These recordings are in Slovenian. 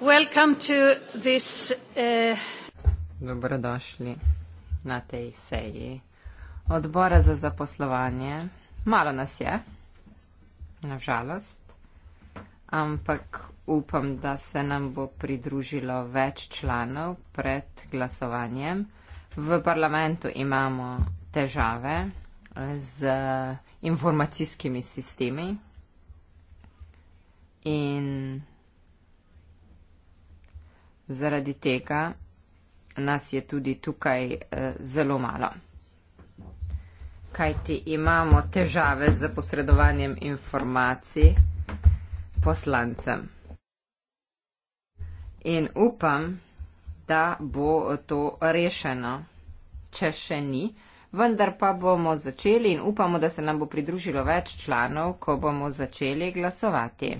This, uh... Dobrodošli na tej seji odbora za zaposlovanje. Malo nas je, nažalost, ampak upam, da se nam bo pridružilo več članov pred glasovanjem. V parlamentu imamo težave z informacijskimi sistemi in Zaradi tega nas je tudi tukaj eh, zelo malo. Kaj ti imamo težave z posredovanjem informacij poslancem? In upam, da bo to rešeno, če še ni. Vendar pa bomo začeli in upamo, da se nam bo pridružilo več članov, ko bomo začeli glasovati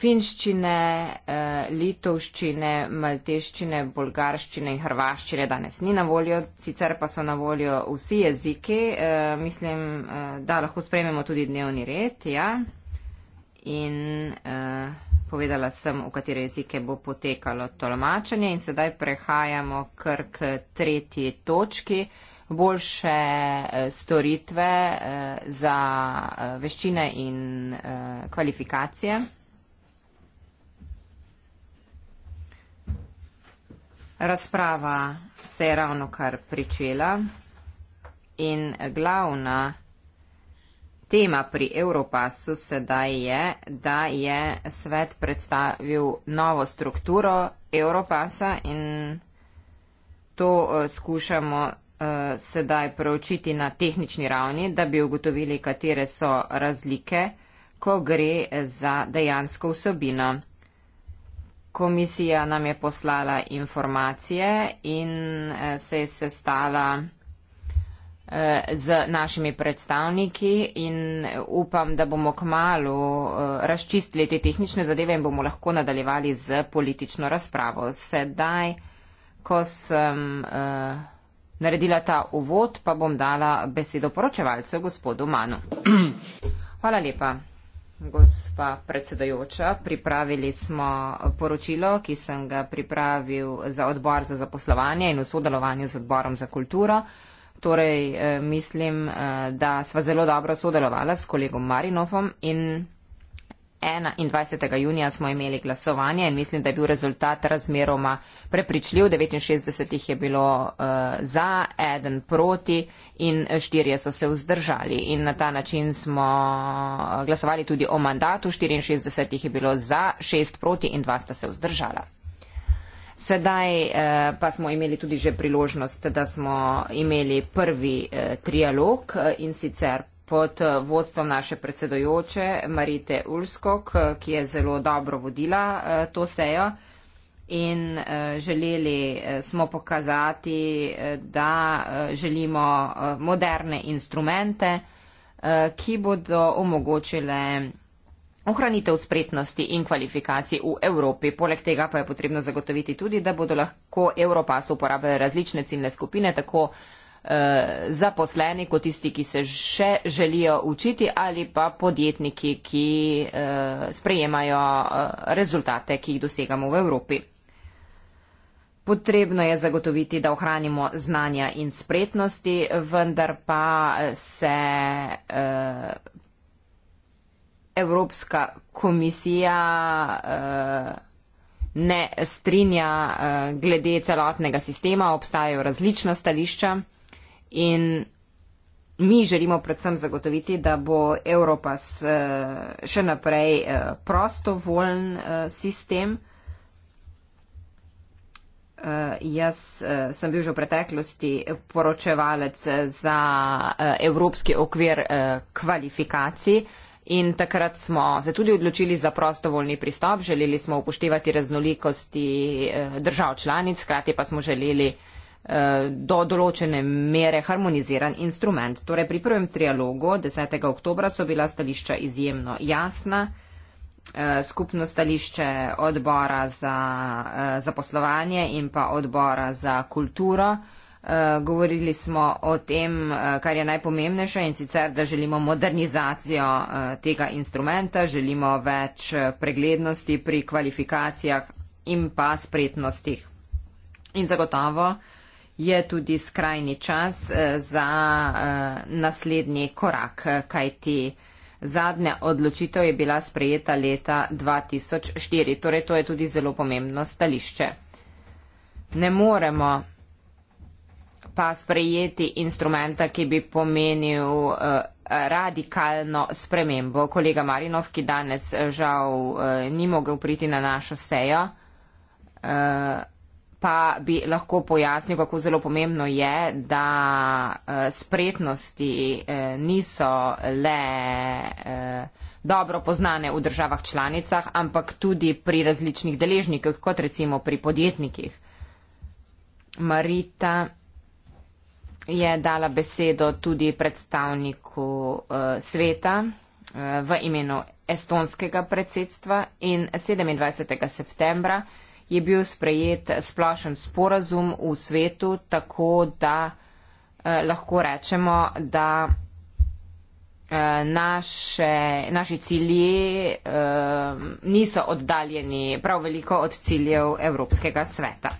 finščine, eh, litovščine, malteščine, bolgarščine in hrvaščine danes ni na voljo, sicer pa so na voljo vsi jeziki. Eh, mislim, eh, da lahko sprememo tudi dnevni red. Ja. In povedala sem, v katere jezike bo potekalo tolmačenje in sedaj prehajamo kar k tretji točki. Boljše storitve za veščine in kvalifikacije. Razprava se je ravno kar pričela in glavna tema pri Europasu sedaj je, da je svet predstavil novo strukturo Europasa in to eh, skušamo eh, sedaj preučiti na tehnični ravni, da bi ugotovili, katere so razlike, ko gre za dejansko vsebino komisija nam je poslala informacije in eh, se je sestala eh, z našimi predstavniki in eh, upam, da bomo k malu razčistili te tehnične zadeve in bomo lahko nadaljevali z politično razpravo. Sedaj, ko sem naredila ta uvod, pa bom dala besedo poročevalcu gospodu Manu. Hvala lepa gospa predsedajoča. Pripravili smo poročilo, ki sem ga pripravil za odbor za zaposlovanje in v sodelovanju z odborom za kulturo. Torej, eh, mislim, eh, da sva zelo dobro sodelovala s kolegom Marinovom in 21. junija smo imeli glasovanje in mislim, da je bil rezultat razmeroma prepričljiv. 69 jih je bilo uh, za, eden proti in eh, štirje so se vzdržali. In na ta način smo eh, glasovali tudi o mandatu. 64 jih je bilo za, šest proti in dva sta se vzdržala. Sedaj eh, pa smo imeli tudi že priložnost, da smo imeli prvi eh, trialog eh, in sicer pod eh, vodstvom naše predsedojoče Marite Ulskog, eh, ki je zelo dobro vodila eh, to sejo. In želeli smo pokazati, da želimo moderne instrumente, ki bodo omogočile ohranitev spretnosti in kvalifikacij v Evropi. Poleg tega pa je potrebno zagotoviti tudi, da bodo lahko Evropas uporabljali različne ciljne skupine, tako Eh, zaposleni, kot tisti, ki se še želijo učiti ali pa podjetniki, ki eh, sprejemajo eh, rezultate, ki jih dosegamo v Evropi. Potrebno je zagotoviti, da ohranimo znanja in spretnosti, vendar pa se Evropska komisija ne strinja glede celotnega sistema, obstajajo različna stališča. In mi želimo predvsem zagotoviti, da bo Evropas eh, še naprej eh, prostovoljen eh, sistem. Jaz sem bil že v preteklosti poročevalec za Evropski okvir kvalifikacij. In takrat smo se tudi odločili za prostovoljni pristop, želeli smo upoštevati raznolikosti držav članic, hkrati pa smo želeli uh, Eh, do določene mere harmoniziran instrument. Torej, pri prvem trialogu 10. oktobra so bila stališča izjemno jasna. Eh, skupno stališče odbora za eh, zaposlovanje in pa odbora za kulturo. Govorili smo o tem, kar je najpomembnejše in sicer, da želimo modernizacijo tega instrumenta, želimo več preglednosti pri kvalifikacijah in pa spretnostih. In zagotovo, je tudi skrajni čas eh, za eh, naslednji korak, kajti zadnja odločitev je bila sprejeta leta 2004. Torej, to je tudi zelo pomembno stališče. Ne moremo pa sprejeti instrumenta, ki bi pomenil eh, radikalno spremembo. Kolega Marinov, ki danes žal ni mogel priti na našo sejo, pa bi lahko pojasnil, kako zelo pomembno je, da eh, spretnosti eh, niso le eh, dobro poznane v državah članicah, ampak tudi pri različnih deležnikih, kot recimo pri podjetnikih. Marita je dala besedo tudi predstavniku sveta v imenu estonskega predsedstva in 27. septembra je bil sprejet splošen sporazum v svetu, tako da eh, lahko rečemo, da eh, naše, naši cilji eh, niso oddaljeni prav veliko od ciljev Evropskega sveta.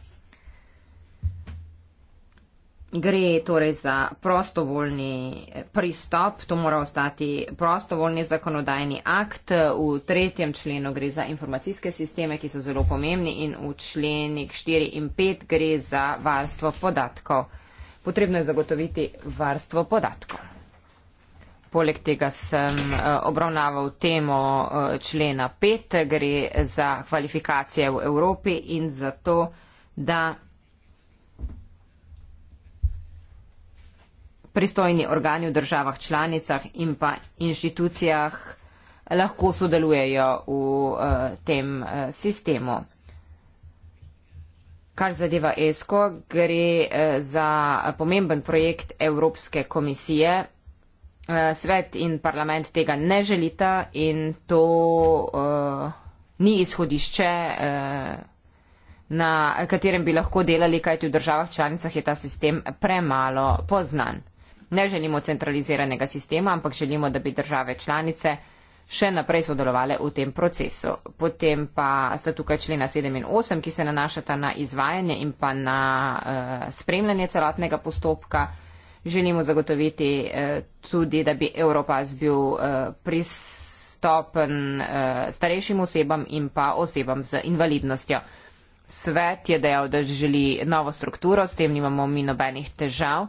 Gre torej za prostovoljni eh, pristop, to mora ostati prostovoljni zakonodajni akt. V tretjem členu gre za informacijske sisteme, ki so zelo pomembni in v členih 4 in 5 gre za varstvo podatkov. Potrebno je zagotoviti varstvo podatkov. Poleg tega sem eh, obravnaval temo eh, člena 5, gre za kvalifikacije v Evropi in za to, da. pristojni organi v državah članicah in pa inštitucijah lahko sodelujejo v eh, tem eh, sistemu. Kar zadeva ESCO, gre eh, za pomemben projekt Evropske komisije. Svet in parlament tega ne želita in to uh, ni izhodišče, uh, na katerem bi lahko delali, kajti v državah članicah je ta sistem premalo poznan. Ne želimo centraliziranega sistema, ampak želimo, da bi države članice še naprej sodelovali v tem procesu. Potem pa sta tukaj člena 7 in 8, ki se nanašata na izvajanje in pa na uh, spremljanje celotnega postopka. Želimo zagotoviti uh, tudi, da bi Evropas bil uh, pristopen uh, starejšim osebam in pa osebam z invalidnostjo. Svet je dejal, da želi novo strukturo, s tem nimamo mi nobenih težav. Uh,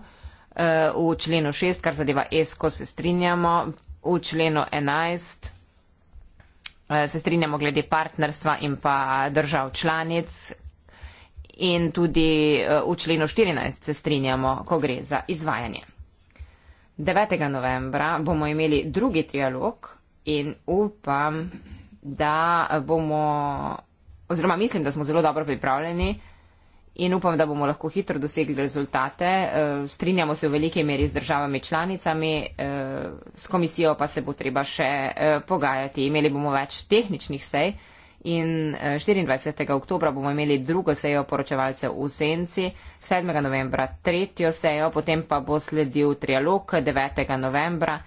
Eh, v členu 6, kar zadeva ESCO, se strinjamo, v členu 11 eh, se strinjamo glede partnerstva in pa držav članic. In tudi eh, v členu 14 se strinjamo, ko gre za izvajanje. 9. novembra bomo imeli drugi trialog in upam, da bomo, oziroma mislim, da smo zelo dobro pripravljeni, in upam, da bomo lahko hitro dosegli rezultate. Eh, strinjamo se v veliki meri z državami članicami, eh, s komisijo pa se bo treba še eh, pogajati. Imeli bomo več tehničnih sej in 24. oktobra bomo imeli drugo sejo poročevalcev v Senci, 7. novembra tretjo sejo, potem pa bo sledil trialog 9. novembra.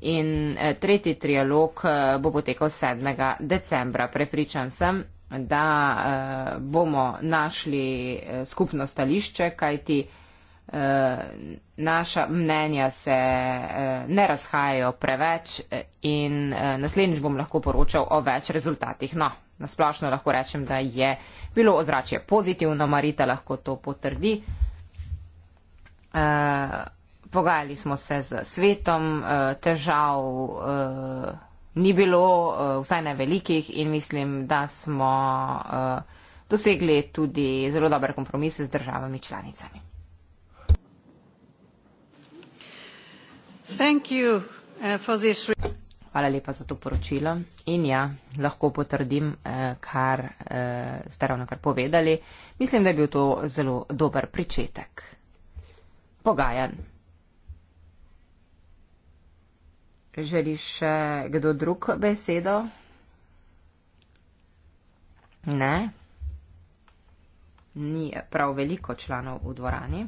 In tretji trialog bo potekal 7. decembra. Prepričan sem, da uh, bomo našli uh, skupno stališče, kajti uh, naša mnenja se uh, ne razhajajo preveč in uh, naslednjič bom lahko poročal o več rezultatih. No, nasplošno lahko rečem, da je bilo ozračje pozitivno, Marita lahko to potrdi. Uh, pogajali smo se z svetom, uh, težav. Uh, ni bilo, eh, vsaj ne velikih in mislim, da smo eh, dosegli tudi zelo dobre kompromise z državami članicami. Eh, Hvala lepa za to poročilo. In ja, lahko potrdim, kar ste ravno kar povedali. Mislim, da je bil to zelo dober pričetek. Pogajanj. Želi še kdo drug besedo? Ne. Ni prav veliko članov v dvorani.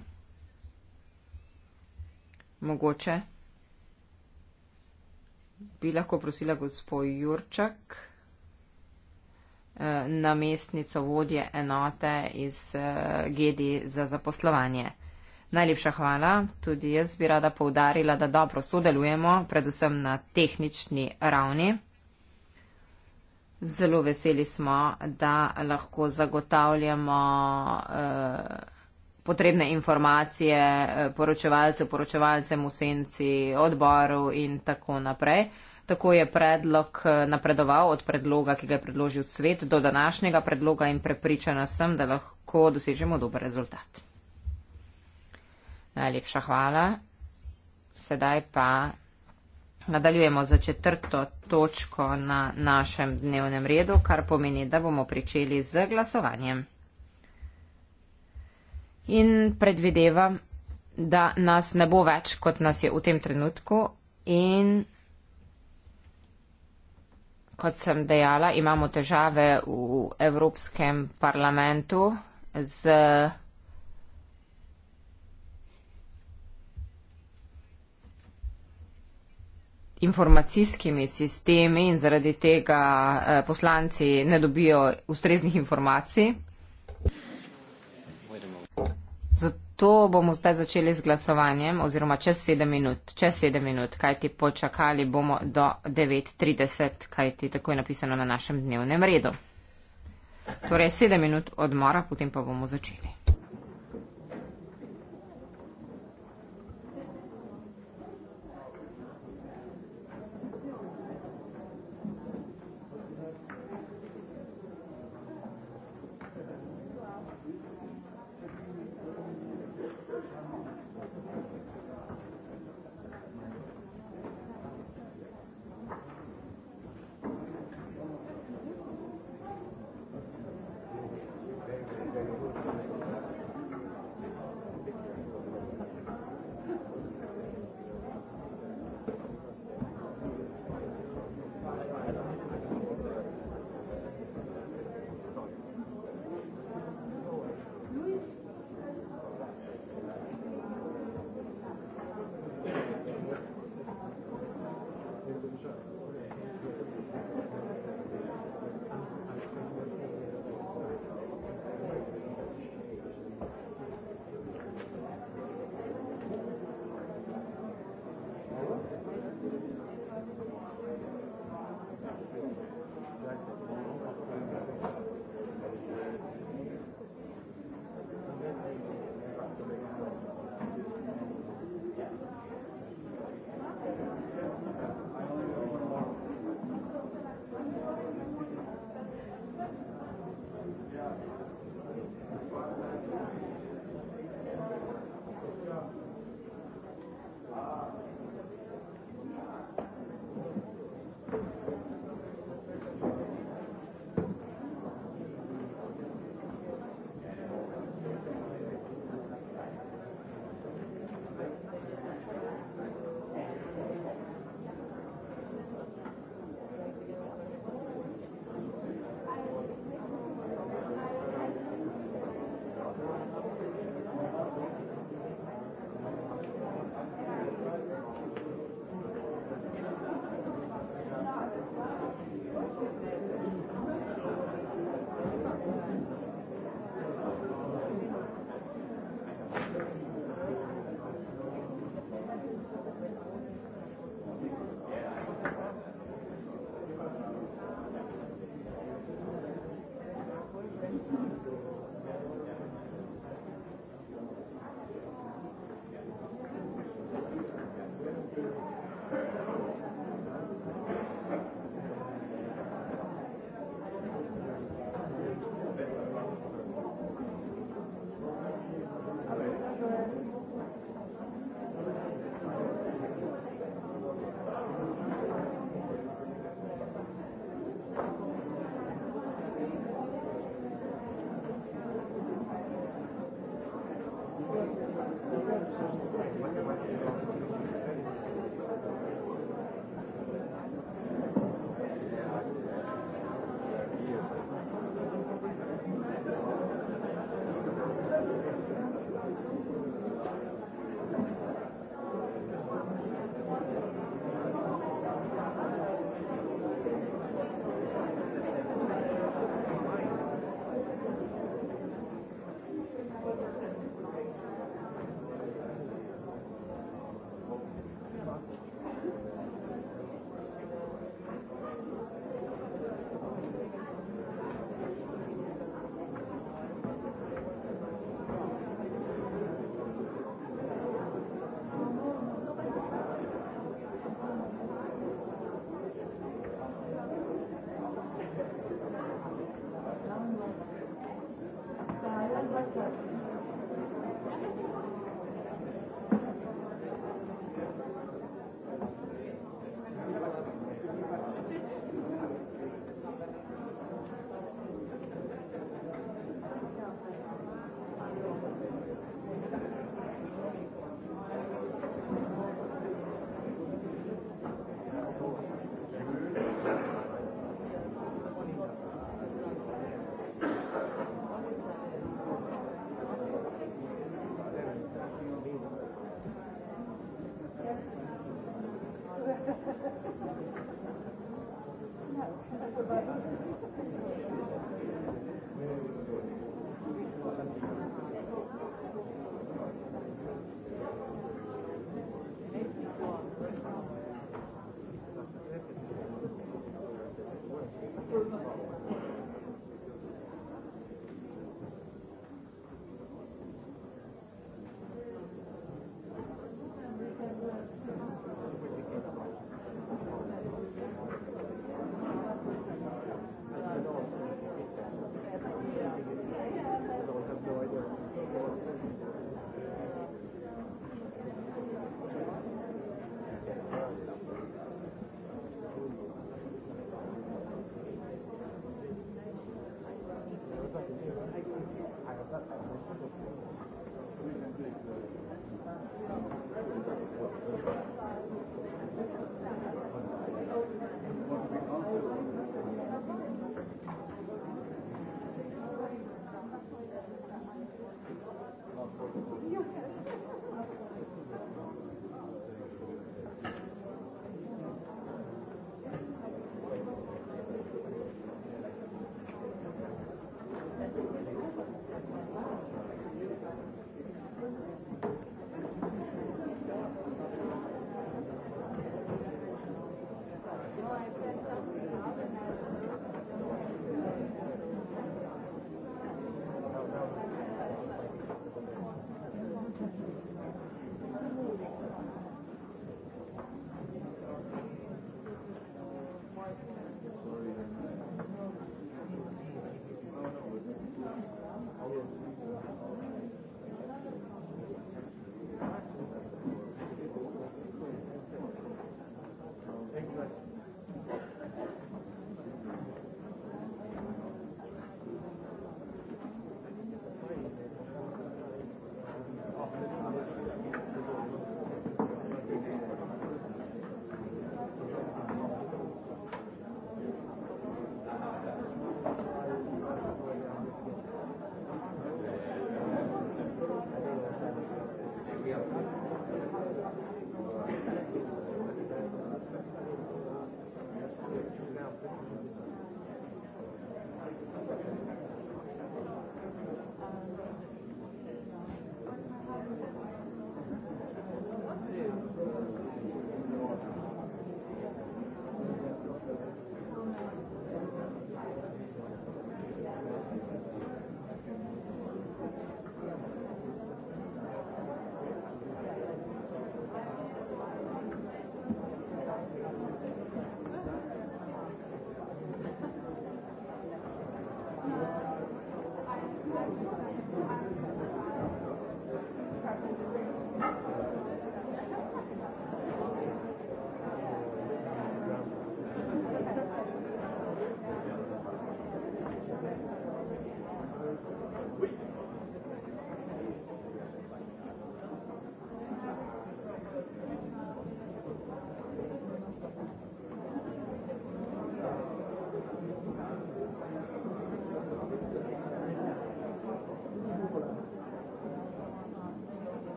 Mogoče bi lahko prosila gospod Jurčak, eh, namestnico vodje enote iz eh, GD za zaposlovanje. Najlepša hvala. Tudi jaz bi rada poudarila, da dobro sodelujemo, predvsem na tehnični ravni. Zelo veseli smo, da lahko zagotavljamo eh, potrebne informacije eh, poročevalcev, poročevalcem v senci, odboru in tako naprej. Tako je predlog eh, napredoval od predloga, ki ga je predložil svet, do današnjega predloga in prepričana sem, da lahko dosežemo dober rezultat. Najlepša hvala. Sedaj pa nadaljujemo za četrto točko na našem dnevnem redu, kar pomeni, da bomo pričeli z glasovanjem. In predvidevam, da nas ne bo več, kot nas je v tem trenutku. In kot sem dejala, imamo težave v Evropskem parlamentu z informacijskimi sistemi in zaradi tega eh, poslanci ne dobijo ustreznih informacij. Zato bomo zdaj začeli z glasovanjem oziroma čez 7 minut. Čez 7 minut, kajti počakali bomo do 9.30, kajti tako je napisano na našem dnevnem redu. Torej 7 minut odmora, potem pa bomo začeli.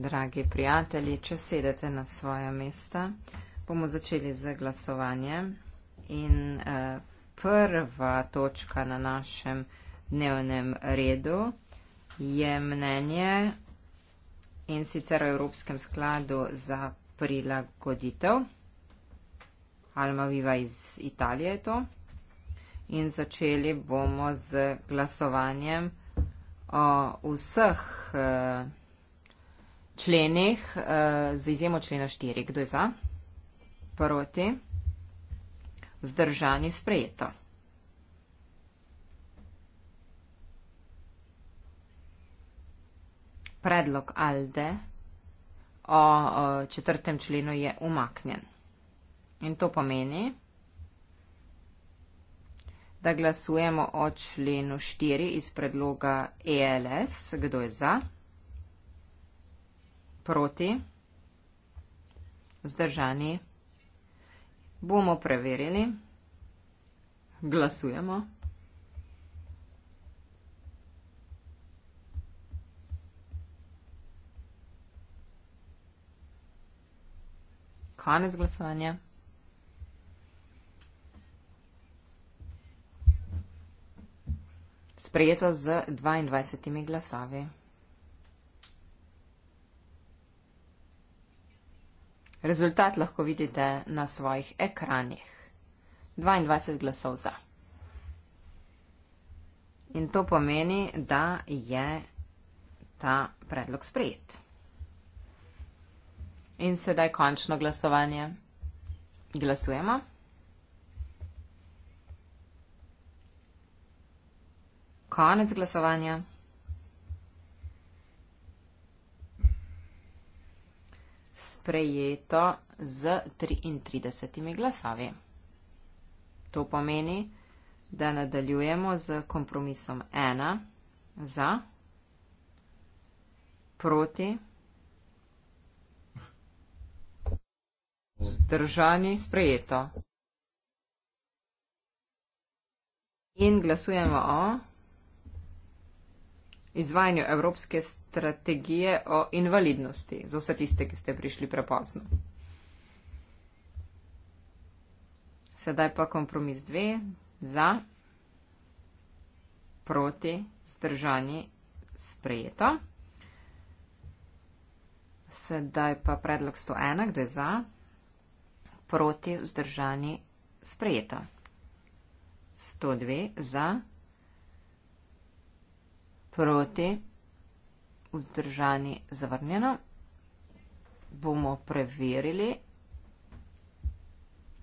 Dragi prijatelji, če sedete na svoje mesta, bomo začeli z glasovanjem. In eh, prva točka na našem dnevnem redu je mnenje in sicer o Evropskem skladu za prilagoditev. Alma Viva iz Italije je to. In začeli bomo z glasovanjem o vseh Eh, členih, eh, z izjemo člena 4. Kdo je za? Proti? Vzdržani sprejeto. Predlog Alde o, o četrtem členu je umaknjen. In to pomeni, da glasujemo o členu 4 iz predloga ELS. Kdo je za? Proti? Zdržani? Bomo preverili. Glasujemo. Konec glasovanja. sprejeto z 22 glasavi. Rezultat lahko vidite na svojih ekranih. 22 glasov za. In to pomeni, da je ta predlog sprejet. In sedaj končno glasovanje. Glasujemo. Konec glasovanja. Sprejeto z 33 glasovi. To pomeni, da nadaljujemo z kompromisom 1 za, proti, zdržani, sprejeto. In glasujemo o izvajanju Evropske strategije o invalidnosti za vse tiste, ki ste prišli prepozno. Sedaj pa kompromis dve za, proti, zdržani, sprejeto. Sedaj pa predlog 101, kdo je za, proti, zdržani, sprejeto. 102 za proti, vzdržani, zavrnjeno. Bomo preverili.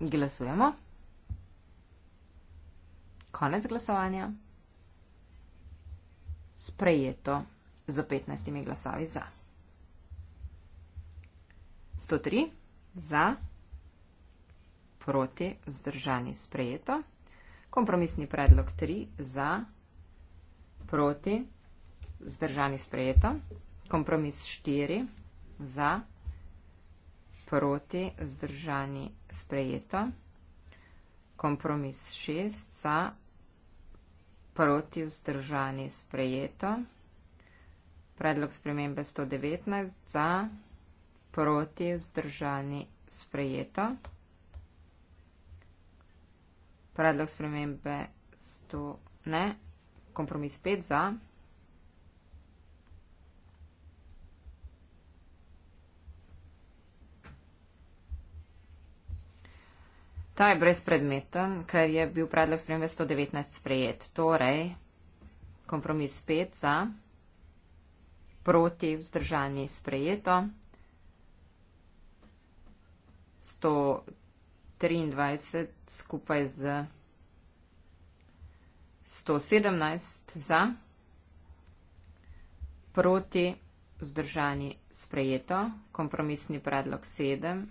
Glasujemo. Konec glasovanja. Sprejeto z 15 glasovi za. 103 za, proti, vzdržani, sprejeto. Kompromisni predlog 3 za, proti, zdržani sprejeto. Kompromis 4 za, proti, zdržani sprejeto. Kompromis 6 za, proti, zdržani sprejeto. Predlog spremembe 119 za, proti, zdržani sprejeto. Predlog spremembe 100 ne. Kompromis 5 za, proti, zdržani sprejeto. Ta je brezpredmeten, ker je bil predlog spremembe 119 sprejet. Torej, kompromis 5 za, proti vzdržani sprejeto. 123 skupaj z 117 za, proti vzdržani sprejeto, kompromisni predlog 7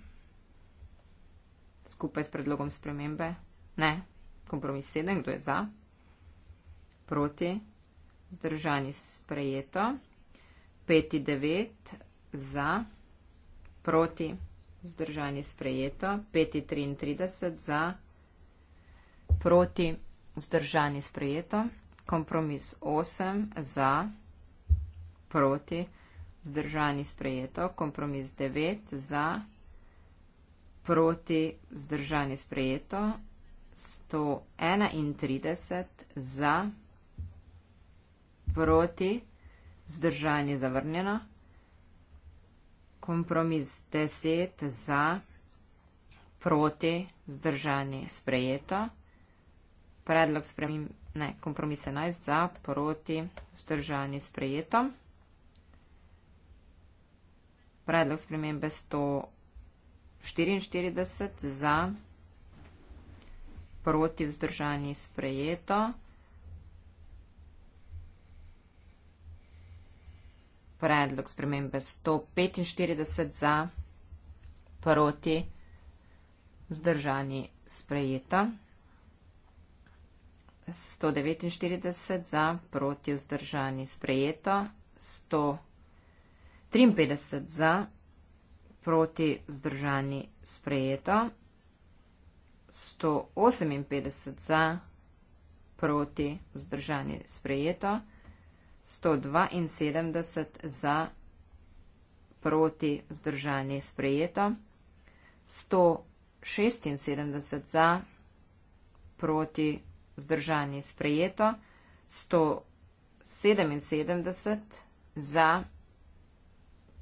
skupaj s predlogom spremembe? Ne. Kompromis sedem, kdo je za? Proti. Zdržani sprejeto. Peti devet za. Proti. Zdržani sprejeto. Peti triintrideset za. Proti. Zdržani sprejeto. Kompromis osem za. Proti. Zdržani sprejeto. Kompromis devet za. Proti proti vzdržani sprejeto, 131 za, proti vzdržani zavrnjeno, kompromis 10 za, proti vzdržani sprejeto, predlog spremim, ne, kompromis 11 za, proti vzdržani sprejeto, predlog spremembe 100 za, 44 za, proti vzdržani sprejeto. Predlog spremembe 145 za, proti vzdržani sprejeto. 149 za, proti vzdržani sprejeto. 153 za, proti vzdržani sprejeto proti vzdržani sprejeto, 158 za proti vzdržani sprejeto, 172 za proti vzdržani sprejeto, 176 za proti vzdržani sprejeto, 177 za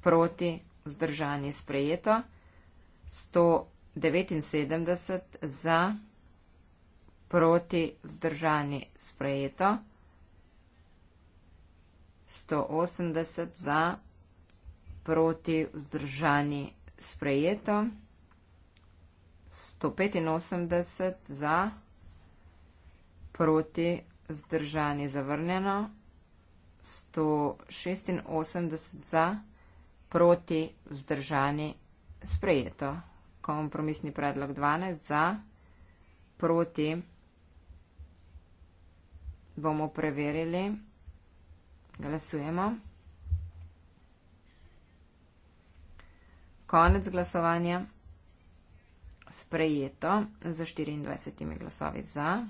proti vzdržani sprejeto vzdržani sprejeto, 179 za, proti vzdržani sprejeto, 180 za, proti vzdržani sprejeto, 185 za, proti vzdržani zavrnjeno, 186 za, proti vzdržani zavrnjeno, proti vzdržani sprejeto. Kompromisni predlog 12 za, proti bomo preverili. Glasujemo. Konec glasovanja. Sprejeto za 24 glasovi za.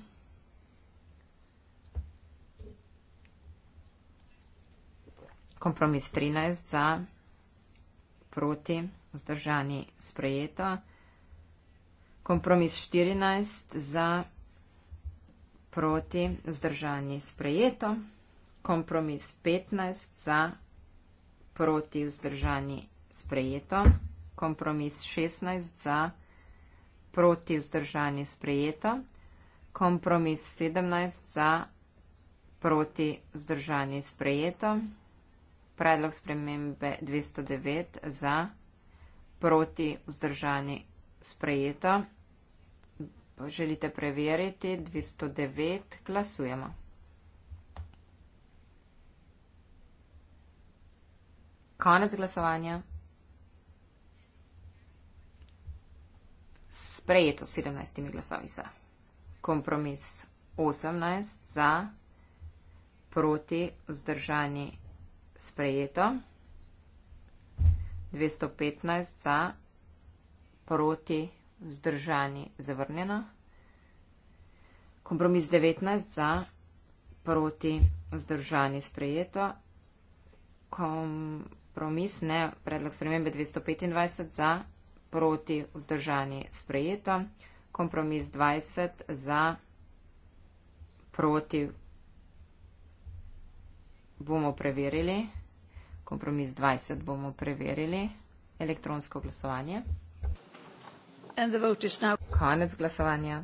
Kompromis 13 za proti, vzdržani sprejeto. Kompromis 14 za, proti, vzdržani sprejeto. Kompromis 15 za, proti, vzdržani sprejeto. Kompromis 16 za, proti, vzdržani sprejeto. Kompromis 17 za, proti, vzdržani sprejeto predlog spremembe 209 za proti vzdržani sprejeto. Želite preveriti 209, glasujemo. Konec glasovanja. Sprejeto 17 glasovi za. Kompromis 18 za proti vzdržani sprejeto sprejeto, 215 za, proti, vzdržani, zavrnjeno, kompromis 19 za, proti, vzdržani, sprejeto, kompromis ne, predlog spremembe 225 za, proti, vzdržani, sprejeto, kompromis 20 za, proti, vzdržani, sprejeto bomo preverili, kompromis 20 bomo preverili, elektronsko glasovanje. Konec glasovanja.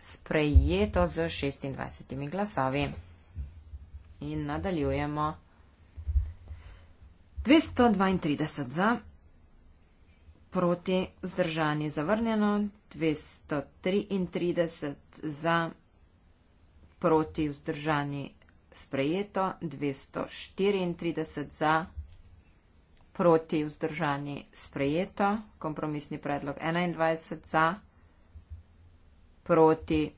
Sprejeto z 26 glasovi. In nadaljujemo. 232 za, proti, vzdržani, zavrnjeno, 233 za proti vzdržani sprejeto, 234 za, proti vzdržani sprejeto, kompromisni predlog 21 za, proti.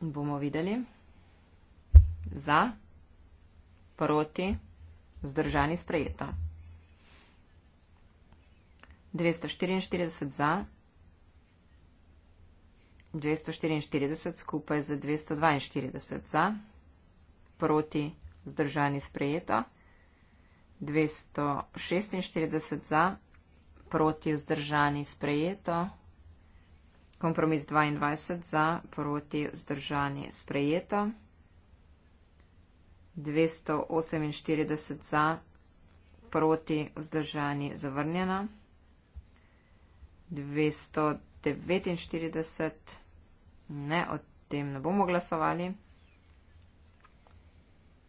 Bomo videli. Za, proti, vzdržani sprejeto. 244 za, 244 skupaj z 242 za, proti vzdržani sprejeto, 246 za, proti vzdržani sprejeto, kompromis 22 za, proti vzdržani sprejeto, 248 za, proti vzdržani zavrnjeno, 249 za. Ne, o tem ne bomo glasovali.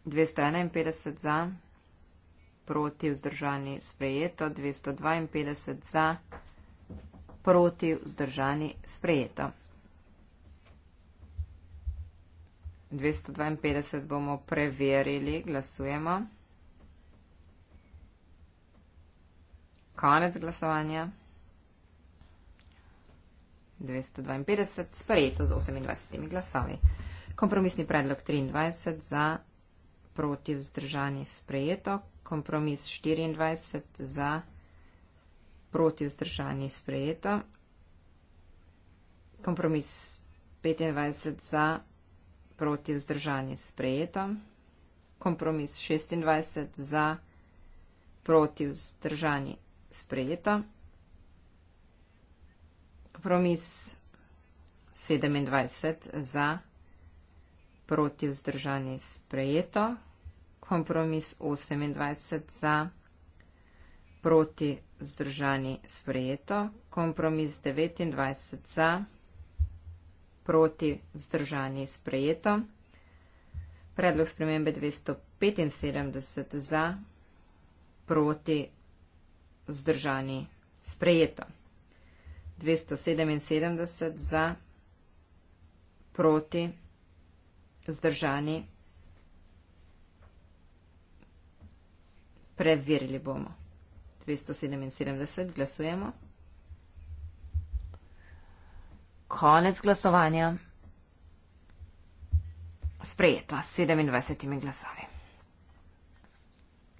251 za, proti vzdržani sprejeto, 252 za, proti vzdržani sprejeto. 252 bomo preverili, glasujemo. Konec glasovanja. 252, sprejeto z 28 glasovi. Kompromisni predlog 23 za proti vzdržani sprejeto, kompromis 24 za proti vzdržani sprejeto, kompromis 25 za proti vzdržani sprejeto, kompromis 26 za proti vzdržani sprejeto promis 27 za proti vzdržanje sprejeto, kompromis 28 za proti vzdržanje sprejeto, kompromis 29 za proti vzdržanje sprejeto, predlog spremembe 275 za proti vzdržanje sprejeto. 277 za, proti, zdržani. Preverili bomo. 277 glasujemo. Konec glasovanja. Sprejeto s 27 glasovi.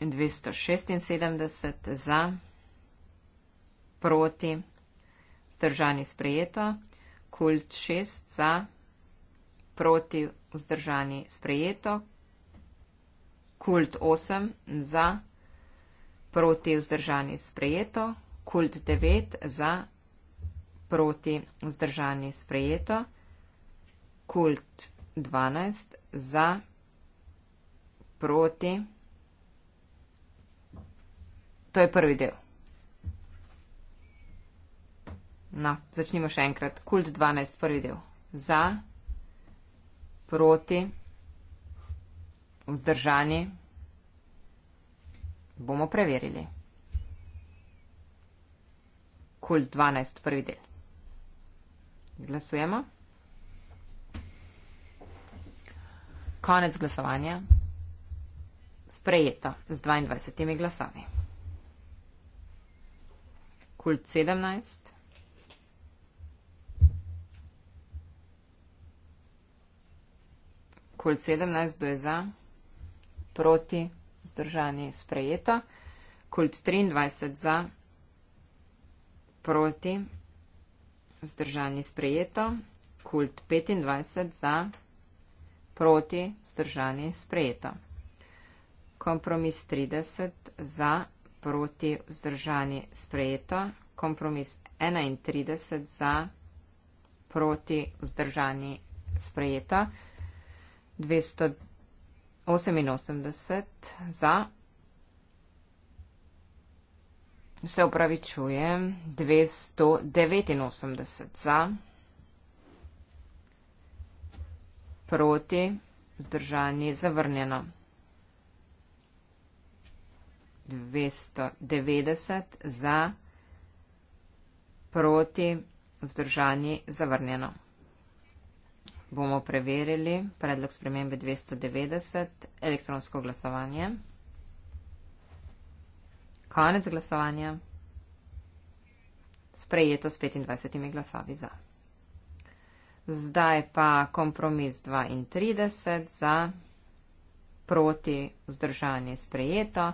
276 za, proti, zdržani. Zdržani sprejeto, kult 6 za, proti vzdržani sprejeto, kult 8 za, proti vzdržani sprejeto, kult 9 za, proti vzdržani sprejeto, kult 12 za, proti. To je prvi del. No, začnimo še enkrat. Kult 12, prvi del. Za, proti, vzdržani. Bomo preverili. Kult 12, prvi del. Glasujemo. Konec glasovanja. Sprejeto z 22 glasami. Kult 17. kult 17, kdo je za, proti, vzdržani, sprejeto. Kult 23 za, proti, vzdržani, sprejeto. Kult 25 za, proti, vzdržani, sprejeto. Kompromis 30 za, proti, vzdržani, sprejeto. Kompromis 31 za, proti, vzdržani, sprejeto. 288 za. Se opravičujem, 289 za. Proti, vzdržanje zavrnjeno. 290 za. Proti, vzdržanje zavrnjeno bomo preverili predlog spremembe 290 elektronsko glasovanje. Konec glasovanja. Sprejeto s 25 glasovi za. Zdaj pa kompromis 32 za, proti vzdržanje sprejeto,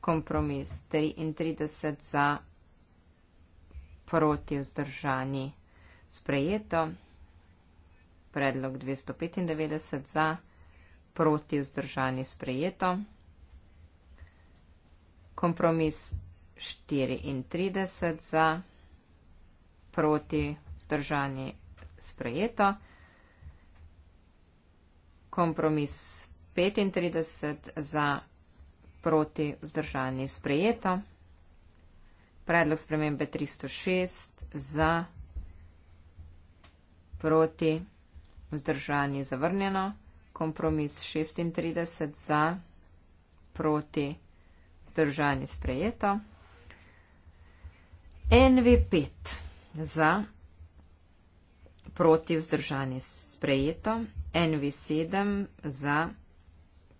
kompromis 33 za, proti vzdržanje sprejeto predlog 295 za, proti vzdržani sprejeto. Kompromis 34 za, proti vzdržani sprejeto. Kompromis 35 za, proti vzdržani sprejeto. Predlog spremembe 306 za, proti vzdržani sprejeto. Vzdržan je zavrnjeno. Kompromis 36 za, proti, vzdržan je sprejeto. NV5 za, proti, vzdržan je sprejeto. NV7 za,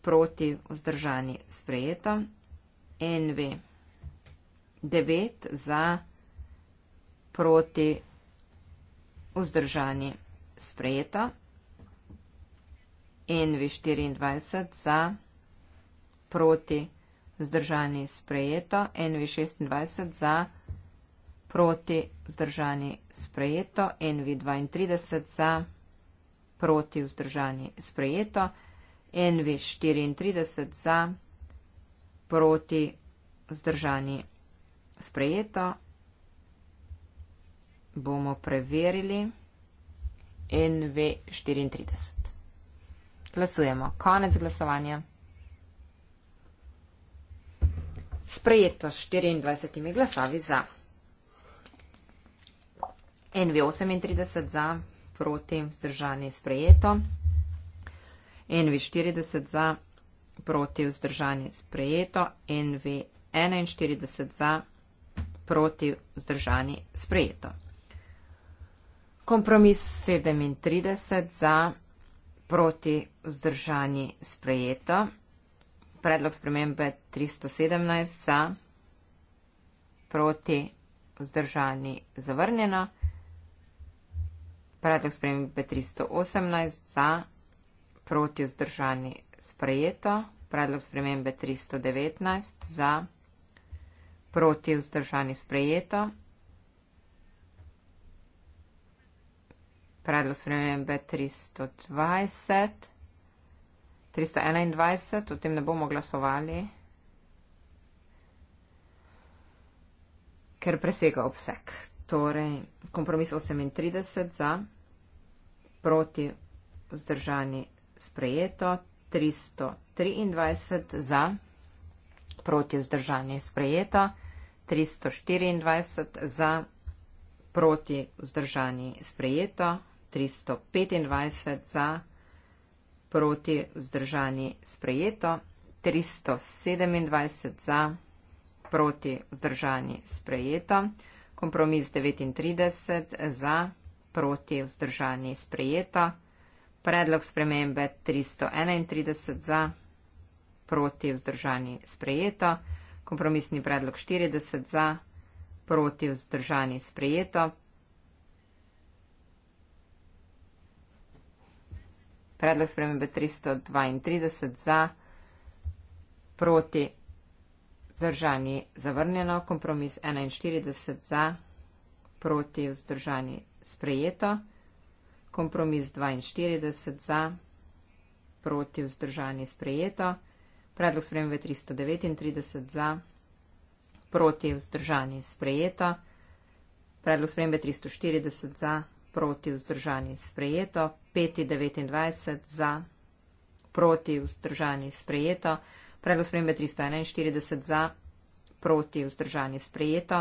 proti, vzdržan je sprejeto. NV9 za, proti, vzdržan je sprejeto sprejeto. In vi 24 za, proti vzdržani sprejeto. In vi 26 za, proti vzdržani sprejeto. In vi 32 za, proti vzdržani sprejeto. In vi 34 za, proti vzdržani sprejeto. Bomo preverili. NV34. Glasujemo. Konec glasovanja. Sprejeto s 24 glasovi za. NV38 za, proti, vzdržani, sprejeto. NV40 za, proti, vzdržani, sprejeto. NV41 za, proti, vzdržani, sprejeto kompromis 37 za proti vzdržani sprejeto, predlog spremembe 317 za proti vzdržani zavrnjeno, predlog spremembe 318 za proti vzdržani sprejeto, predlog spremembe 319 za proti vzdržani sprejeto, predlog spremembe 320, 321, o tem ne bomo glasovali, ker presega obseg. Torej, kompromis 38 za, proti vzdržani sprejeto, 323 za, proti vzdržani sprejeto, 324 za, proti vzdržani sprejeto. 325 za, proti vzdržani sprejeto, 327 za, proti vzdržani sprejeto, kompromis 39 za, proti vzdržani sprejeto, predlog spremembe 331 za, proti vzdržani sprejeto, kompromisni predlog 40 za, proti vzdržani sprejeto, Predlog spremembe 332 za, proti vzdržani zavrnjeno, kompromis 41 za, proti vzdržani sprejeto, kompromis 42 za, proti vzdržani sprejeto, predlog spremembe 339 za, proti vzdržani sprejeto, predlog spremembe 340 za, proti vzdržani sprejeto, 529 za, proti vzdržani sprejeto, predlog spremembe 341 za, proti vzdržani sprejeto,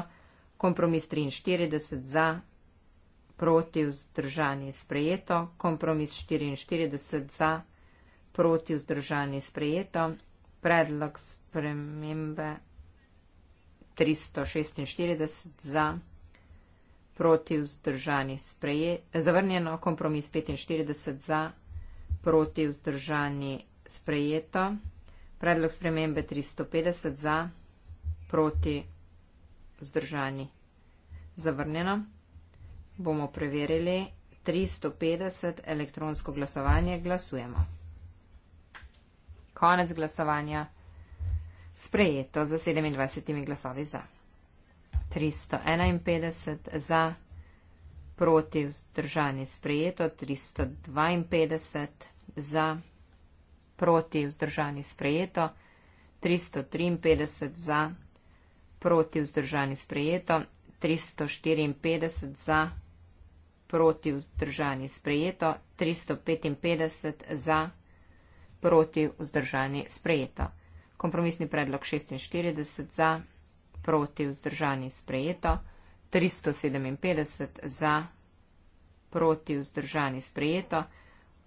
kompromis 43 za, proti vzdržani sprejeto, kompromis 44 za, proti vzdržani sprejeto, predlog spremembe 346 za proti vzdržani spreje, zavrnjeno kompromis 45 za, proti vzdržani sprejeto, predlog spremembe 350 za, proti vzdržani zavrnjeno. Bomo preverili 350 elektronsko glasovanje, glasujemo. Konec glasovanja. Sprejeto za 27 glasovi za. 351 za, proti vzdržani sprejeto 352 za, proti vzdržani sprejeto 353 za, proti vzdržani sprejeto 354 za, proti vzdržani sprejeto 355 za, proti vzdržani sprejeto. Kompromisni predlog 46 za proti vzdržani sprejeto, 357 za proti vzdržani sprejeto,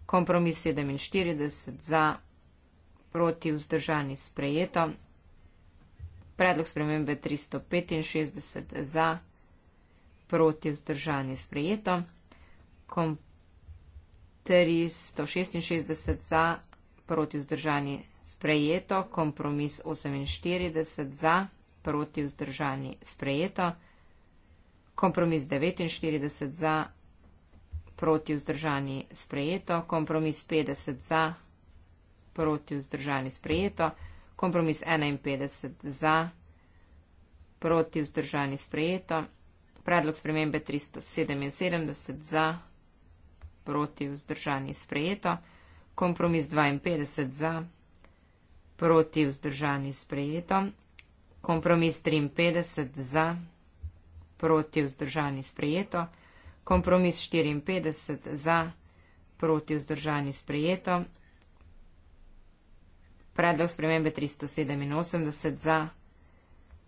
kompromis 47 za proti vzdržani sprejeto, predlog spremembe 365 za proti vzdržani sprejeto, kom 366 za proti vzdržani sprejeto, kompromis 48 za proti vzdržani sprejeto. Kompromis 49 za, proti vzdržani sprejeto. Kompromis 50 za, proti vzdržani sprejeto. Kompromis 51 za, proti vzdržani sprejeto. Predlog spremembe 377 za, proti vzdržani sprejeto. Kompromis 52 za, proti vzdržani sprejeto kompromis 53 za, proti vzdržani sprejeto, kompromis 54 za, proti vzdržani sprejeto, predlog spremembe 387 za,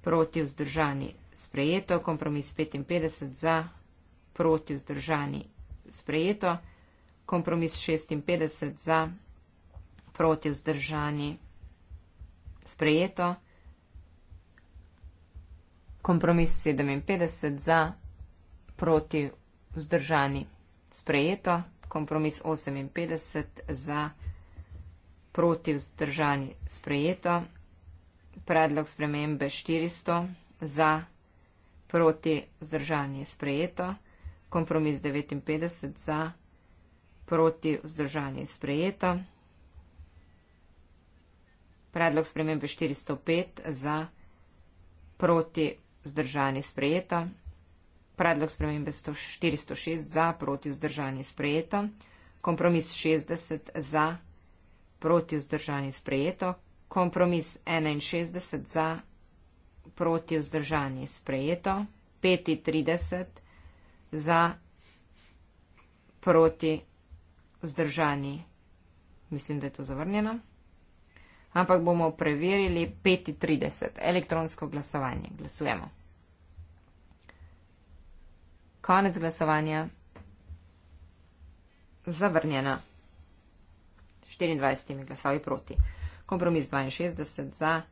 proti vzdržani sprejeto, kompromis 55 za, proti vzdržani sprejeto, kompromis 56 za, proti vzdržani sprejeto kompromis 57 za, proti vzdržani sprejeto, kompromis 58 za, proti vzdržani sprejeto, predlog spremembe 400 za, proti vzdržani sprejeto, kompromis 59 za, proti vzdržani sprejeto, predlog spremembe 405 za, proti vzdržani sprejeto. Predlog spremembe 406 za, proti vzdržani sprejeto. Kompromis 60 za, proti vzdržani sprejeto. Kompromis 61 za, proti vzdržani sprejeto. 35 za, proti vzdržani, mislim, da je to zavrnjeno ampak bomo preverili 35 elektronsko glasovanje. Glasujemo. Konec glasovanja. Zavrnjena. 24 glasovi proti. Kompromis 62 za,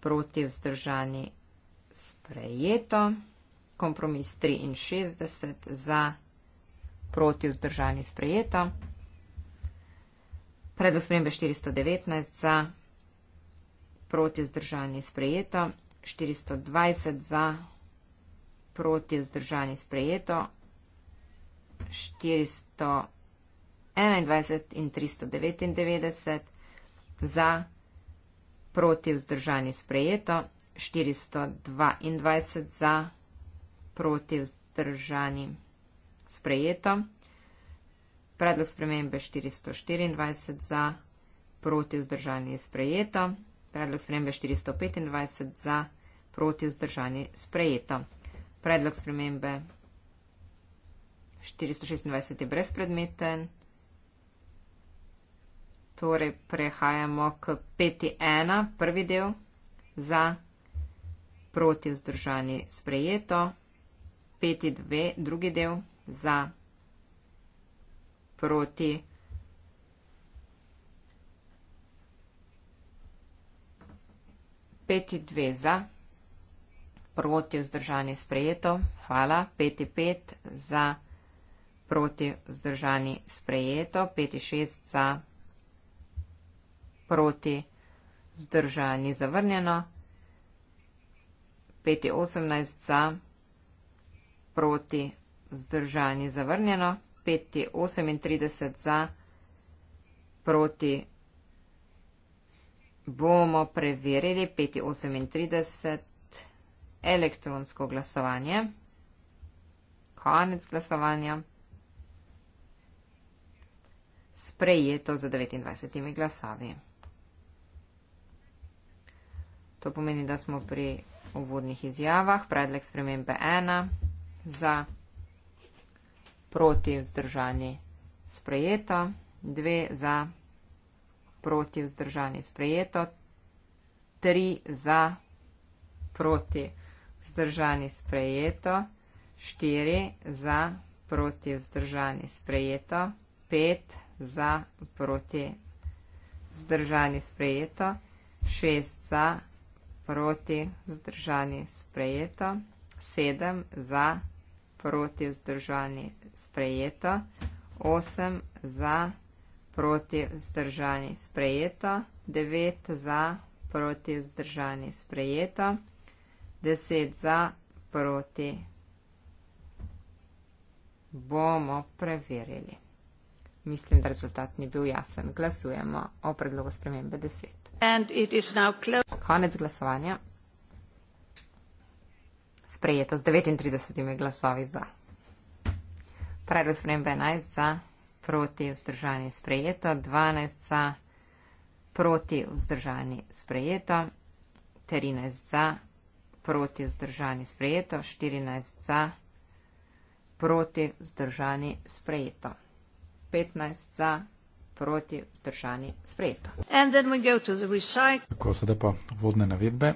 proti vzdržani sprejeto. Kompromis 63 za, proti vzdržani sprejeto. Predlog spremembe 419 za proti vzdržani sprejeto, 420 za proti vzdržani sprejeto, 421 in 399 za proti vzdržani sprejeto, 422 za proti vzdržani sprejeto, predlog spremembe 424 za proti vzdržani sprejeto. Predlog spremembe 425 za proti vzdržanje sprejeto. Predlog spremembe 426 je brezpredmeten. Torej, prehajamo k 5.1. prvi del za proti vzdržanje sprejeto. 5.2. drugi del za proti vzdržanje sprejeto. Peti dve za, proti vzdržani sprejeto, hvala. Peti pet za, proti vzdržani sprejeto. Peti šest za, proti vzdržani zavrnjeno. Peti osemnajst za, proti vzdržani zavrnjeno. Peti osemintrideset za, proti vzdržani zavrnjeno bomo preverili 5.38 elektronsko glasovanje. Konec glasovanja. Sprejeto za 29 glasovi. To pomeni, da smo pri uvodnih izjavah. Predlog spremembe 1 za proti vzdržani sprejeto, 2 za proti vzdržan je sprejeto, tri za proti vzdržan je sprejeto, štiri za proti vzdržan je sprejeto, pet za proti vzdržan je sprejeto, šest za proti vzdržan je sprejeto, sedem za proti vzdržan je sprejeto, osem za proti vzdržan je sprejeto, proti vzdržani sprejeto, 9 za, proti vzdržani sprejeto, 10 za, proti bomo preverili. Mislim, da rezultat ni bil jasen. Glasujemo o predlogu spremembe 10. Konec glasovanja. Sprejeto z 39 glasovi za. Predlog spremembe 11 za proti vzdržani sprejeto, 12 za proti vzdržani sprejeto, 13 za proti vzdržani sprejeto, 14 za proti vzdržani sprejeto, 15 za proti vzdržani sprejeto. Tako sedaj pa vodne navedbe.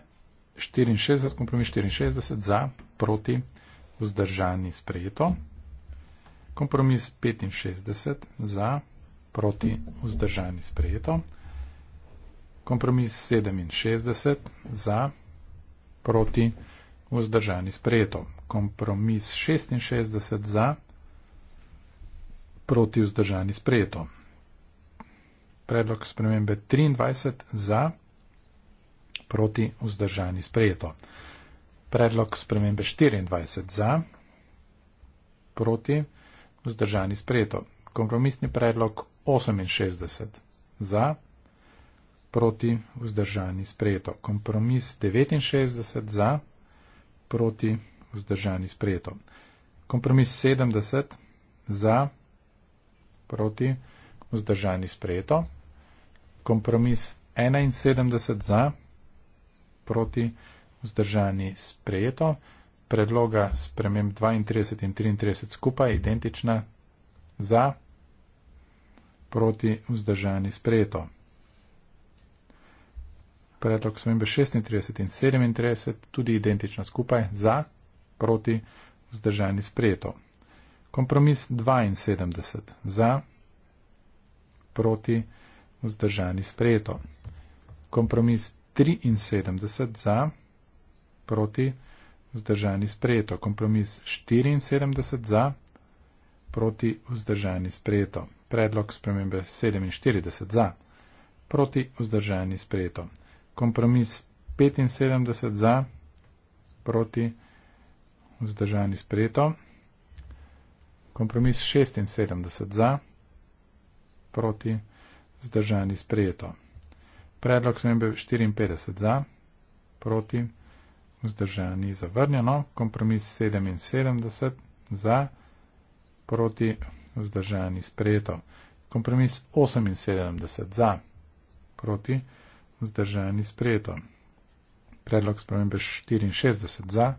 64, kompromis 64 za proti vzdržani sprejeto. Kompromis 65 za, proti vzdržani sprejeto. Kompromis 67 za, proti vzdržani sprejeto. Kompromis 66 za, proti vzdržani sprejeto. Predlog spremembe 23 za, proti vzdržani sprejeto. Predlog spremembe 24 za, proti vzdržani sprejeto vzdržani sprejeto. Kompromisni predlog 68 za, proti vzdržani sprejeto. Kompromis 69 za, proti vzdržani sprejeto. Kompromis 70 za, proti vzdržani sprejeto. Kompromis 71 za, proti vzdržani sprejeto predloga spremem 32 in 33 skupaj identična za proti vzdržani sprejeto. Predlog spremembe 36 in 37 tudi identična skupaj za proti vzdržani sprejeto. Kompromis 72 za proti vzdržani sprejeto. Kompromis 73 za proti vzdržani sprejeto vzdržani sprejeto, kompromis 74 za, proti vzdržani sprejeto, predlog spremembe 47 za, proti vzdržani sprejeto, kompromis 75 za, proti vzdržani sprejeto, kompromis 76 za, proti vzdržani sprejeto, predlog spremembe 54 za, proti vzdržani sprejeto vzdržani zavrnjeno, kompromis 77 za, proti vzdržani sprejeto, kompromis 78 za, proti vzdržani sprejeto, predlog spremembe 64 za,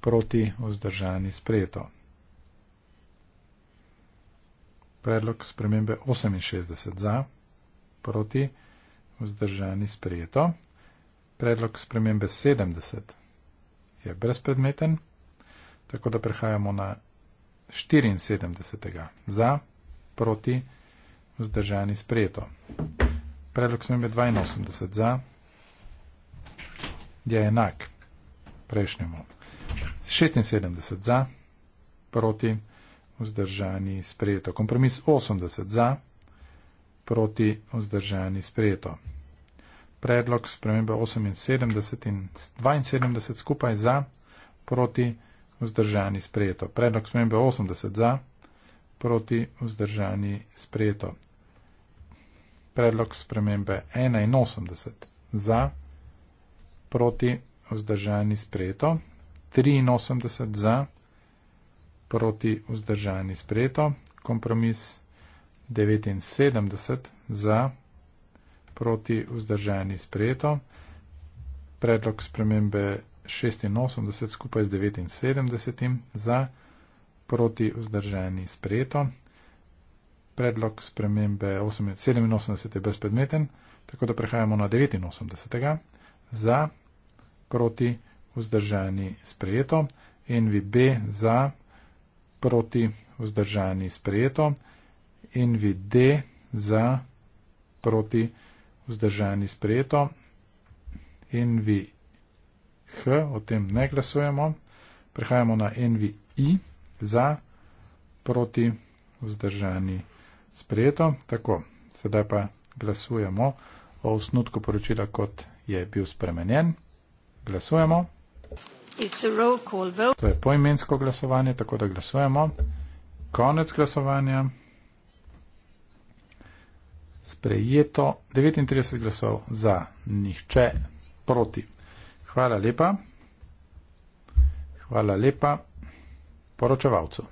proti vzdržani sprejeto, predlog spremembe 68 za, proti vzdržani sprejeto, predlog spremembe 70 je brezpredmeten, tako da prehajamo na 74. za, proti, vzdržani sprejeto. Predlog spremembe 82 za je enak prejšnjemu. 76 za, proti, vzdržani sprejeto. Kompromis 80 za, proti, vzdržani sprejeto predlog spremembe 78 in 72 skupaj za, proti, vzdržani, sprejeto. Predlog spremembe 80 za, proti, vzdržani, sprejeto. Predlog spremembe 81 za, proti, vzdržani, sprejeto. 83 za, proti, vzdržani, sprejeto. Kompromis 79 za, proti, vzdržani, sprejeto proti vzdržajni sprejeto. Predlog spremembe 86 skupaj z 79 za proti vzdržajni sprejeto. Predlog spremembe 87 je brezpredmeten, tako da prehajamo na 89 za proti vzdržajni sprejeto. NVB za proti vzdržajni sprejeto. NVD za proti vzdržajni sprejeto vzdržani sprejeto. NVH, o tem ne glasujemo. Prehajamo na NVI za, proti, vzdržani sprejeto. Tako, sedaj pa glasujemo o osnutku poročila, kot je bil spremenjen. Glasujemo. To je poimensko glasovanje, tako da glasujemo. Konec glasovanja sprejeto 39 glasov za, nihče proti. Hvala lepa. Hvala lepa poročevalcu.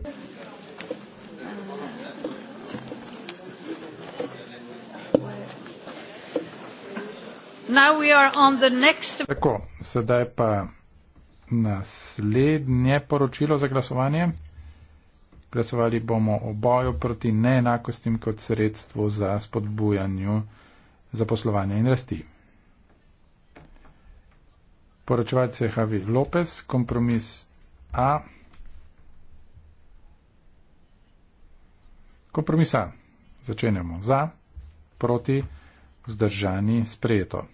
Tako, sedaj pa naslednje poročilo za glasovanje. Glasovali bomo o boju proti neenakostim kot sredstvu za spodbujanju zaposlovanja in rasti. Poročevalce je Javi Lopez, kompromis A. Kompromis A. Začenjamo za, proti, vzdržani, sprejeto.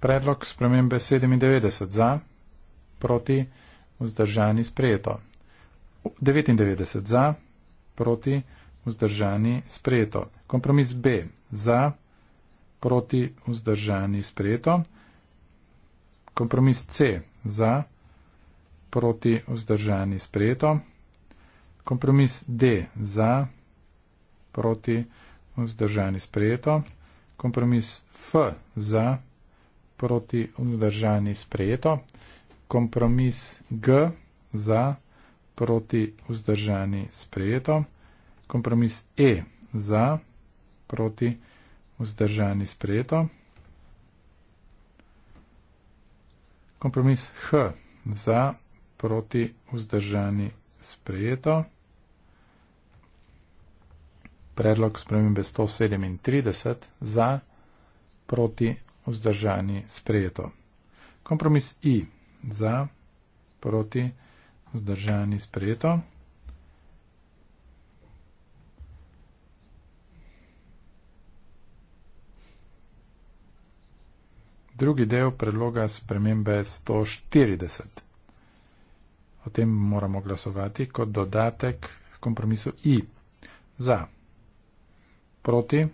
Predlog spremembe 97 za, proti, vzdržani, sprejeto. 99 za, proti, vzdržani, sprejeto. Kompromis B za, proti, vzdržani, sprejeto. Kompromis C za, proti, vzdržani, sprejeto. Kompromis D za, proti, vzdržani, sprejeto. Kompromis F za, proti, vzdržani, sprejeto. Kompromis G za, proti, vzdržani, sprejeto proti vzdržani sprejeto, kompromis E za proti vzdržani sprejeto, kompromis H za proti vzdržani sprejeto, predlog spremembe 137 za proti vzdržani sprejeto, kompromis I za proti vzdržani sprejeto zdržani, sprejeto. Drugi del predloga spremembe 140. O tem moramo glasovati kot dodatek k kompromisu I. Za, proti,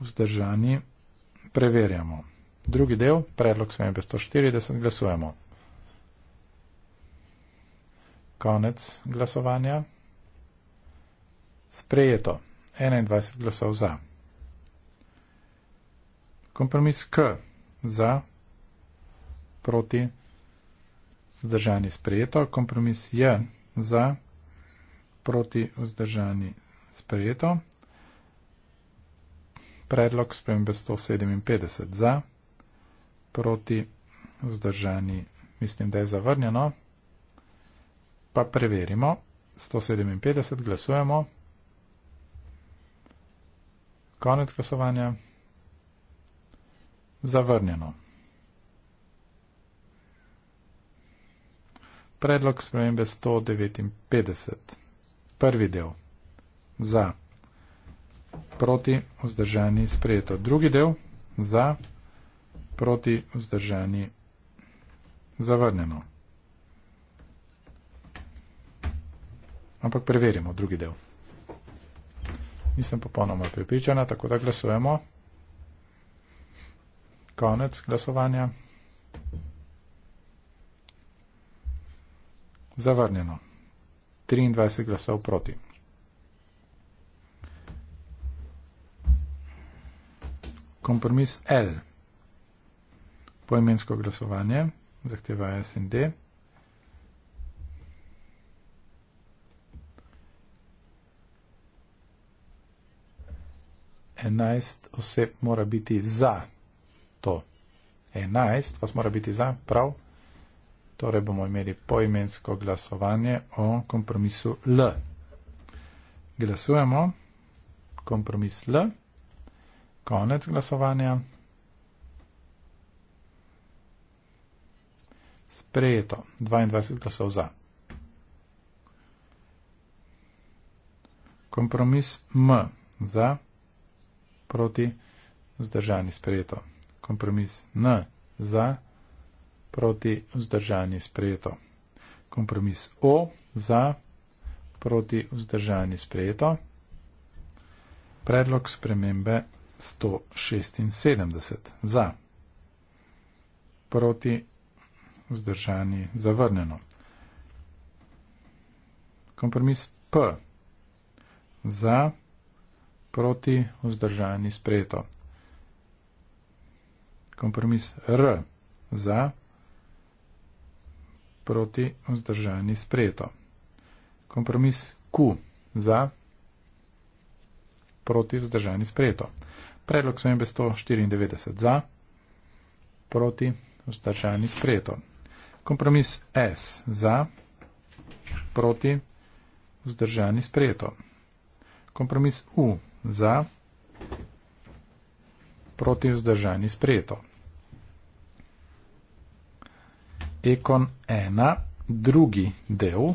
vzdržani, preverjamo. Drugi del, predlog spremembe 140, glasujemo. Konec glasovanja. Sprejeto. 21 glasov za. Kompromis K za, proti, vzdržani sprejeto. Kompromis J za, proti, vzdržani sprejeto. Predlog spremembe 157 za, proti, vzdržani, mislim, da je zavrnjeno pa preverimo. 157 glasujemo. Konec glasovanja. Zavrnjeno. Predlog spremembe 159. Prvi del. Za. Proti vzdržani sprejeto. Drugi del. Za. Proti vzdržani zavrnjeno. Ampak preverimo drugi del. Nisem popolnoma pripričana, tako da glasujemo. Konec glasovanja. Zavrnjeno. 23 glasov proti. Kompromis L. Poimensko glasovanje. Zahteva SND. 11 oseb mora biti za to. 11 vas mora biti za, prav. Torej bomo imeli poimensko glasovanje o kompromisu L. Glasujemo. Kompromis L. Konec glasovanja. Sprejeto. 22 glasov za. Kompromis M. Za proti, vzdržani sprejeto. Kompromis N za, proti, vzdržani sprejeto. Kompromis O za, proti, vzdržani sprejeto. Predlog spremembe 176 za, proti, vzdržani zavrnjeno. Kompromis P za, proti, vzdržani sprejeto proti vzdržani sprejeto. Kompromis R za proti vzdržani sprejeto. Kompromis Q za proti vzdržani sprejeto. Predlog so imbe 194 za proti vzdržani sprejeto. Kompromis S za proti vzdržani sprejeto. Kompromis U za, proti vzdržani sprejeto. Ekon 1, drugi del,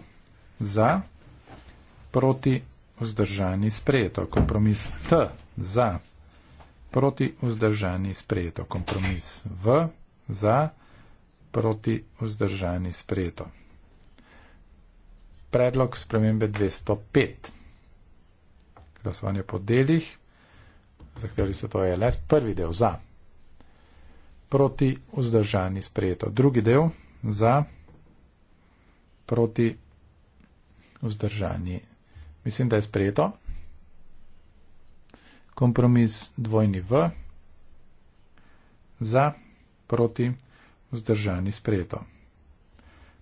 za, proti vzdržani sprejeto. Kompromis T, za, proti vzdržani sprejeto. Kompromis V, za, proti vzdržani sprejeto. Predlog spremembe 205 glasovanje po delih. Zahtevali so to ELS. Prvi del za, proti vzdržani sprejeto. Drugi del za, proti vzdržani. Mislim, da je sprejeto. Kompromis dvojni v, za, proti vzdržani sprejeto.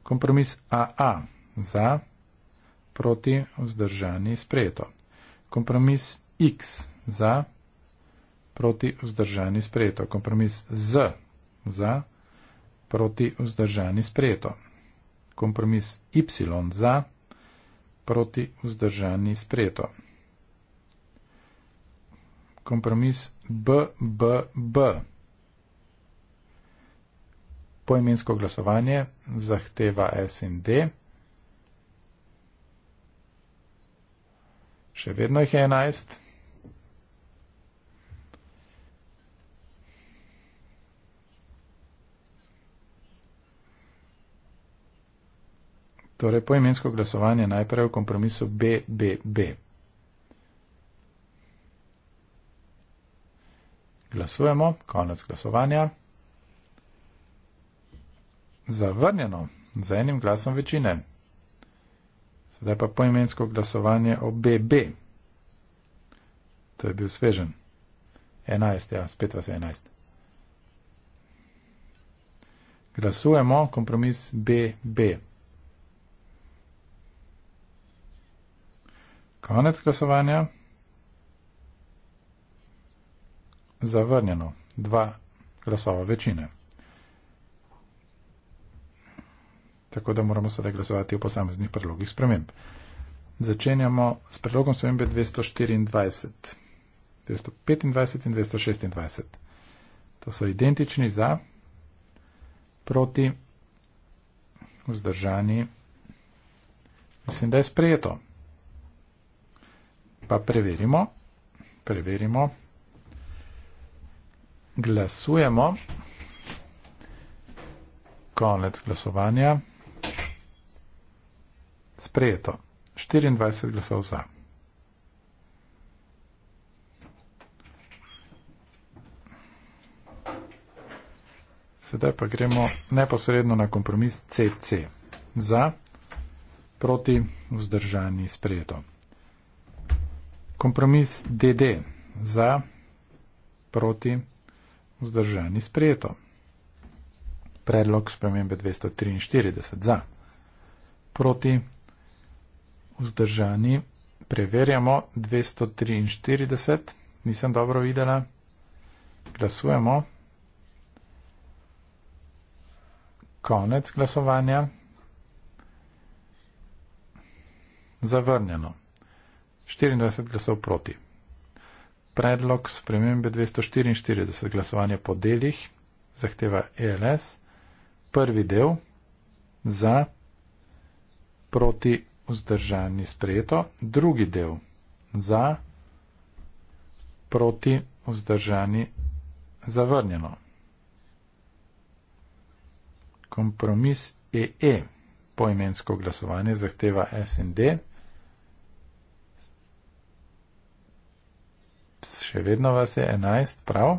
Kompromis AA za, proti vzdržani sprejeto kompromis X za, proti vzdržani sprejeto, kompromis Z za, proti vzdržani sprejeto, kompromis Y za, proti vzdržani sprejeto, kompromis BBB. Poimensko glasovanje zahteva S in D. še vedno jih je 11. Torej, poimensko glasovanje najprej v kompromisu BBB. Glasujemo, konec glasovanja. Zavrnjeno, z enim glasom večine. Zdaj pa poimensko glasovanje o BB. To je bil svežen. 11, ja, spet vas je 11. Glasujemo kompromis BB. Konec glasovanja. Zavrnjeno. Dva glasova večine. tako da moramo sedaj glasovati o posameznih predlogih sprememb. Začenjamo s predlogom spremembe 224, 225 in 226. To so identični za, proti, vzdržani. Mislim, da je sprejeto. Pa preverimo, preverimo, glasujemo, konec glasovanja sprejeto. 24 glasov za. Sedaj pa gremo neposredno na kompromis CC. Za, proti, vzdržani, sprejeto. Kompromis DD. Za, proti, vzdržani, sprejeto. Predlog spremembe 243. Za, proti, vzdržani, sprejeto vzdržani. Preverjamo 243, nisem dobro videla. Glasujemo. Konec glasovanja. Zavrnjeno. 24 glasov proti. Predlog spremembe 244 glasovanja po delih zahteva ELS. Prvi del za proti vzdržani sprejeto, drugi del za, proti vzdržani zavrnjeno. Kompromis EE e, poimensko glasovanje zahteva SND, še vedno vas je 11 prav.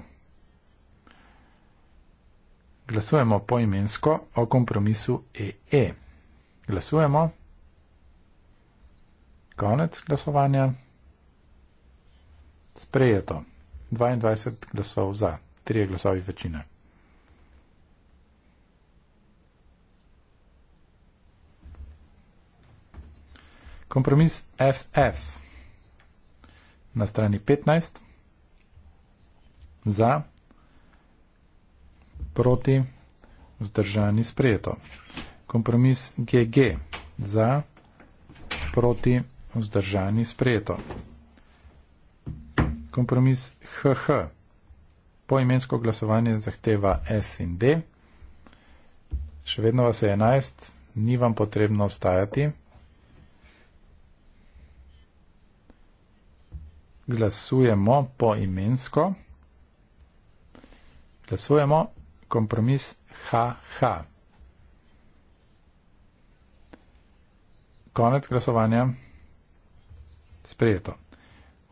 Glasujemo poimensko o kompromisu EE. E. Glasujemo. Konec glasovanja. Sprejeto. 22 glasov za, 3 glasovi večine. Kompromis FF na strani 15 za, proti, vzdržani, sprejeto. Kompromis GG za, proti, vzdržani vzdržani sprejeto. Kompromis HH. Poimensko glasovanje zahteva S in D. Še vedno vas je 11, ni vam potrebno ostajati. Glasujemo poimensko. Glasujemo kompromis HH. Konec glasovanja sprejeto.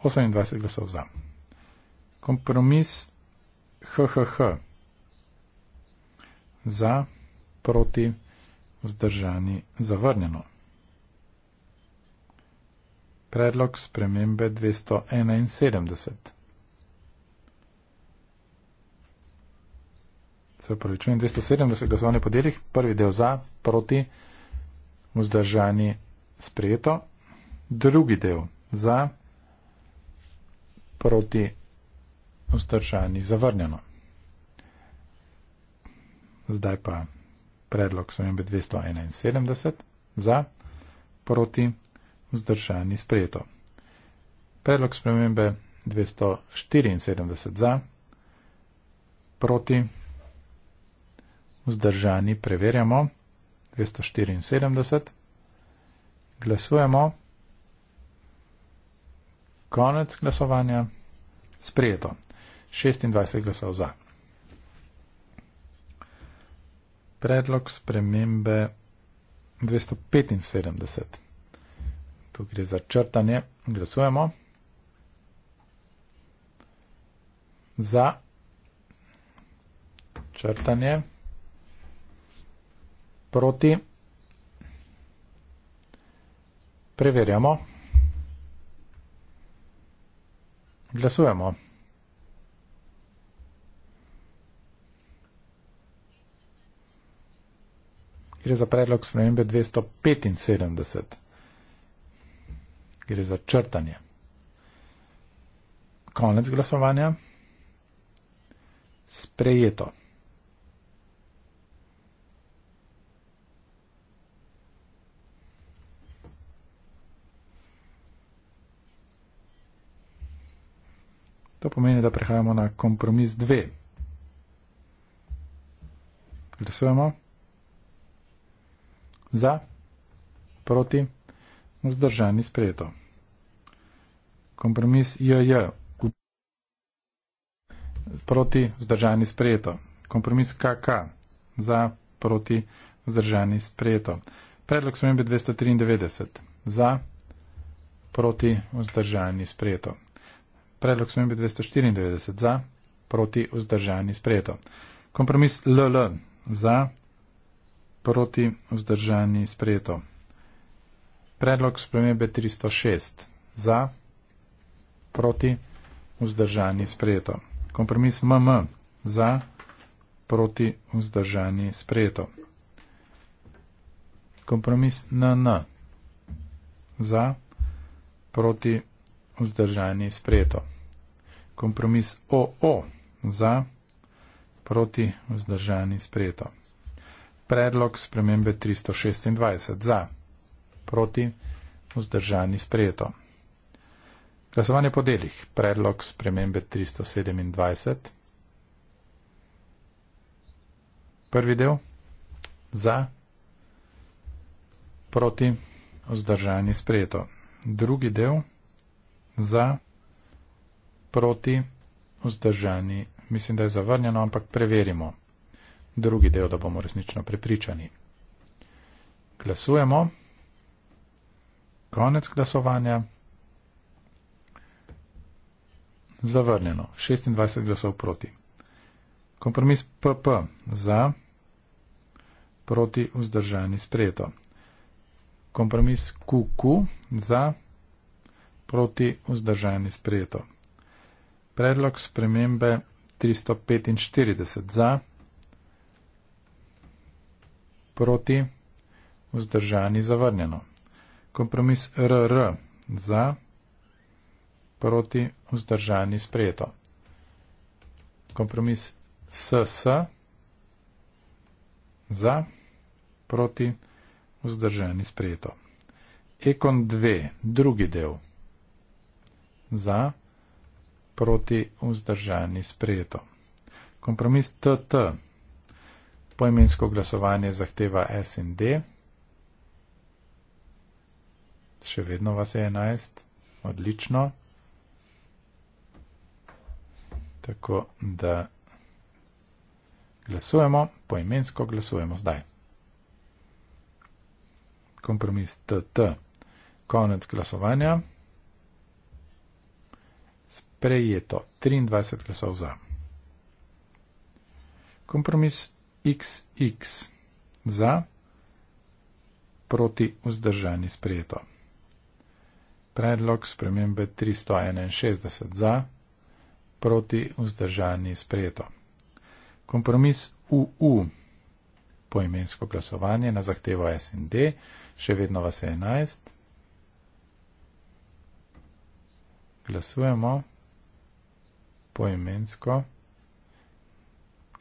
28 glasov za. Kompromis HHH za, proti, vzdržani, zavrnjeno. Predlog spremembe 271. Se upravičujem, 270 glasovanje po delih, prvi del za, proti, vzdržani, sprejeto, drugi del za, proti, vzdržani, zavrnjeno. Zdaj pa predlog spremembe 271 za, proti, vzdržani, sprejeto. Predlog spremembe 274 za, proti, vzdržani, preverjamo 274, glasujemo. Konec glasovanja. Sprejeto. 26 glasov za. Predlog spremembe 275. Tu gre za črtanje. Glasujemo. Za črtanje. Proti. Preverjamo. Glasujemo. Gre za predlog spremembe 275. Gre za črtanje. Konec glasovanja. Sprejeto. To pomeni, da prehajamo na kompromis 2. Glasujemo za, proti, vzdržani sprejeto. Kompromis JJ, proti, vzdržani sprejeto. Kompromis KK, za, proti, vzdržani sprejeto. Predlog smembe 293, za, proti, vzdržani sprejeto predlog smem biti 294 za, proti vzdržani sprejeto. Kompromis LL za, proti vzdržani sprejeto. Predlog spremembe 306 za, proti vzdržani sprejeto. Kompromis MM za, proti vzdržani sprejeto. Kompromis NN za, proti vzdržanje sprejeto. Kompromis OO za proti vzdržanje sprejeto. Predlog spremembe 326 za proti vzdržanje sprejeto. Glasovanje po delih. Predlog spremembe 327. Prvi del za proti vzdržanje sprejeto. Drugi del za, proti, vzdržani. Mislim, da je zavrnjeno, ampak preverimo. Drugi del, da bomo resnično prepričani. Glasujemo. Konec glasovanja. Zavrnjeno. 26 glasov proti. Kompromis PP za, proti, vzdržani, sprejeto. Kompromis QQ za, proti, vzdržani, sprejeto proti vzdržajni sprejeto. Predlog spremembe 345 za, proti vzdržajni zavrnjeno. Kompromis RR za, proti vzdržajni sprejeto. Kompromis SS za, proti vzdržajni sprejeto. Ekon 2, drugi del za, proti vzdržani sprejeto. Kompromis TT. Poimensko glasovanje zahteva SND. Še vedno vas je 11. Odlično. Tako da glasujemo, poimensko glasujemo zdaj. Kompromis TT. Konec glasovanja prejeto 23 glasov za. Kompromis XX za proti vzdržani sprejeto. Predlog spremembe 361 za proti vzdržani sprejeto. Kompromis UU poimensko glasovanje na zahtevo SND, še vedno vas je 11. Glasujemo poimensko.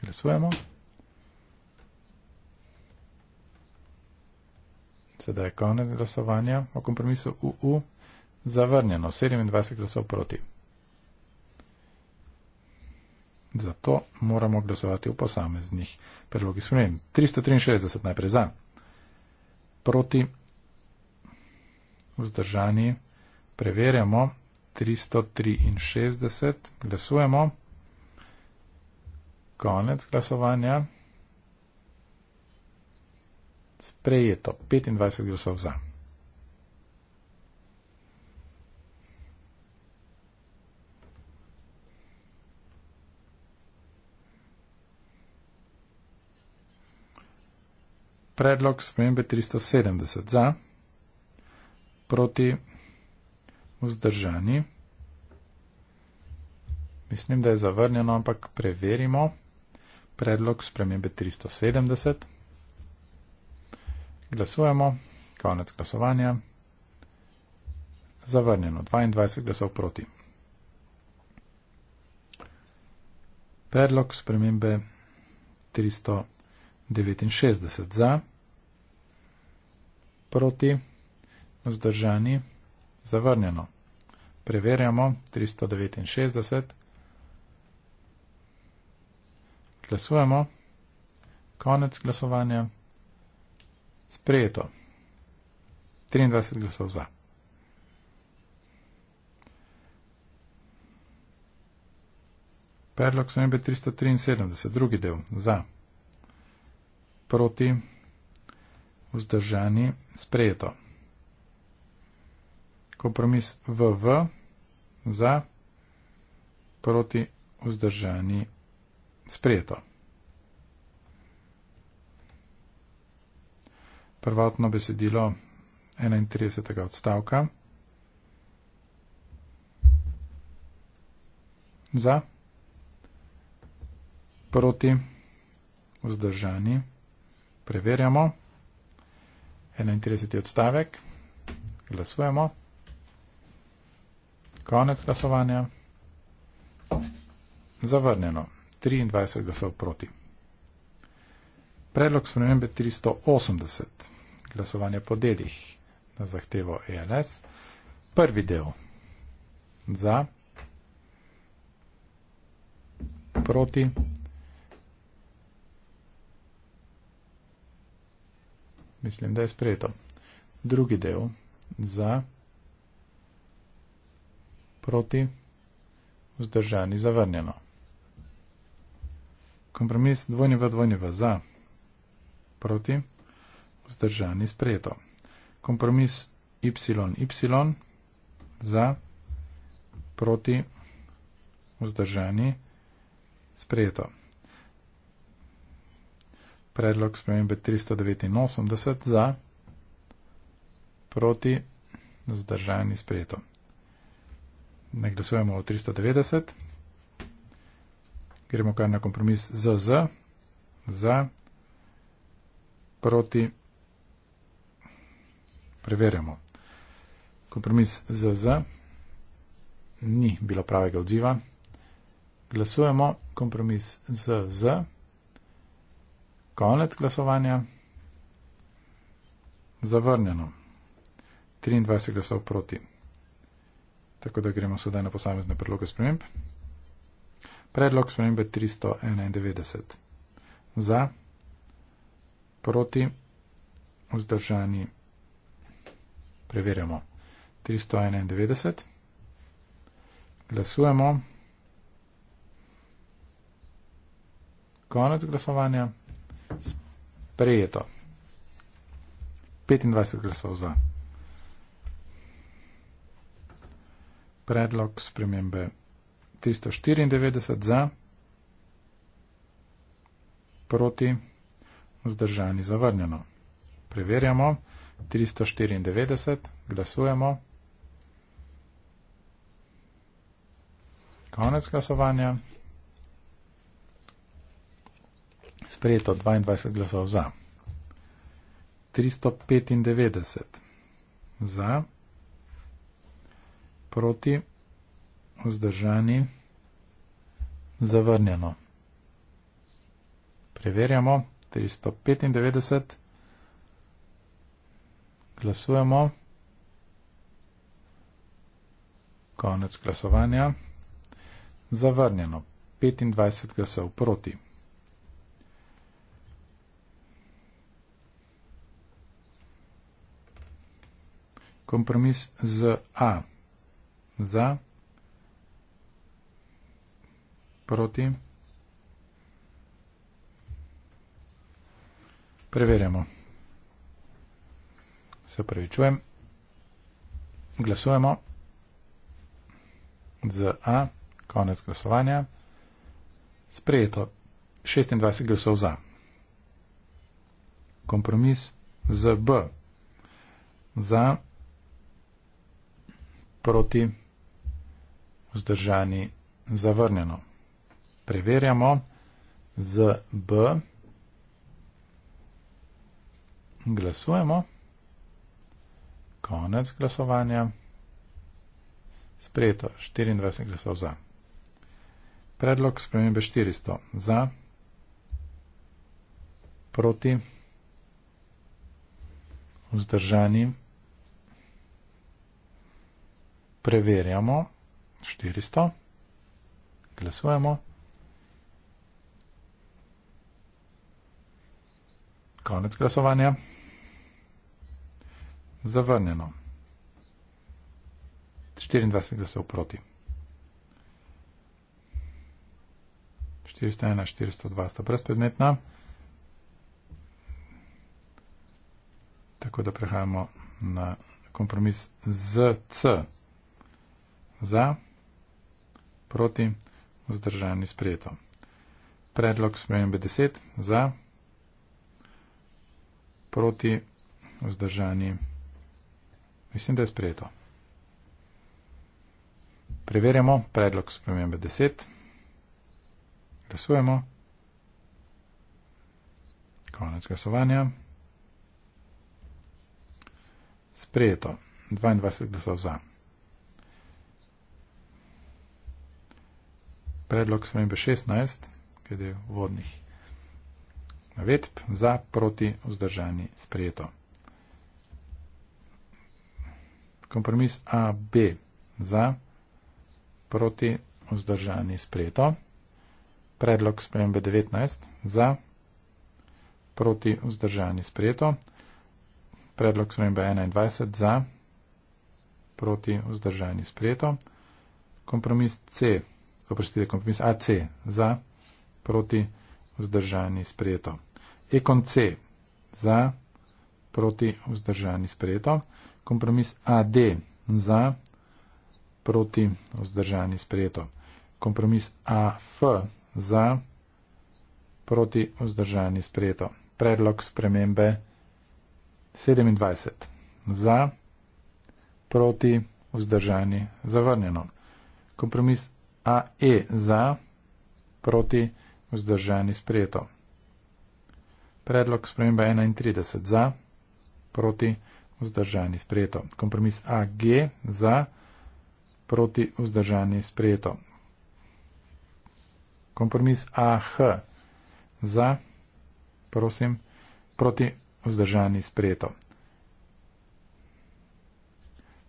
Glasujemo. Sedaj je konec glasovanja o kompromisu UU. Zavrnjeno 27 glasov proti. Zato moramo glasovati v posameznih predlogih. Smo 363 najprej za, proti, vzdržani, preverjamo 363, glasujemo. Konec glasovanja. Sprejeto 25 glasov za. Predlog spremembe 370 za, proti vzdržani. Mislim, da je zavrnjeno, ampak preverimo. Predlog spremembe 370. Glasujemo. Konec glasovanja. Zavrnjeno. 22 glasov proti. Predlog spremembe 369 za, proti, vzdržani zavrnjeno. Preverjamo 369. Glasujemo. Konec glasovanja. Sprejeto. 23 glasov za. Predlog so imbe 373, drugi del, za, proti, vzdržani, sprejeto kompromis VV za proti vzdržani sprejeto. Prvotno besedilo 31. odstavka. Za proti vzdržani preverjamo 31. odstavek. Glasujemo. Konec glasovanja. Zavrnjeno. 23 glasov proti. Predlog spremembe 380. Glasovanje po delih na zahtevo ELS. Prvi del. Za. Proti. Mislim, da je sprejeto. Drugi del. Za. Proti proti, vzdržani zavrnjeno. Kompromis dvojnjeva dvojnjeva za, proti, vzdržani sprejeto. Kompromis y, y, za, proti, vzdržani sprejeto. Predlog spremembe 389 za, proti, zdržani sprejetom ne glasujemo o 390. Gremo kar na kompromis z z, za, proti, preverjamo. Kompromis z z, ni bilo pravega odziva. Glasujemo, kompromis z z, konec glasovanja, zavrnjeno. 23 glasov proti. Tako da gremo sedaj na posamezne predloge sprememb. Predlog spremembe 391. Za, proti, vzdržani, preverjamo. 391. Glasujemo. Konec glasovanja. Prejeto. 25 glasov za. predlog spremembe 394 za, proti, vzdržani zavrnjeno. Preverjamo 394, glasujemo. Konec glasovanja. Sprejeto 22 glasov za. 395 za proti, vzdržani, zavrnjeno. Preverjamo, 395, glasujemo, konec glasovanja, zavrnjeno, 25 glasov proti. Kompromis z A za, proti. Preverjamo. Se pravi čujem. Glasujemo. Z A, konec glasovanja. Sprejeto. 26 glasov za. Kompromis z B. Za, proti vzdržani zavrnjeno. Preverjamo z B. Glasujemo. Konec glasovanja. Sprejeto. 24 glasov za. Predlog spremembe 400. Za. Proti. Vzdržani. Preverjamo. 400. Glasujemo. Konec glasovanja. Zavrnjeno. 24 glasov proti. 401, 402 sta brezpredmetna. Tako da prehajamo na kompromis z C. Za proti, vzdržani sprejeto. Predlog spremembe 10 za, proti, vzdržani. Mislim, da je sprejeto. Preverjamo predlog spremembe 10. Glasujemo. Konec glasovanja. Sprejeto. 22 glasov za. predlog spremembe 16, glede vodnih navedb za proti vzdržani sprejeto. Kompromis AB za proti vzdržani sprejeto. Predlog spremembe 19 za proti vzdržani sprejeto. Predlog spremembe 21 za proti vzdržani sprejeto. Kompromis C Oprostite, kompromis AC za, proti, vzdržani, sprejeto. Ekon C za, proti, vzdržani, sprejeto. Kompromis AD za, proti, vzdržani, sprejeto. Kompromis AF za, proti, vzdržani, sprejeto. Predlog spremembe 27 za, proti, vzdržani, zavrnjeno. Kompromis A E za, proti vzdržani sprejeto. Predlog sprememba 31 za, proti vzdržani sprejeto. Kompromis A G za, proti vzdržani sprejeto. Kompromis A H za, prosim, proti vzdržani sprejeto.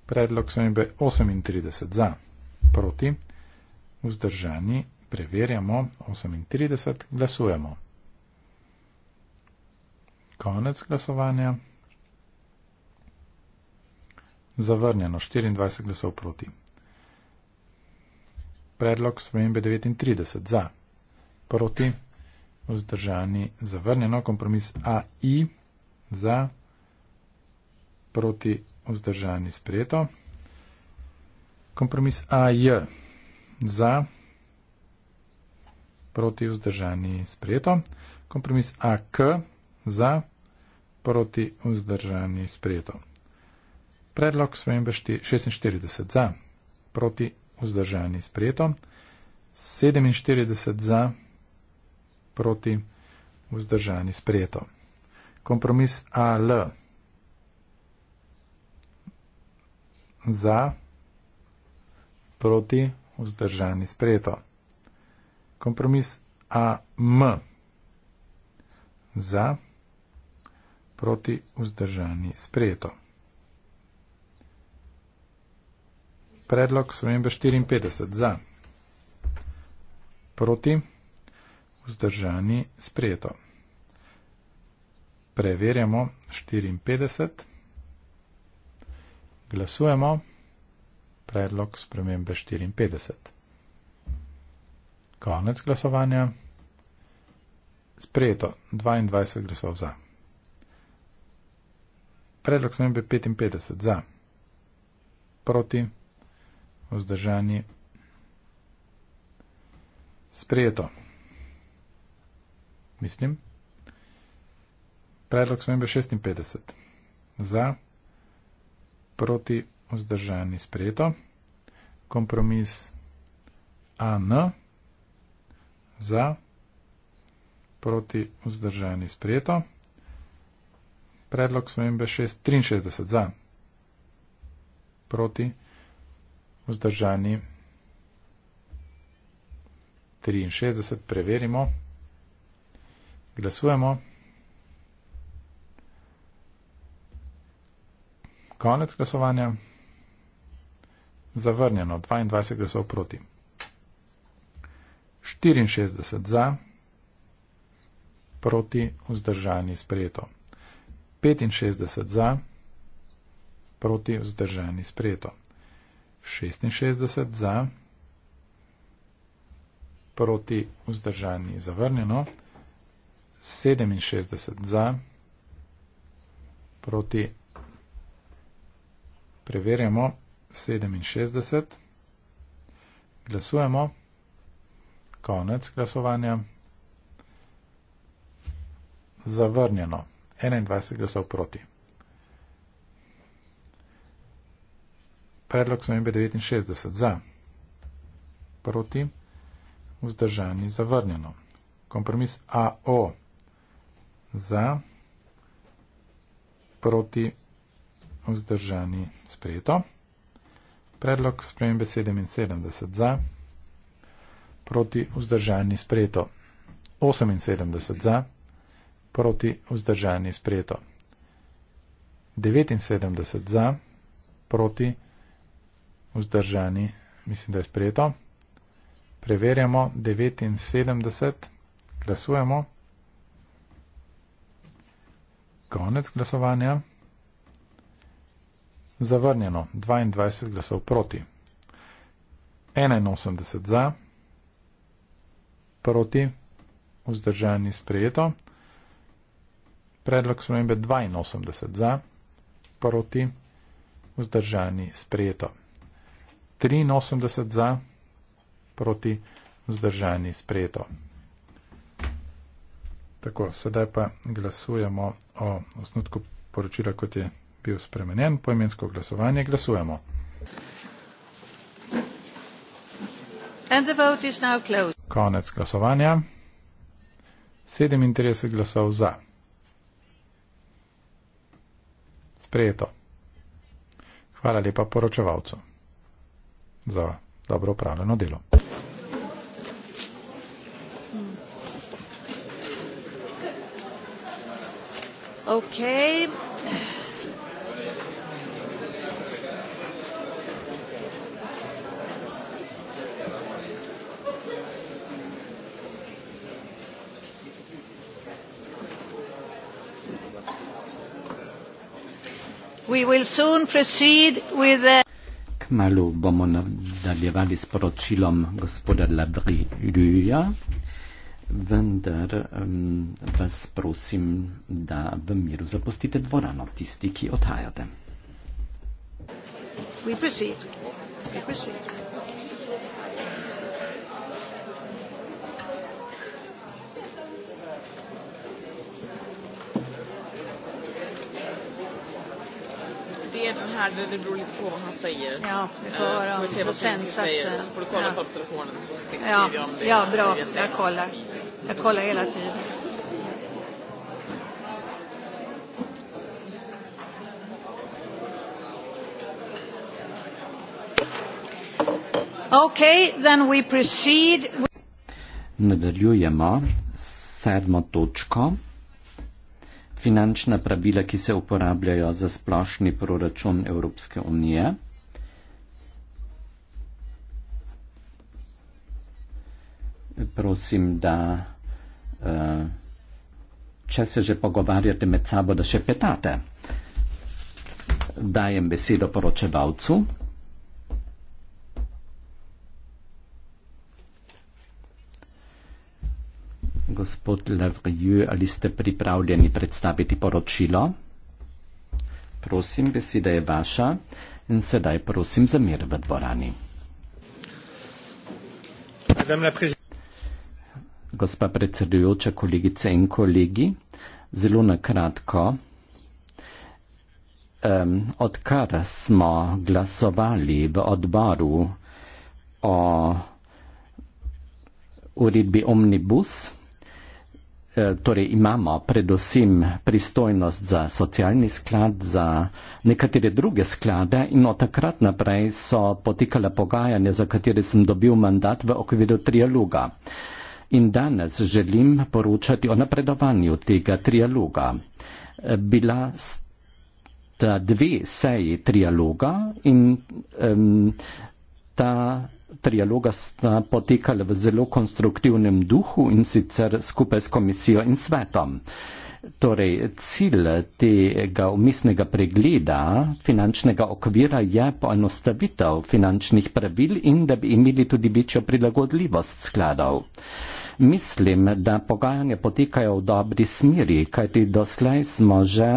Predlog sprememba 38 za, proti vzdržani sprejeto vzdržani, preverjamo, 38, glasujemo. Konec glasovanja. Zavrnjeno, 24 glasov proti. Predlog spremembe 39 za. Proti, vzdržani, zavrnjeno, kompromis AI za, proti, vzdržani, sprejeto. Kompromis AI za, proti vzdržani sprejeto. Kompromis AK za, proti vzdržani sprejeto. Predlog spremembe 46 za, proti vzdržani sprejeto. 47 za, proti vzdržani sprejeto. Kompromis AL za, proti vzdržani sprejeto vzdržani sprejeto. Kompromis AM za proti vzdržani sprejeto. Predlog svojembe 54 za proti vzdržani sprejeto. Preverjamo 54. Glasujemo predlog spremembe 54. Konec glasovanja. Sprejeto 22 glasov za. Predlog spremembe 55 za. Proti. Vzdržani. Sprejeto. Mislim. Predlog spremembe 56 za. Proti vzdržani sprejeto, kompromis AN za, proti vzdržani sprejeto, predlog smembe 63 za, proti vzdržani 63, preverimo, glasujemo, konec glasovanja zavrnjeno 22 glasov proti. 64 za, proti vzdržani sprejeto. 65 za, proti vzdržani sprejeto. 66 za, proti vzdržani zavrnjeno. 67 za, proti preverjamo 67. Glasujemo. Konec glasovanja. Zavrnjeno. 21 glasov proti. Predlog smo imeli 69 za. Proti. Vzdržani. Zavrnjeno. Kompromis AO. Za. Proti. Vzdržani. Sprejeto. Predlog spremembe 77 za, proti vzdržani sprejeto. 78 za, proti vzdržani sprejeto. 79 za, proti vzdržani, mislim, da je sprejeto. Preverjamo 79, glasujemo. Konec glasovanja zavrnjeno 22 glasov proti. 81 za, proti, vzdržani sprejeto. Predlog spremembe 82 za, proti, vzdržani sprejeto. 83 za, proti, vzdržani sprejeto. Tako, sedaj pa glasujemo o osnutku poročila, kot je bil spremenjen poimensko glasovanje, glasujemo. Konec glasovanja. 37 glasov za. Sprejeto. Hvala lepa poročevalcu za dobro upravljeno delo. Okay. Kmalo bomo nadaljevali s poročilom gospoda Labrilja, vendar um, vas prosim, da v miru zapustite dvorano tisti, ki odhajate. We proceed. We proceed. här, det, det beror lite på vad han säger. Ja, vi får uh, höra om se vad procentsatsen. Säger. Så får du kolla ja. på telefonen så skriver ja. jag om det. Ja, bra. Jag, jag kollar. Jag kollar hela tiden. Okay, then we proceed. Nadaljujemo sedmo točko finančna pravila, ki se uporabljajo za splošni proračun Evropske unije. Prosim, da eh, če se že pogovarjate med sabo, da še petate. Dajem besedo poročevalcu. Gospod Lavrijev, ali ste pripravljeni predstaviti poročilo? Prosim, beseda je vaša in sedaj prosim za mir v dvorani. Gospa predsedujoča, kolegice in kolegi, zelo na kratko. Um, odkar smo glasovali v odboru o uredbi omnibus, Eh, torej imamo predvsem pristojnost za socialni sklad, za nekatere druge sklade in od takrat naprej so potekala pogajanja, za katere sem dobil mandat v okviru trialoga. In danes želim poročati o napredovanju tega trialoga. Eh, bila sta dve seji trialoga in um, ta trialoga sta potekala v zelo konstruktivnem duhu in sicer skupaj s komisijo in svetom. Torej, cilj tega umisnega pregleda finančnega okvira je poenostavitev finančnih pravil in da bi imeli tudi večjo prilagodljivost skladov. Mislim, da pogajanja potekajo v dobri smeri, kajti doslej smo že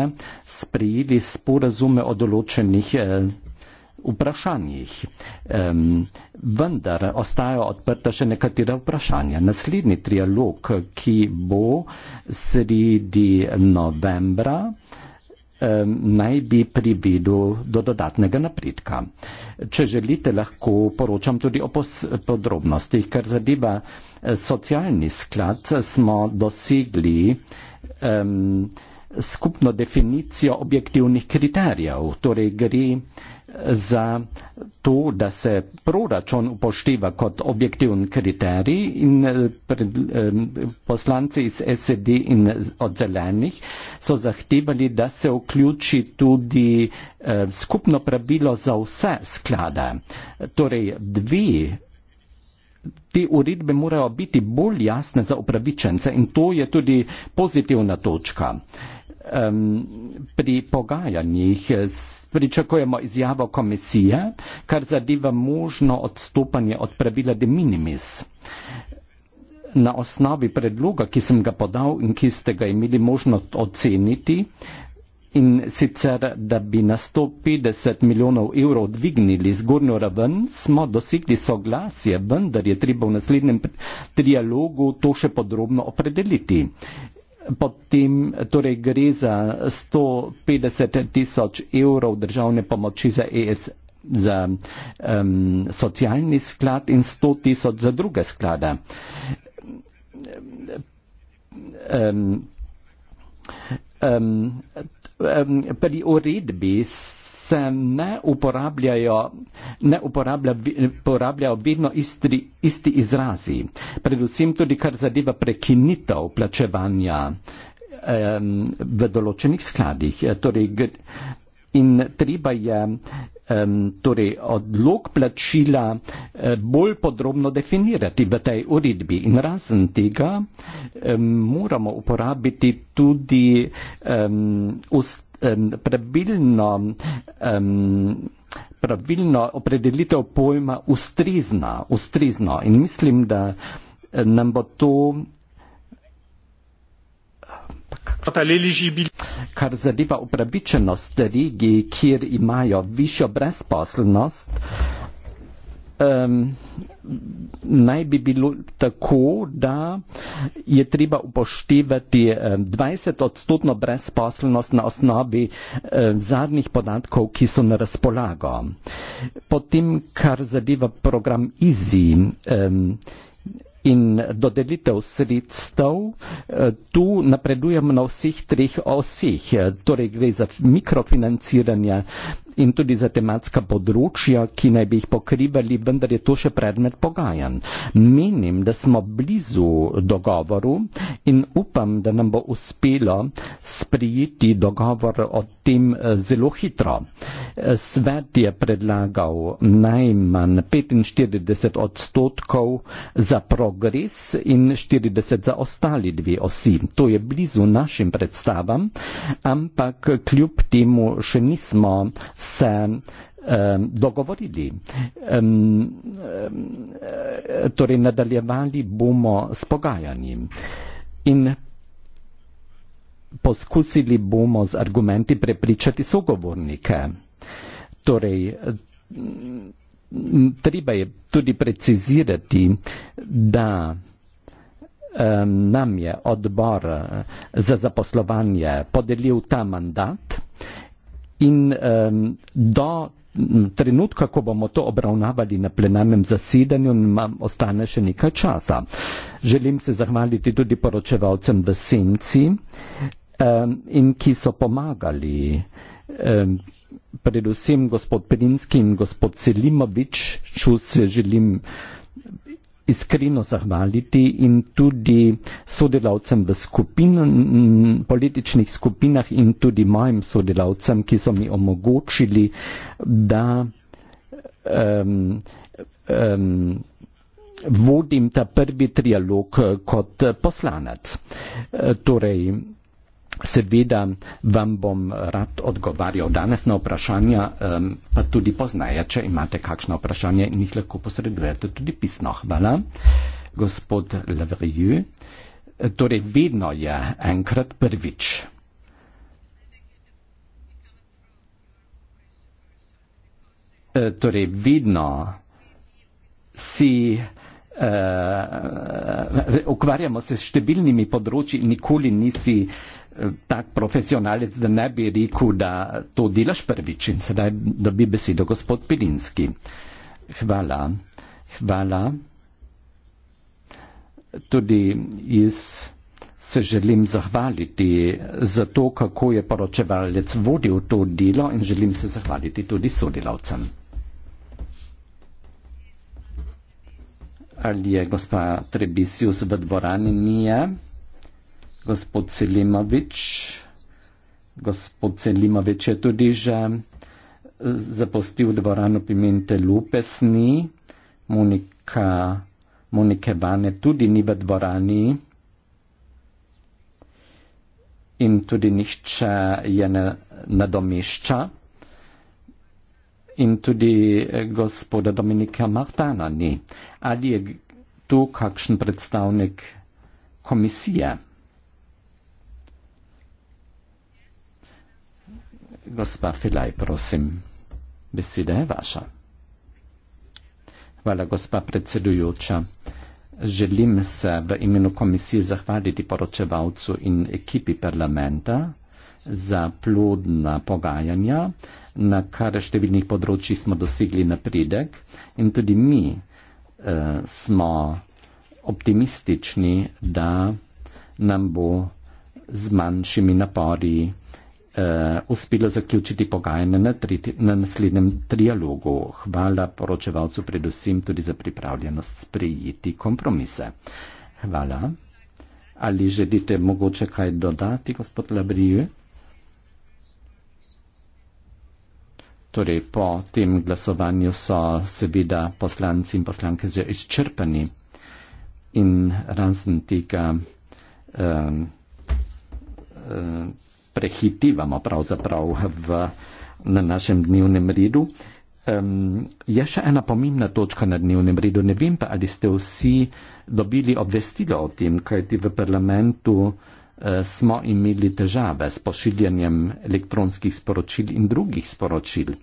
sprijeli sporazume o določenih eh, vprašanjih. Um, vendar ostajajo odprta še nekatera vprašanja. Naslednji trialog, ki bo sredi novembra, um, naj bi privedel do dodatnega napredka. Če želite, lahko poročam tudi o podrobnostih, kar zadeva eh, socialni sklad, smo dosegli um, skupno definicijo objektivnih kriterijev. Torej gre za to, da se proračun upošteva kot objektivn kriterij in eh, pred, eh, poslanci iz SED in od zelenih so zahtevali, da se vključi tudi eh, skupno pravilo za vse sklade. Torej, dve te uredbe morajo biti bolj jasne za upravičence in to je tudi pozitivna točka. Eh, pri pogajanjih s pričakujemo izjavo komisije, kar zadeva možno odstopanje od pravila de minimis. Na osnovi predloga, ki sem ga podal in ki ste ga imeli možnost oceniti, in sicer, da bi na 150 milijonov evrov dvignili zgornjo raven, smo dosegli soglasje, vendar je treba v naslednjem trialogu to še podrobno opredeliti potem torej gre za 150 tisoč evrov državne pomoči za ES za um, socialni sklad in 100 tisoč za druge sklade. Um, um, um, pri uredbi se ne uporabljajo, ne uporablja, uporabljajo vedno isti, isti izrazi. Predvsem tudi, kar zadeva prekinitev plačevanja um, v določenih skladih. E, torej, in treba je um, torej odlog plačila e, bolj podrobno definirati v tej uredbi. In razen tega um, moramo uporabiti tudi um, ustavljanje um, pravilno, um, pravilno opredelitev pojma ustrizna, ustrizno. In mislim, da nam bo to. Kar zadeva upravičenost regij, kjer imajo višjo brezposlenost, um, naj bi bilo tako, da je treba upoštevati 20 odstotno brezposelnost na osnovi zadnjih podatkov, ki so na razpolago. Potem, kar zadeva program IZI um, in dodelitev sredstev, eh, tu napredujemo na vseh treh osih, torej gre za mikrofinanciranje, in tudi za tematska področja, ki naj bi jih pokrivali, vendar je to še predmet pogajanj. Menim, da smo blizu dogovoru in upam, da nam bo uspelo sprijeti dogovor o tem eh, zelo hitro. Eh, svet je predlagal najmanj 45 odstotkov za progres in 40 za ostali dve osi. To je blizu našim predstavam, ampak kljub temu še nismo se um, dogovorili. Um, um, torej, nadaljevali bomo s pogajanji in poskusili bomo z argumenti prepričati sogovornike. Torej, treba je tudi precizirati, da um, nam je odbor e, za zaposlovanje podelil ta mandat, In um, do trenutka, ko bomo to obravnavali na plenarnem zasedanju, nam ostane še nekaj časa. Želim se zahvaliti tudi poročevalcem v Senci, um, in ki so pomagali, um, predvsem gospod Pelinski in gospod Selimovič, čus se želim iskreno zahvaliti in tudi sodelavcem v skupin, političnih skupinah in tudi mojim sodelavcem, ki so mi omogočili, da um, um, vodim ta prvi trialog eh, kot eh, poslanec. Eh, torej, Seveda vam bom rad odgovarjal danes na vprašanja, um, pa tudi poznaje, če imate kakšno vprašanje in jih lahko posredujete tudi pisno. Hvala, gospod Leverju. Torej, vedno je enkrat prvič. E, torej, vedno si. Uh, ukvarjamo se s številnimi področji, nikoli nisi uh, tak profesionalec, da ne bi rekel, da to delaš prvič in sedaj dobi besedo gospod Pilinski. Hvala. Hvala. Tudi jaz se želim zahvaliti za to, kako je poročevalec vodil to delo in želim se zahvaliti tudi sodelavcem. Ali je gospa Trebisius v dvorani? Nije gospod Selimovič. Gospod Selimovič je tudi že eh, zapustil dvorano Pimente Lupes, ni Monika, Monike Vane tudi ni v dvorani. In tudi nihče je ne nadomešča. In tudi eh, gospoda Dominika Martana ni. Ali je tu kakšen predstavnik komisije? Gospa Filaj, prosim, beseda je vaša. Hvala, gospa predsedujoča. Želim se v imenu komisije zahvaliti poročevalcu in ekipi parlamenta za plodna pogajanja, na kar številnih področjih smo dosegli napredek in tudi mi eh, smo optimistični, da nam bo z manjšimi napori uh, uspelo zaključiti pogajanje na, na naslednjem trialogu. Hvala poročevalcu predvsem tudi za pripravljenost sprejeti kompromise. Hvala. Ali želite mogoče kaj dodati, gospod Labriju? Torej, po tem glasovanju so seveda poslanci in poslanke že izčrpani in razen tega um, um, prehitivamo pravzaprav v, na našem dnevnem redu. Um, je še ena pomembna točka na dnevnem redu. Ne vem pa, ali ste vsi dobili obvestilo o tem, kajti v parlamentu uh, smo imeli težave s pošiljanjem elektronskih sporočil in drugih sporočil.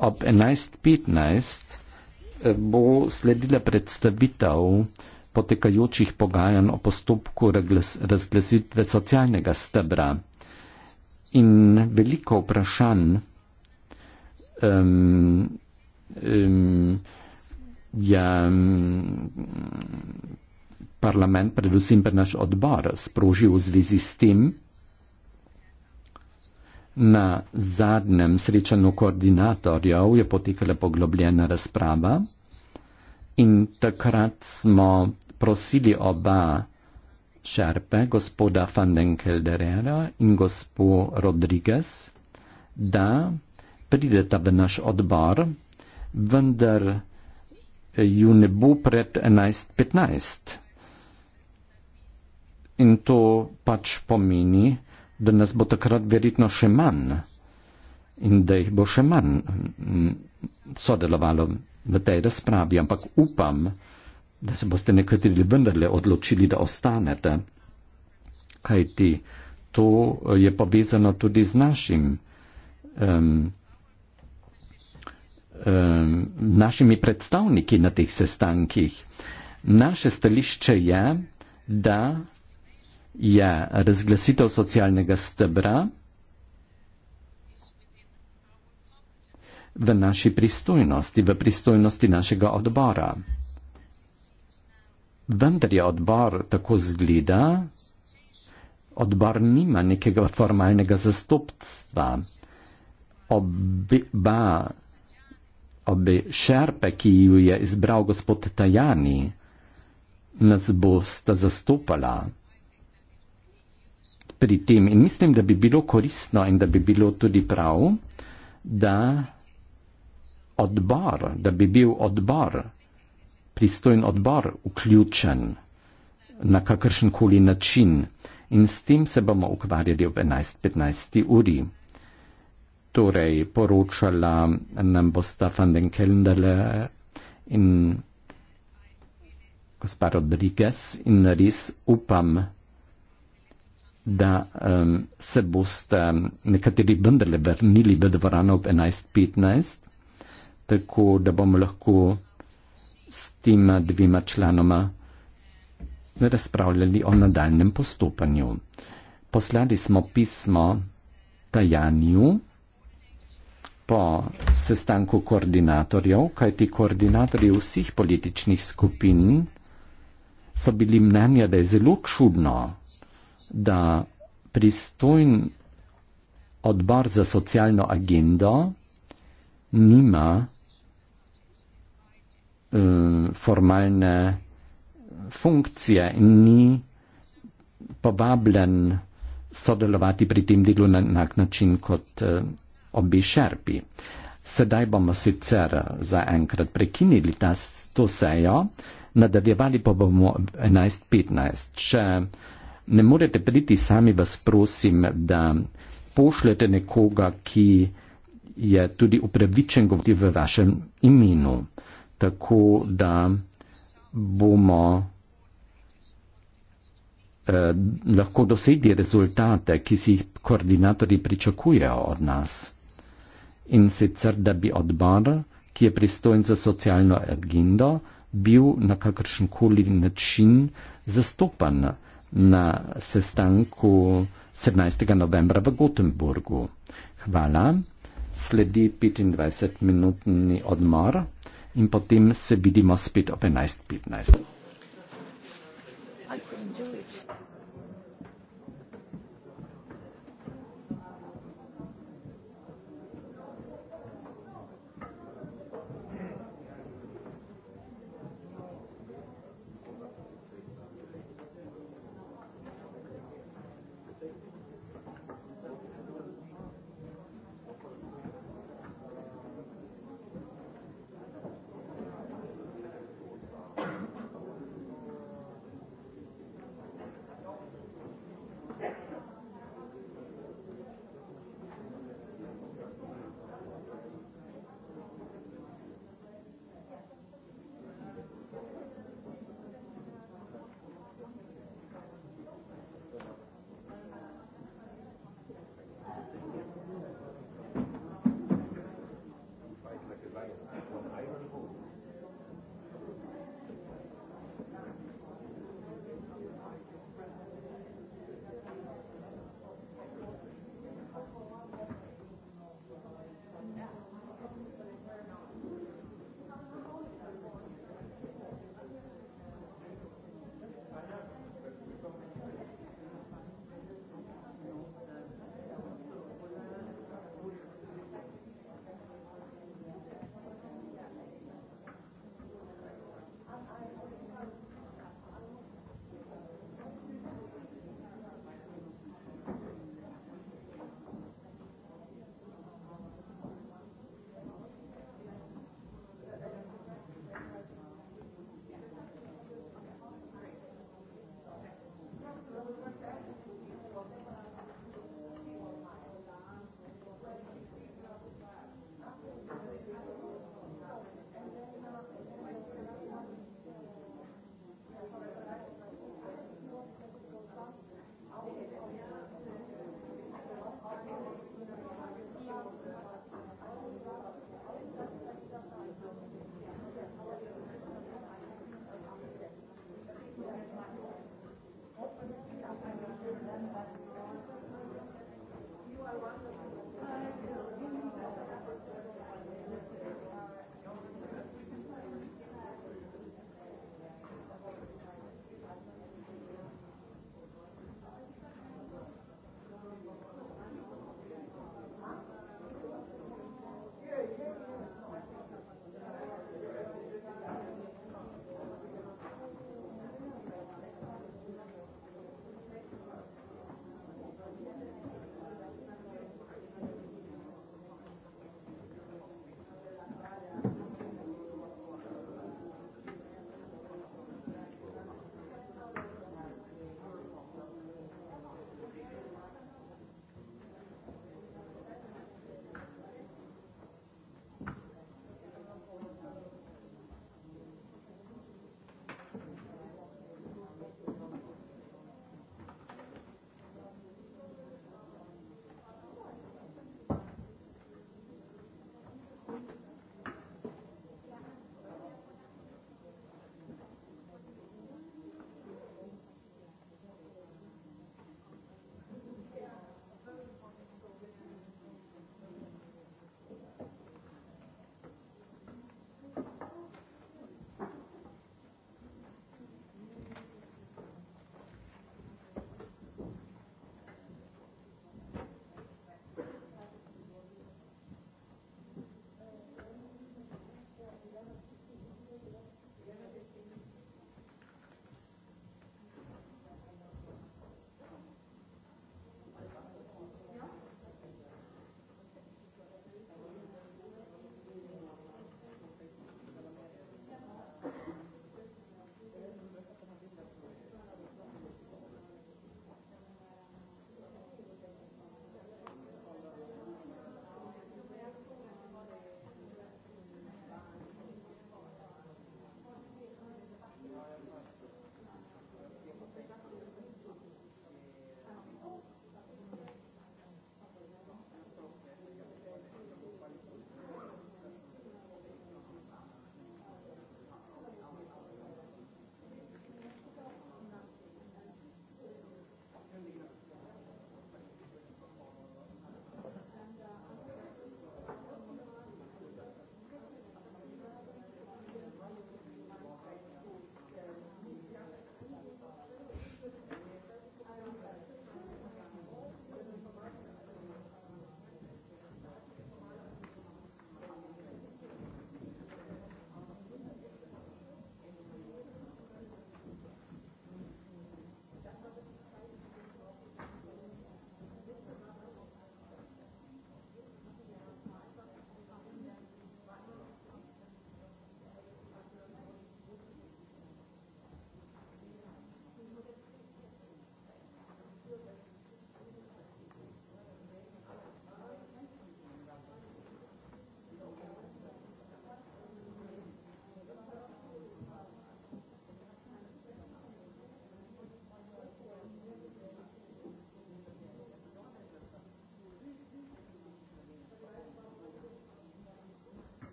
Ob 11.15 e, bo sledila predstavitev potekajočih pogajanj o postopku razglasitve socialnega stebra in veliko vprašanj um, um, je ja, parlament, predvsem pa naš odbor, sprožil v zvezi s tem na zadnjem srečanju koordinatorjev je potekala poglobljena razprava in takrat smo prosili oba Šarpe, gospoda Fandenkelderera in gospo Rodriguez, da prideta v naš odbor, vendar ju ne bo pred 11.15. In to pač pomeni, da nas bo takrat verjetno še manj in da jih bo še manj mm, sodelovalo v tej razpravi, ampak upam, da se boste nekateri vendarle odločili, da ostanete. Kaj ti? To je povezano tudi z našim, um, um, našimi predstavniki na teh sestankih. Naše stališče je, da je razglasitev socialnega stebra v naši pristojnosti, v pristojnosti našega odbora vendar je odbor tako zgleda, odbor nima nekega formalnega zastopstva. Oba, obe šerpe, ki ju je izbral gospod Tajani, nas bosta zastopala pri tem in mislim, da bi bilo koristno in da bi bilo tudi prav, da odbor, da bi bil odbor pristojen odbor vključen na kakršenkoli način in s tem se bomo ukvarjali ob 11.15. uri. Torej, poročala nam bo Stefan Denkelndele in gospa Rodriguez in res upam, da um, se boste nekateri vendarle vrnili v dvorano ob 11.15, tako da bomo lahko s tema dvima članoma razpravljali o nadaljnem postopanju. Poslali smo pismo Tajanju po sestanku koordinatorjev, kajti koordinatorji vseh političnih skupin so bili mnenja, da je zelo čudno, da pristojn odbor za socialno agendo nima Eh, formalne funkcije in ni povabljen sodelovati pri tem delu na enak način kot uh, eh, obi šerpi. Sedaj bomo sicer zaenkrat prekinili ta, to sejo, nadaljevali pa bomo 11.15. Če ne morete priti sami, vas prosim, da pošljete nekoga, ki je tudi upravičen govoriti v vašem imenu tako da bomo eh, lahko dosegli rezultate, ki si jih koordinatori pričakujejo od nas. In sicer, da bi odbor, ki je pristojen za socialno agendo, bil na kakršenkoli način zastopan na sestanku 17. novembra v Gotenburgu. Hvala. Sledi 25-minutni odmor in potem se vidimo spet ob 11.15.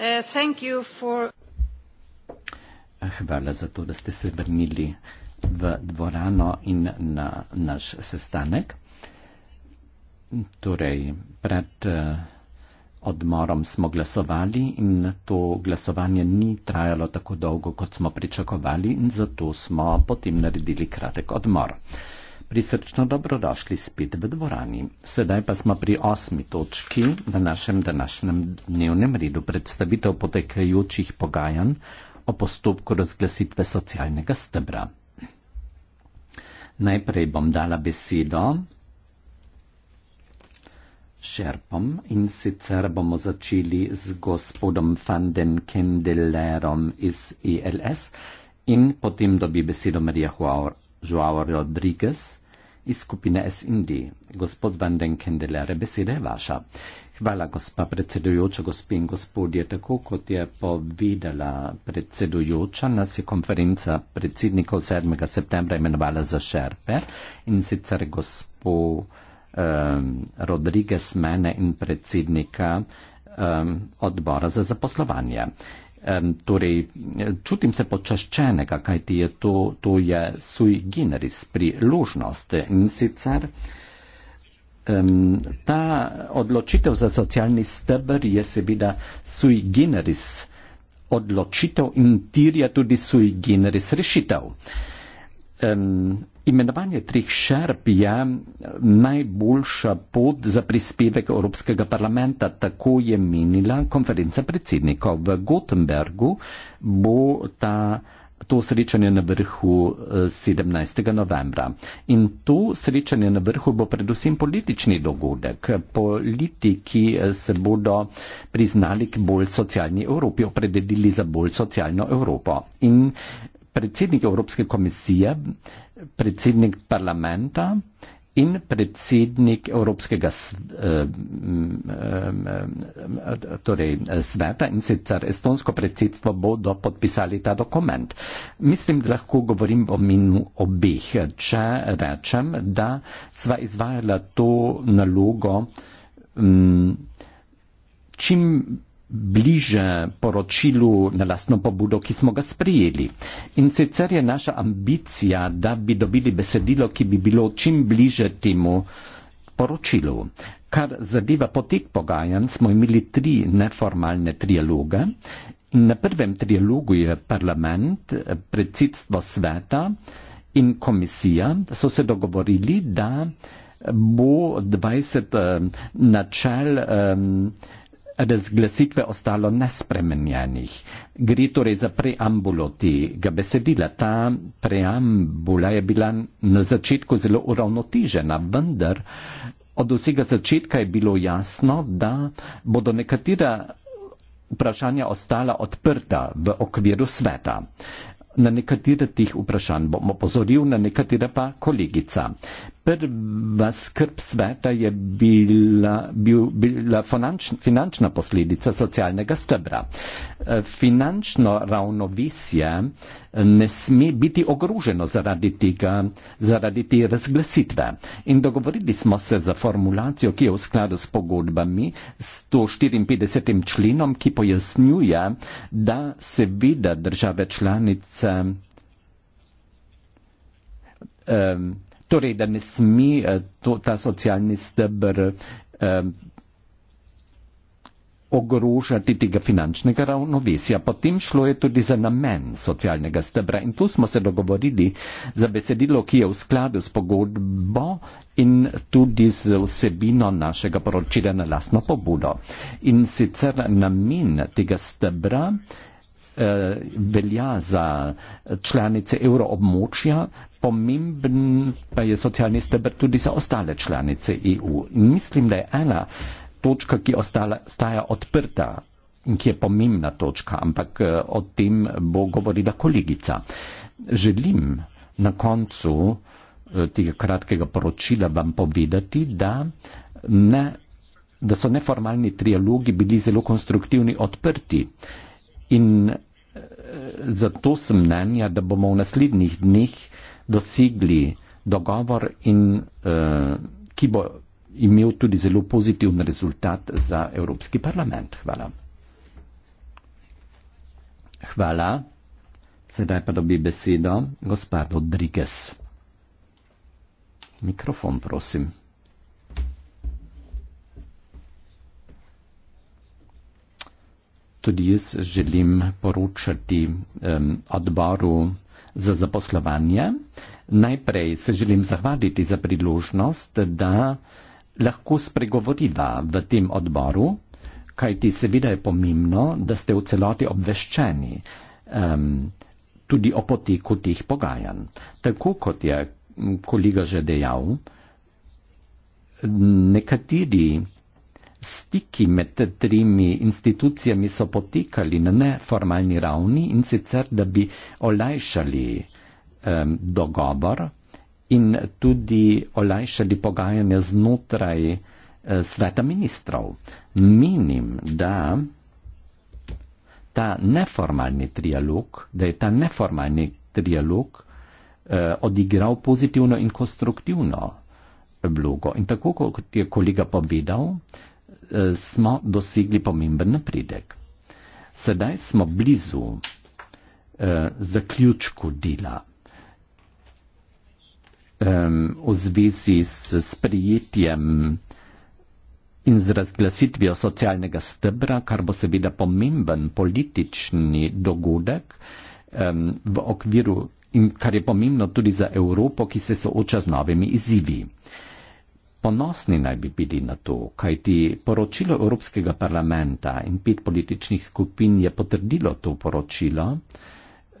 Eh, eh, hvala za to, da ste se vrnili v dvorano in na naš sestanek. Torej, pred eh, odmorom smo glasovali in to glasovanje ni trajalo tako dolgo, kot smo pričakovali in zato smo potem naredili kratek odmor prisrčno dobrodošli spet v dvorani. Sedaj pa smo pri osmi točki na našem današnjem dnevnem redu predstavitev potekajočih pogajanj o postopku razglasitve socialnega stebra. Najprej bom dala besedo šerpom in sicer bomo začeli z gospodom Fanden Kendelerom iz ELS in potem dobi besedo Marija Huaur. Joao Rodrigues iz skupine SND. Gospod Van den Kendelere, beseda je vaša. Hvala, gospa predsedujoča, gospe in gospodje. Tako kot je povedala predsedujoča, nas je konferenca predsednikov 7. septembra imenovala za šerpe in sicer gospo um, Rodrigues mene in predsednika um, odbora za zaposlovanje. Torej, čutim se počaščenega, kaj ti je to, to je sui generis, priložnost. In sicer um, ta odločitev za socialni stebr je seveda sui generis odločitev in tir je tudi sui generis rešitev. Uh, Um, imenovanje trih šerp je najboljša pot za prispevek Evropskega parlamenta, tako je menila konferenca predsednikov. V Gotenbergu bo ta, to srečanje na vrhu 17. Eh, novembra. In to srečanje na vrhu bo predvsem politični dogodek. Politiki eh, se bodo priznali k bolj socialni Evropi, opredelili za bolj socialno Evropo. In predsednik Evropske komisije, predsednik parlamenta in predsednik Evropskega torej, sveta in sicer estonsko predsedstvo bodo podpisali ta dokument. Mislim, da lahko govorim o minu obeh, če rečem, da sva izvajala to nalogo čim bliže poročilu na lastno pobudo, ki smo ga sprijeli. In sicer je naša ambicija, da bi dobili besedilo, ki bi bilo čim bliže temu poročilu. Kar zadeva potek pogajanj, smo imeli tri neformalne trialoge. In na prvem trialogu je parlament, predsedstvo sveta in komisija so se dogovorili, da bo 20 eh, načel um, razglasitve ostalo nespremenjenih. Gre torej za preambulo tega besedila. Ta preambula je bila na začetku zelo uravnotežena, vendar od vsega začetka je bilo jasno, da bodo nekatera vprašanja ostala odprta v okviru sveta. Na nekatere tih vprašanj bom opozoril, na nekatere pa kolegica. Prva skrb sveta je bila, bil, bila finanč, finančna posledica socialnega stebra. Finančno ravnovesje ne sme biti ogroženo zaradi, tega, zaradi te razglasitve. In dogovorili smo se za formulacijo, ki je v skladu s pogodbami, s 154. členom, ki pojasnjuje, da seveda države članice. Um, torej, da ne sme eh, to, ta socialni stebr eh, ogrožati tega finančnega ravnovesja. Potem šlo je tudi za namen socialnega stebra in tu smo se dogovorili za besedilo, ki je v skladu s pogodbo in tudi z vsebino našega poročila na lastno pobudo. In sicer namen tega stebra eh, velja za članice evroobmočja, pomemben pa je socialni steber tudi za ostale članice EU. Mislim, da je ena točka, ki ostala, staja odprta in ki je pomembna točka, ampak eh, o tem bo govorila kolegica. Želim na koncu eh, tega kratkega poročila vam povedati, da ne da so neformalni trialogi bili zelo konstruktivni, odprti in zato sem mnenja, da bomo v naslednjih dneh dosegli dogovor, in, eh, ki bo imel tudi zelo pozitiven rezultat za Evropski parlament. Hvala. Hvala. Sedaj pa dobi besedo gospod Rodriguez. Mikrofon, prosim. tudi jaz želim poročati um, odboru za zaposlovanje. Najprej se želim zahvaliti za priložnost, da lahko spregovoriva v tem odboru, kajti seveda je pomembno, da ste v celoti obveščeni um, tudi o poteku teh pogajanj. Tako kot je kolega že dejal, nekateri Stiki med trimi institucijami so potekali na neformalni ravni in sicer, da bi olajšali um, dogovor in tudi olajšali pogajanja znotraj uh, sveta ministrov. Menim, da ta neformalni trialog, da je ta neformalni trialog uh, odigral pozitivno in konstruktivno vlogo. In tako kot je kolega povedal, uh, Eh, smo dosegli pomemben napredek. Sedaj smo blizu eh, zaključku dela eh, v zvezi s sprejetjem in z razglasitvijo socialnega stebra, kar bo seveda pomemben politični dogodek eh, v okviru in kar je pomembno tudi za Evropo, ki se sooča z novimi izzivi. Eh, Ponosni naj bi bili na to, kajti poročilo Evropskega parlamenta in pet političnih skupin je potrdilo to poročilo,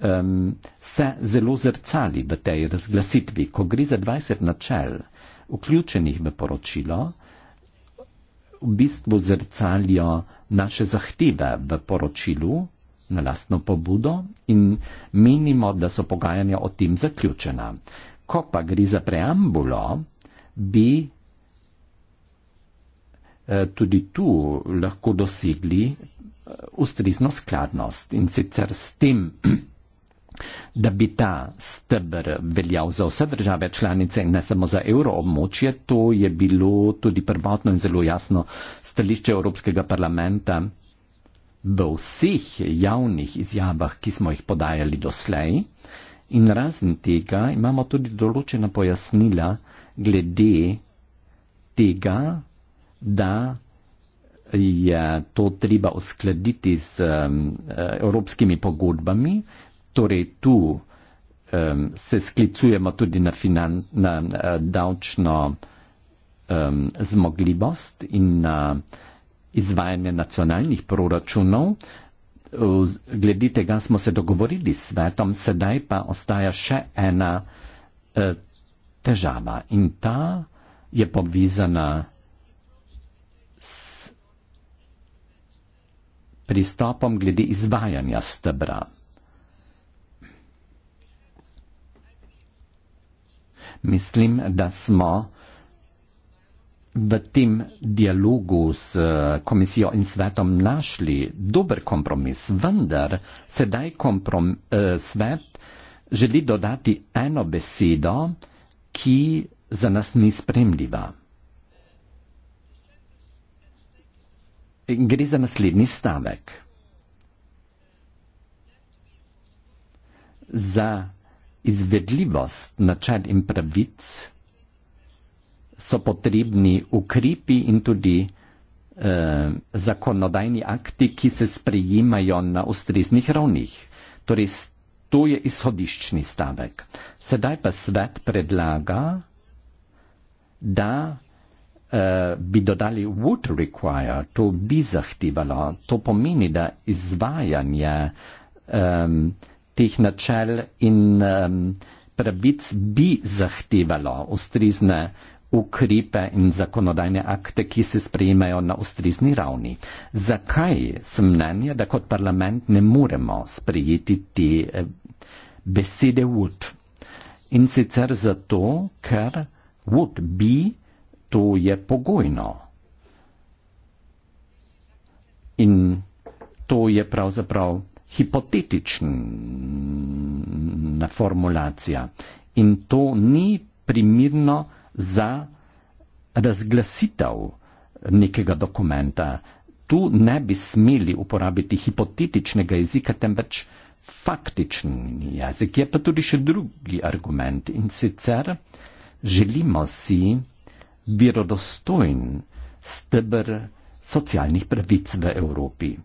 um, se zelo zrcali v tej razglasitvi, ko gre za 20 načel, vključenih v poročilo, v bistvu zrcalijo naše zahteve v poročilu na lastno pobudo in menimo, da so pogajanja o tem zaključena. Ko pa gre za preambulo, bi Eh, tudi tu lahko dosegli eh, ustrezno skladnost in sicer s tem, da bi ta stebr veljal za vse države članice in ne samo za evroobmočje. To je bilo tudi prvotno in zelo jasno stališče Evropskega parlamenta v vseh javnih izjavah, ki smo jih podajali doslej. In razen tega imamo tudi določena pojasnila glede tega, da je to treba uskladiti z um, eh, evropskimi pogodbami, torej tu um, se sklicujemo tudi na, finan, na uh, davčno um, zmogljivost in na izvajanje nacionalnih proračunov. Glede tega smo se dogovorili s svetom, sedaj pa ostaja še ena eh, težava in ta je povezana pristopom glede izvajanja stebra. Mislim, da smo v tem dialogu s eh, komisijo in svetom našli dober kompromis, vendar sedaj komprom, eh, svet želi dodati eno besedo, ki za nas ni spremljiva. gre za naslednji stavek. Za izvedljivost načel in pravic so potrebni ukrepi in tudi eh, zakonodajni akti, ki se sprejemajo na ustreznih ravnih. Torej, to je izhodiščni stavek. Sedaj pa svet predlaga, da Eh, bi dodali would require, to bi zahtevalo. To pomeni, da izvajanje um, teh načel in um, pravic bi zahtevalo ustrezne ukrepe in zakonodajne akte, ki se sprejemajo na ustrezni ravni. Zakaj sem mnenja, da kot parlament ne moremo sprejeti te eh, besede would? In sicer zato, ker would bi to je pogojno. In to je pravzaprav hipotetična formulacija. In to ni primirno za razglasitev nekega dokumenta. Tu ne bi smeli uporabiti hipotetičnega jezika, temveč faktični jezik. Je pa tudi še drugi argument in sicer želimo si verodostojen steber socialnih pravic v Evropi.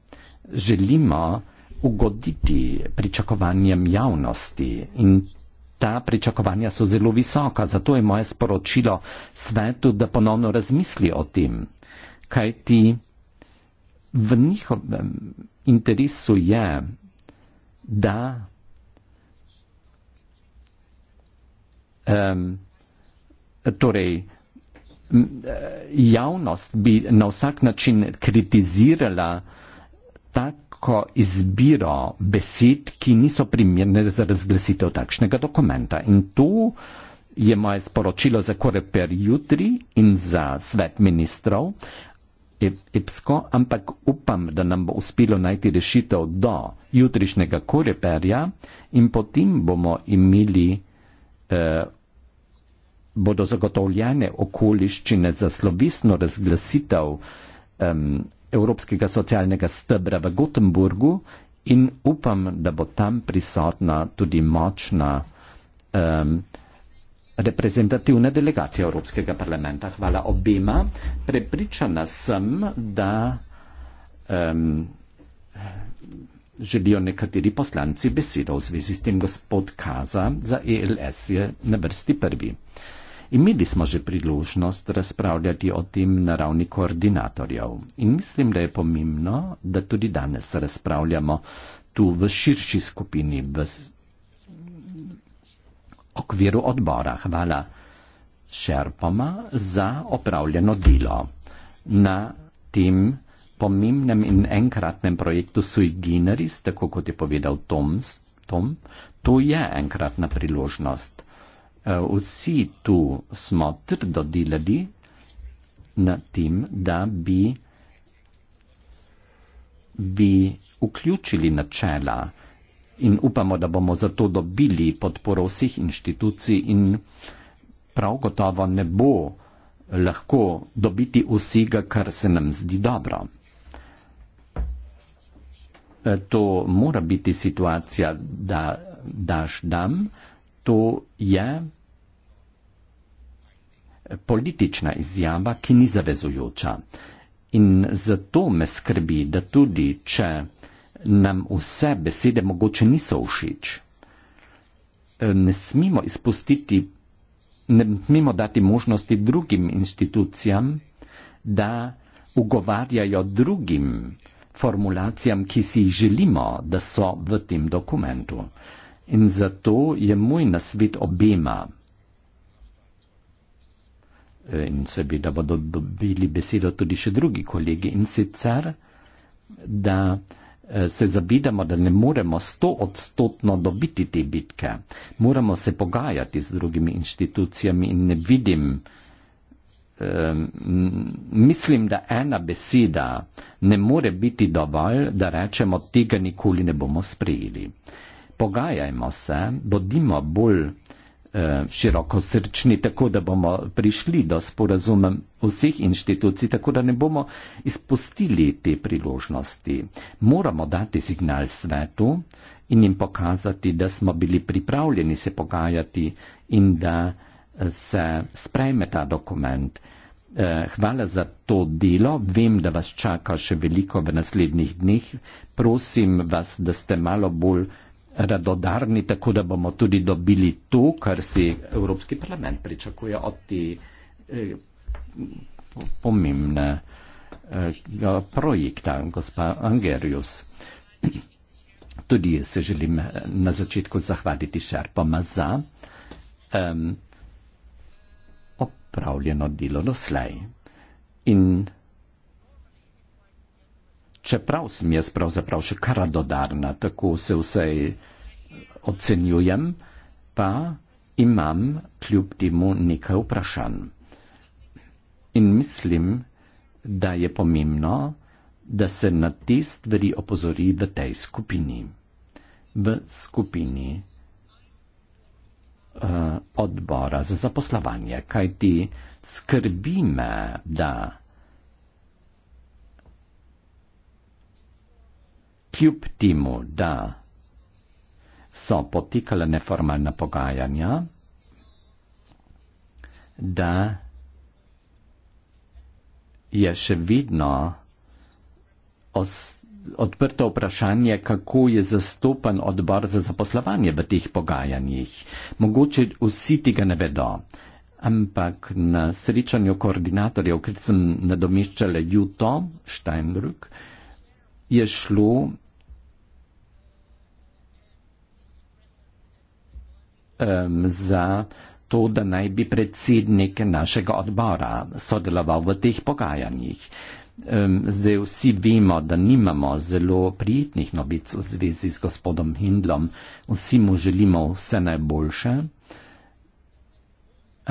Želimo ugoditi pričakovanjem javnosti in ta pričakovanja so zelo visoka, zato je moje sporočilo svetu, da ponovno razmisli o tem, kaj ti v njihovem interesu je, da um, torej javnost bi na vsak način kritizirala tako izbiro besed, ki niso primerne za razglasitev takšnega dokumenta. In to je moje sporočilo za koreper jutri in za svet ministrov EPSKO, ampak upam, da nam bo uspelo najti rešitev do jutrišnjega koreperja in potem bomo imeli eh, bodo zagotovljene okoliščine za slovisno razglasitev um, Evropskega socialnega stebra v Gotemburgu in upam, da bo tam prisotna tudi močna um, reprezentativna delegacija Evropskega parlamenta. Hvala obema. Prepričana sem, da um, želijo nekateri poslanci besedo v zvezi s tem gospod Kaza za ELS je na vrsti prvi. Imeli smo že priložnost razpravljati o tem na ravni koordinatorjev in mislim, da je pomembno, da tudi danes razpravljamo tu v širši skupini, v okviru odbora. Hvala šerpoma za opravljeno delo na tem pomembnem in enkratnem projektu sui generis, tako kot je povedal Tom, Tom to je enkratna priložnost. Eh, vsi tu smo trdo delali na tem, da bi, bi vključili načela in upamo, da bomo zato dobili podporo vseh inštitucij in prav gotovo ne bo lahko dobiti vsega, kar se nam zdi dobro. Eh, to mora biti situacija, da daš dam, to je politična izjava, ki ni zavezujoča. In zato me skrbi, da tudi, če nam vse besede mogoče niso všeč, ne smemo izpustiti, ne smemo dati možnosti drugim institucijam, da ugovarjajo drugim formulacijam, ki si jih želimo, da so v tem dokumentu. In zato je moj nasvet obema. In seveda bodo dobili besedo tudi še drugi kolegi. In sicer, da eh, se zavidamo, da ne moremo sto odstotno dobiti te bitke. Moramo se pogajati z drugimi inštitucijami in ne vidim, um, mislim, da ena beseda ne more biti dovolj, da rečemo, tega nikoli ne bomo sprejeli pogajajmo se, bodimo bolj eh, široko srčni, tako da bomo prišli do sporazuma vseh inštitucij, tako da ne bomo izpustili te priložnosti. Moramo dati signal svetu in jim pokazati, da smo bili pripravljeni se pogajati in da eh, se sprejme ta dokument. Eh, hvala za to delo, vem, da vas čaka še veliko v naslednjih dneh. Prosim vas, da ste malo bolj radodarni, tako da bomo tudi dobili to, kar si Evropski parlament pričakuje od te eh, pomembne eh, projekta, gospa Angerius. Tudi se želim eh, na začetku zahvaliti šarpoma za eh, opravljeno delo doslej. In čeprav sem jaz pravzaprav še karadodarna, tako se vsej ocenjujem, pa imam kljub temu nekaj vprašanj. In mislim, da je pomembno, da se na te stvari opozori v tej skupini. V skupini uh, odbora za zaposlovanje, kaj ti skrbime, da kljub temu, da so potekala neformalna pogajanja, da je še vedno odprto vprašanje, kako je zastopan odbor za zaposlovanje v teh pogajanjih. Mogoče vsi tega ne vedo, ampak na srečanju koordinatorjev, ker sem nadomeščala Juto Steinbrück, je šlo um, za to, da naj bi predsednik našega odbora sodeloval v teh pogajanjih. Um, zdaj vsi vemo, da nimamo zelo prijetnih novic v zvezi z gospodom Hindlom. Vsi mu želimo vse najboljše.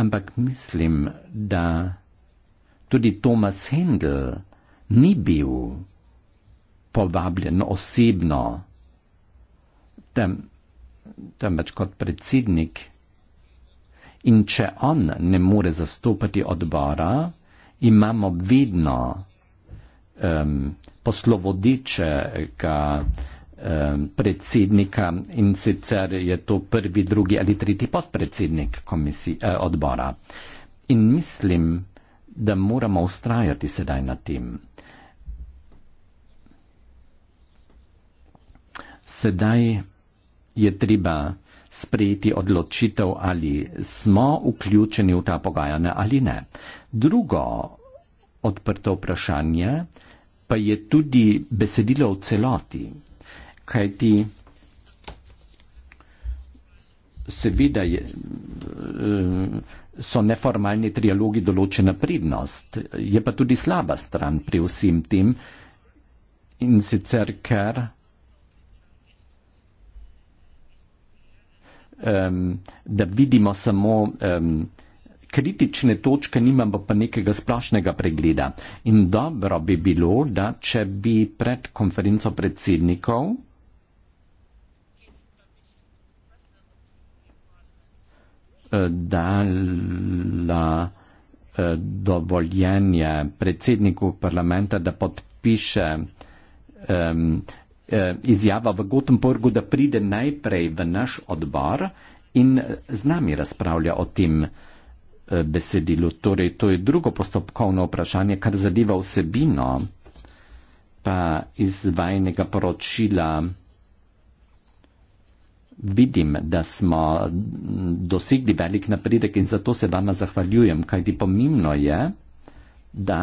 Ampak mislim, da tudi Thomas Hendel ni bil povabljen osebno tam temveč kot predsednik. In če on ne more zastopati odbora, imamo vedno um, poslovodečega um, predsednika in sicer je to prvi, drugi ali tretji podpredsednik komisij, eh, odbora. In mislim, da moramo ustrajati sedaj na tem. Sedaj je treba sprejeti odločitev, ali smo vključeni v ta pogajanja ali ne. Drugo odprto vprašanje pa je tudi besedilo v celoti, kajti seveda je, so neformalni trialogi določena prednost, je pa tudi slaba stran pri vsem tem in sicer ker um, da vidimo samo um, kritične točke, nimamo pa nekega splošnega pregleda. In dobro bi bilo, da če bi pred konferenco predsednikov dala eh, dovoljenje predsedniku parlamenta, da podpiše um, Eh, izjava v Gotemburgu, da pride najprej v naš odbor in eh, z nami razpravlja o tem eh, besedilu. Torej, to je drugo postopkovno vprašanje, kar zadeva vsebino, pa iz vajnega poročila vidim, da smo dosegli velik napredek in zato se vama zahvaljujem, kajti pomembno je, da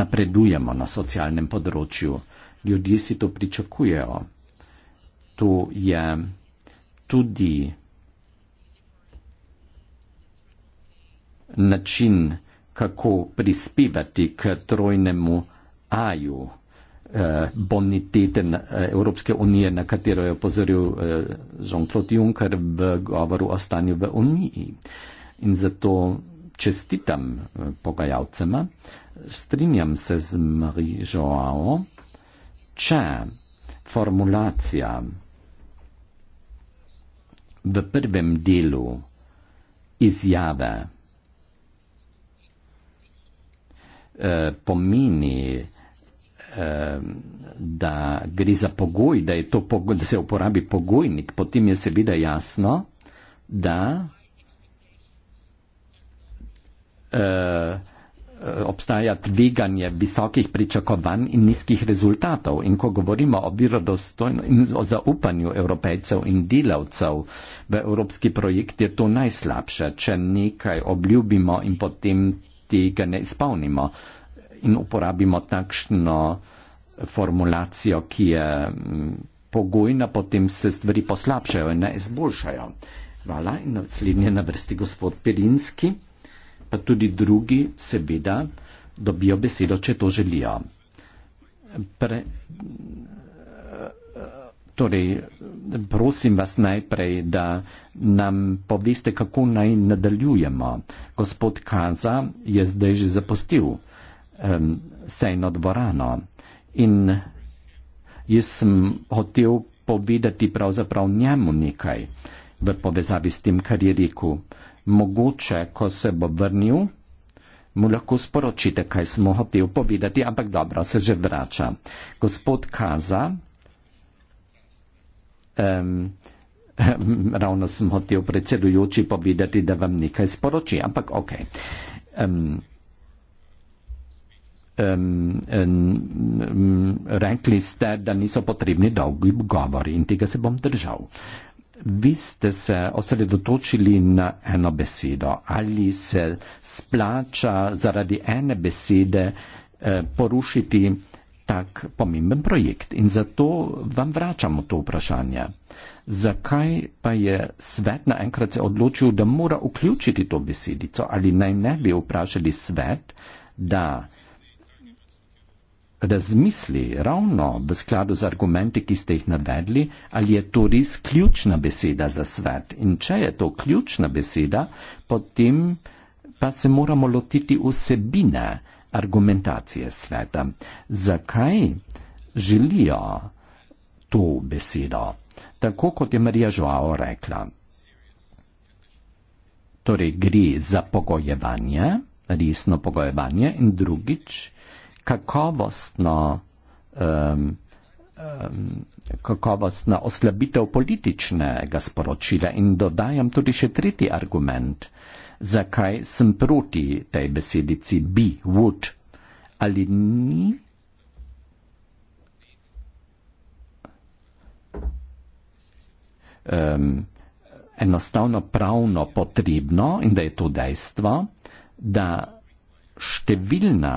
napredujemo na socialnem področju ljudje si to pričakujejo. To je tudi način, kako prispevati k trojnemu aju eh, bonitete na, eh, Evropske unije, na katero je opozoril eh, Jean-Claude Juncker v govoru o stanju v uniji. In zato čestitam eh, pogajalcema, strinjam se z Marie Joao. Če formulacija v prvem delu izjave eh, pomeni, eh, da gre za pogoj, da, to, da se uporabi pogojnik, potem je seveda jasno, da eh, Eh, obstaja tveganje visokih pričakovanj in nizkih rezultatov. In ko govorimo o verodostojnosti in o zaupanju evropejcev in delavcev v evropski projekt, je to najslabše, če nekaj obljubimo in potem tega ne izpolnimo in uporabimo takšno formulacijo, ki je mm, pogojna, potem se stvari poslabšajo in ne izboljšajo. Hvala in naslednje na vrsti gospod Pirinski pa tudi drugi seveda dobijo besedo, če to želijo. Pre, torej, prosim vas najprej, da nam poveste, kako naj nadaljujemo. Gospod Kaza je zdaj že zapustil um, sejno dvorano in jaz sem hotel povedati pravzaprav njemu nekaj v povezavi s tem, kar je rekel mogoče, ko se bo vrnil, mu lahko sporočite, kaj smo hoteli povedati, ampak dobro, se že vrača. Gospod Kaza, um, ravno sem hotel predsedujoči povedati, da vam nekaj sporoči, ampak ok. Um, Um, um, um, rekli ste, da niso potrebni dolgi govori in tega se bom držal. Vi ste se osredotočili na eno besedo. Ali se splača zaradi ene besede eh, porušiti tak pomemben projekt? In zato vam vračamo to vprašanje. Zakaj pa je svet naenkrat se odločil, da mora vključiti to besedico? Ali naj ne bi vprašali svet, da razmisli ravno v skladu z argumenti, ki ste jih navedli, ali je to res ključna beseda za svet. In če je to ključna beseda, potem pa se moramo lotiti vsebine argumentacije sveta. Zakaj želijo to besedo? Tako kot je Marija Žoao rekla. Torej gre za pogojevanje, resno pogojevanje in drugič kakovostno, um, um, kakovostno oslabitev političnega sporočila in dodajam tudi še tretji argument, zakaj sem proti tej besedici bi, would. Ali ni? Um, enostavno pravno potrebno in da je to dejstvo, da številna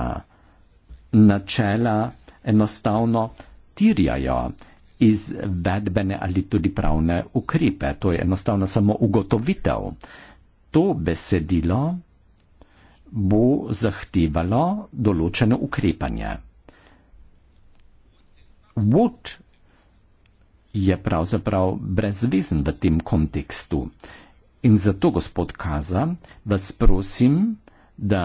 načela enostavno tirjajo izvedbene ali tudi pravne ukrepe. To je enostavno samo ugotovitev. To besedilo bo zahtevalo določeno ukrepanje. Wood je pravzaprav brezvezen v tem kontekstu. In zato, gospod Kaza, vas prosim, da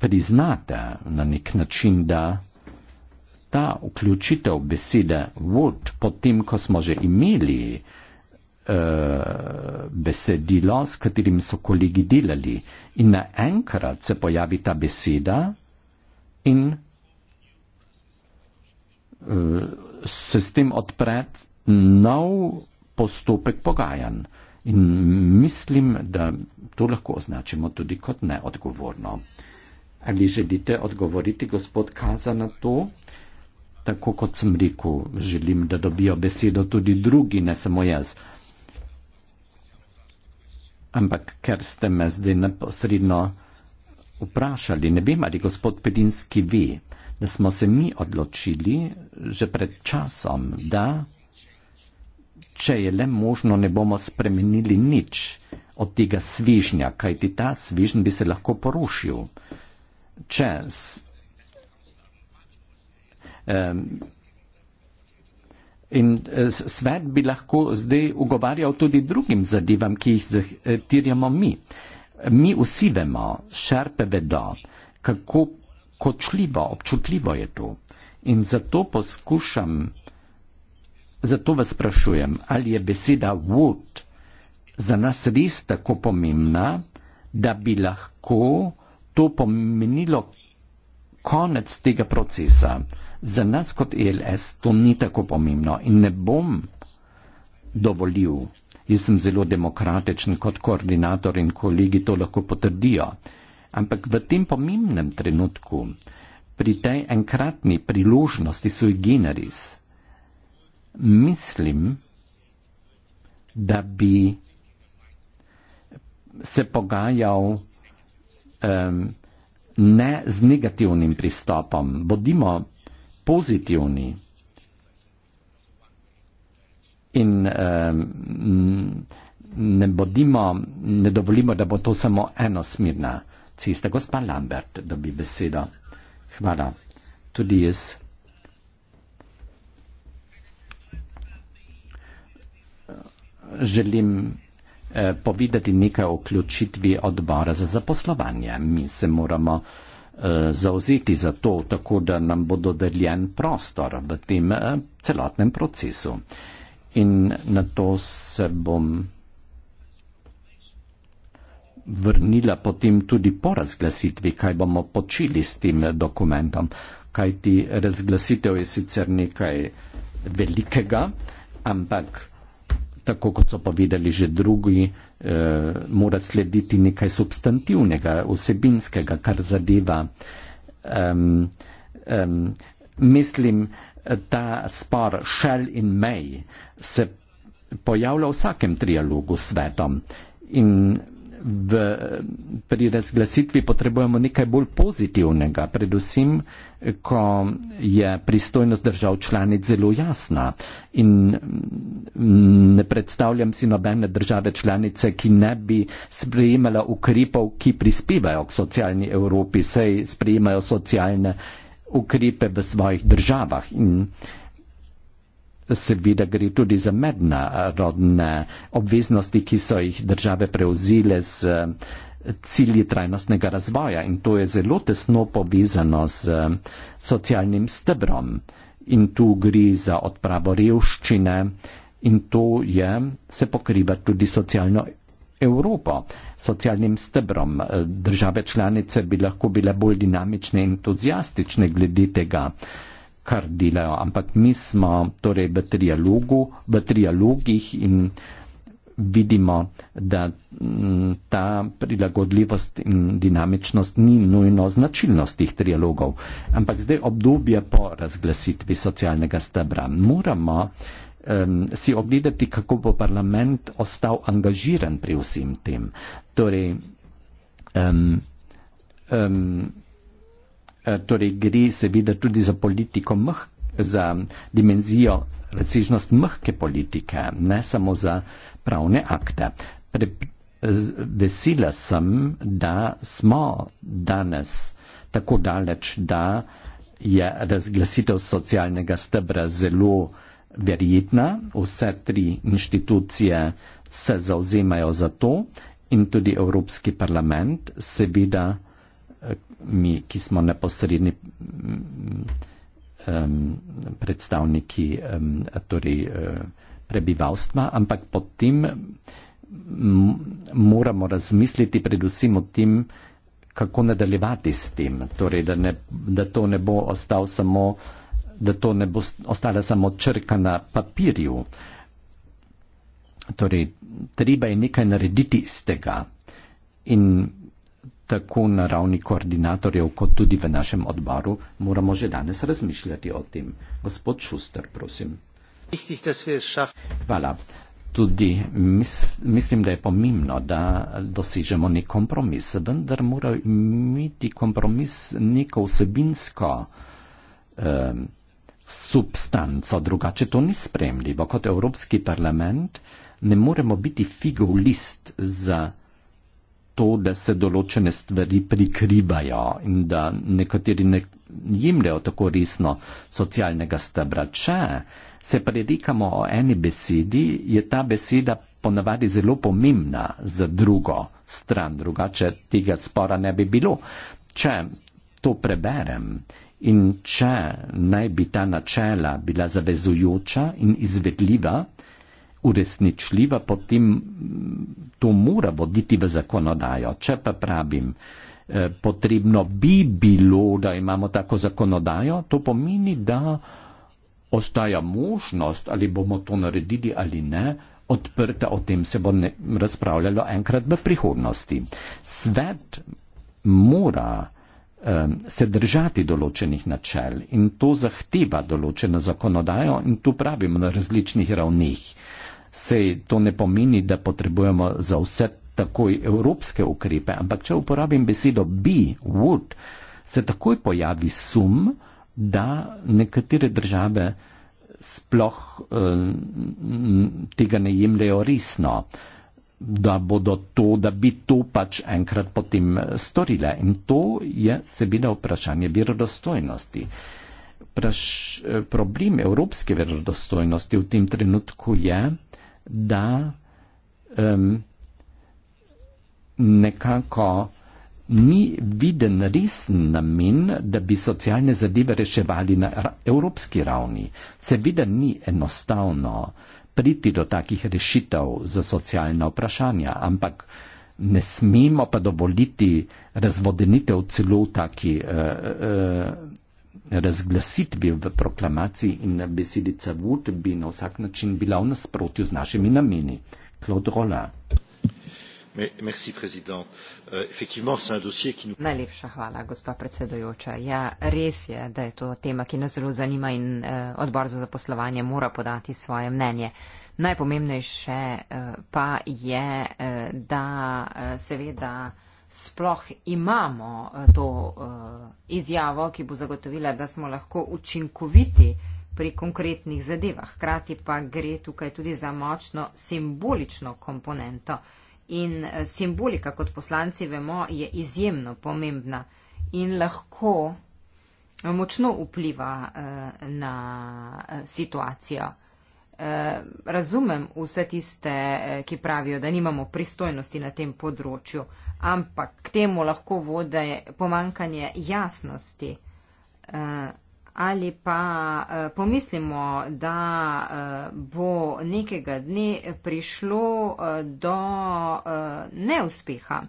priznata na nek način, da ta vključitev besede would, potem ko smo že imeli uh, besedilo, s katerim so kolegi delali, in naenkrat se pojavi ta beseda in uh, se s tem odpre nov postopek pogajanj. In mislim, da to lahko označimo tudi kot neodgovorno. Ali želite odgovoriti, gospod Kaza, na to? Tako kot sem rekel, želim, da dobijo besedo tudi drugi, ne samo jaz. Ampak ker ste me zdaj neposredno vprašali, ne vem, ali gospod Pedinski ve, da smo se mi odločili že pred časom, da če je le možno, ne bomo spremenili nič od tega svižnja, kajti ta svižn bi se lahko porušil chance. Um, in e, svet bi lahko zdaj ugovarjal tudi drugim zadevam, ki jih zahtirjamo mi. Mi vsi vemo, šarpe vedo, kako kočljivo, občutljivo je to. In zato poskušam, zato vas sprašujem, ali je beseda wood za nas res tako pomembna, da bi lahko to pomenilo konec tega procesa. Za nas kot ELS to ni tako pomembno in ne bom dovolil. Jaz sem zelo demokratičen kot koordinator in kolegi to lahko potrdijo. Ampak v tem pomembnem trenutku, pri tej enkratni priložnosti sui generis, mislim, da bi se pogajal um, ne z negativnim pristopom, bodimo pozitivni. In um, ne bodimo, ne dovolimo, da bo to samo enosmirna cesta. Gospa Lambert dobi besedo. Hvala. Tudi jaz. Želim Eh, povedati nekaj o vključitvi odbora za zaposlovanje. Mi se moramo eh, zauzeti za to, tako da nam bo dodeljen prostor v tem eh, celotnem procesu. In na to se bom vrnila potem tudi po razglasitvi, kaj bomo počeli s tem dokumentom, kajti razglasitev je sicer nekaj velikega, ampak tako kot so povedali že drugi, e, mora slediti nekaj substantivnega, osebinskega, kar zadeva. Um, um, mislim, ta spor šel in mej se pojavlja v vsakem trialogu s svetom. In v, pri razglasitvi potrebujemo nekaj bolj pozitivnega, predvsem, ko je pristojnost držav članic zelo jasna. In mm, ne predstavljam si nobene države članice, ki ne bi sprejemala ukrepov, ki prispevajo k socialni Evropi, saj sprejemajo socialne ukrepe v svojih državah. In, uh, seveda gre tudi za mednarodne obveznosti, ki so jih države prevzile z eh, cilji trajnostnega razvoja in to je zelo tesno povezano z eh, socialnim stebrom in tu gre za odpravo revščine in to je, se pokriva tudi socialno Evropo, socialnim stebrom. Eh, države članice bi lahko bile bolj dinamične in entuzijastične glede tega kar delajo, ampak mi smo torej v trialogu, v trialogih in vidimo, da mm, ta prilagodljivost in dinamičnost ni nujno značilnost teh trialogov. Ampak zdaj obdobje po razglasitvi socialnega stebra. Moramo um, si ogledati, kako bo parlament ostal angažiran pri vsem tem. Torej, um, um, Eh, torej gre seveda tudi za politiko mh, za dimenzijo, razsežnost mhke politike, ne samo za pravne akte. Pre, vesela sem, da smo danes tako daleč, da je razglasitev socialnega stebra zelo verjetna. Vse tri inštitucije se zauzemajo za to in tudi Evropski parlament seveda mi, ki smo neposredni um, predstavniki um, torej, um, prebivalstva, ampak potem moramo razmisliti predvsem o tem, kako nadaljevati s tem, torej, da, ne, da to ne bo ostalo samo da to ne bo ostala samo črka na papirju. Torej, treba je nekaj narediti iz tega. In tako na ravni koordinatorjev, kot tudi v našem odboru, moramo že danes razmišljati o tem. Gospod Šuster, prosim. Hvala. Tudi mis, mislim, da je pomembno, da dosežemo nek kompromis, vendar mora imeti kompromis neko vsebinsko eh, substanco, drugače to ni spremljivo. Kot Evropski parlament ne moremo biti figov list za to, da se določene stvari prikrivajo in da nekateri ne jemljajo tako resno socialnega stebra. Če se prerikamo o eni besedi, je ta beseda ponavadi zelo pomembna za drugo stran, drugače tega spora ne bi bilo. Če to preberem in če naj bi ta načela bila zavezujoča in izvedljiva, uresničljiva, potem mm, to mora voditi v zakonodajo. Če pa pravim, eh, potrebno bi bilo, da imamo tako zakonodajo, to pomeni, da ostaja možnost, ali bomo to naredili ali ne, odprta, o tem se bo ne, razpravljalo enkrat v prihodnosti. Svet mora eh, se držati določenih načel in to zahteva določeno zakonodajo in tu pravimo na različnih ravneh sej to ne pomeni, da potrebujemo za vse takoj evropske ukrepe, ampak če uporabim besedo bi, would, se takoj pojavi sum, da nekatere države sploh eh, tega ne jemljajo resno, da bodo to, da bi to pač enkrat potem eh, storile. In to je seveda vprašanje verodostojnosti. Praš, eh, problem evropske verodostojnosti v tem trenutku je, da um, nekako ni viden resen namen, da bi socialne zadeve reševali na evropski ravni. Seveda ni enostavno priti do takih rešitev za socialna vprašanja, ampak ne smemo pa dovoliti razvodenitev celo v taki uh, eh, uh, eh, razglasitvi v proklamaciji in besedi Cavut bi na vsak način bila v nasprotju z našimi nameni. Claude Rola. Merci, euh, nous... Najlepša hvala, gospa predsedujoča. Ja, res je, da je to tema, ki nas zelo zanima in eh, odbor za zaposlovanje mora podati svoje mnenje. Najpomembnejše eh, pa je, eh, da eh, seveda. Eh, sploh imamo eh, to eh, izjavo, ki bo zagotovila, da smo lahko učinkoviti pri konkretnih zadevah. Hkrati pa gre tukaj tudi za močno simbolično komponento. In eh, simbolika, kot poslanci vemo, je izjemno pomembna in lahko močno vpliva na situacijo. Razumem vse tiste, ki pravijo, da nimamo pristojnosti na tem področju, ampak k temu lahko vode pomankanje jasnosti. Eh, ali pa eh, pomislimo, da eh, bo nekega dne prišlo do neuspeha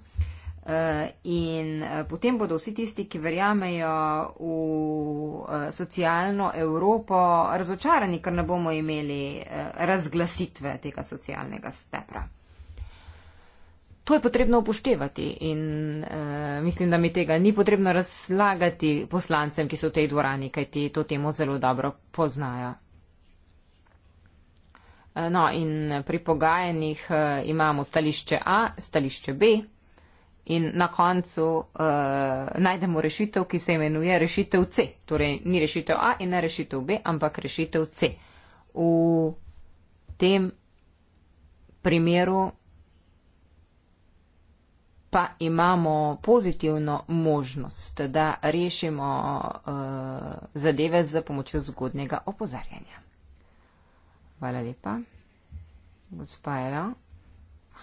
in potem bodo vsi tisti, ki verjamejo v socialno Evropo, razočarani, ker ne bomo imeli razglasitve tega socialnega stepra to je potrebno upoštevati in uh, mislim, da mi tega ni potrebno razlagati poslancem, ki so v tej dvorani, kajti to temo zelo dobro poznajo. Uh, no in pri pogajanjih uh, imamo stališče A, stališče B in na koncu uh, najdemo rešitev, ki se imenuje rešitev C. Torej ni rešitev A in ne rešitev B, ampak rešitev C. V tem primeru pa imamo pozitivno možnost, da rešimo uh, zadeve z pomočjo zgodnega opozarjanja. Hvala lepa. Gospa Jelo,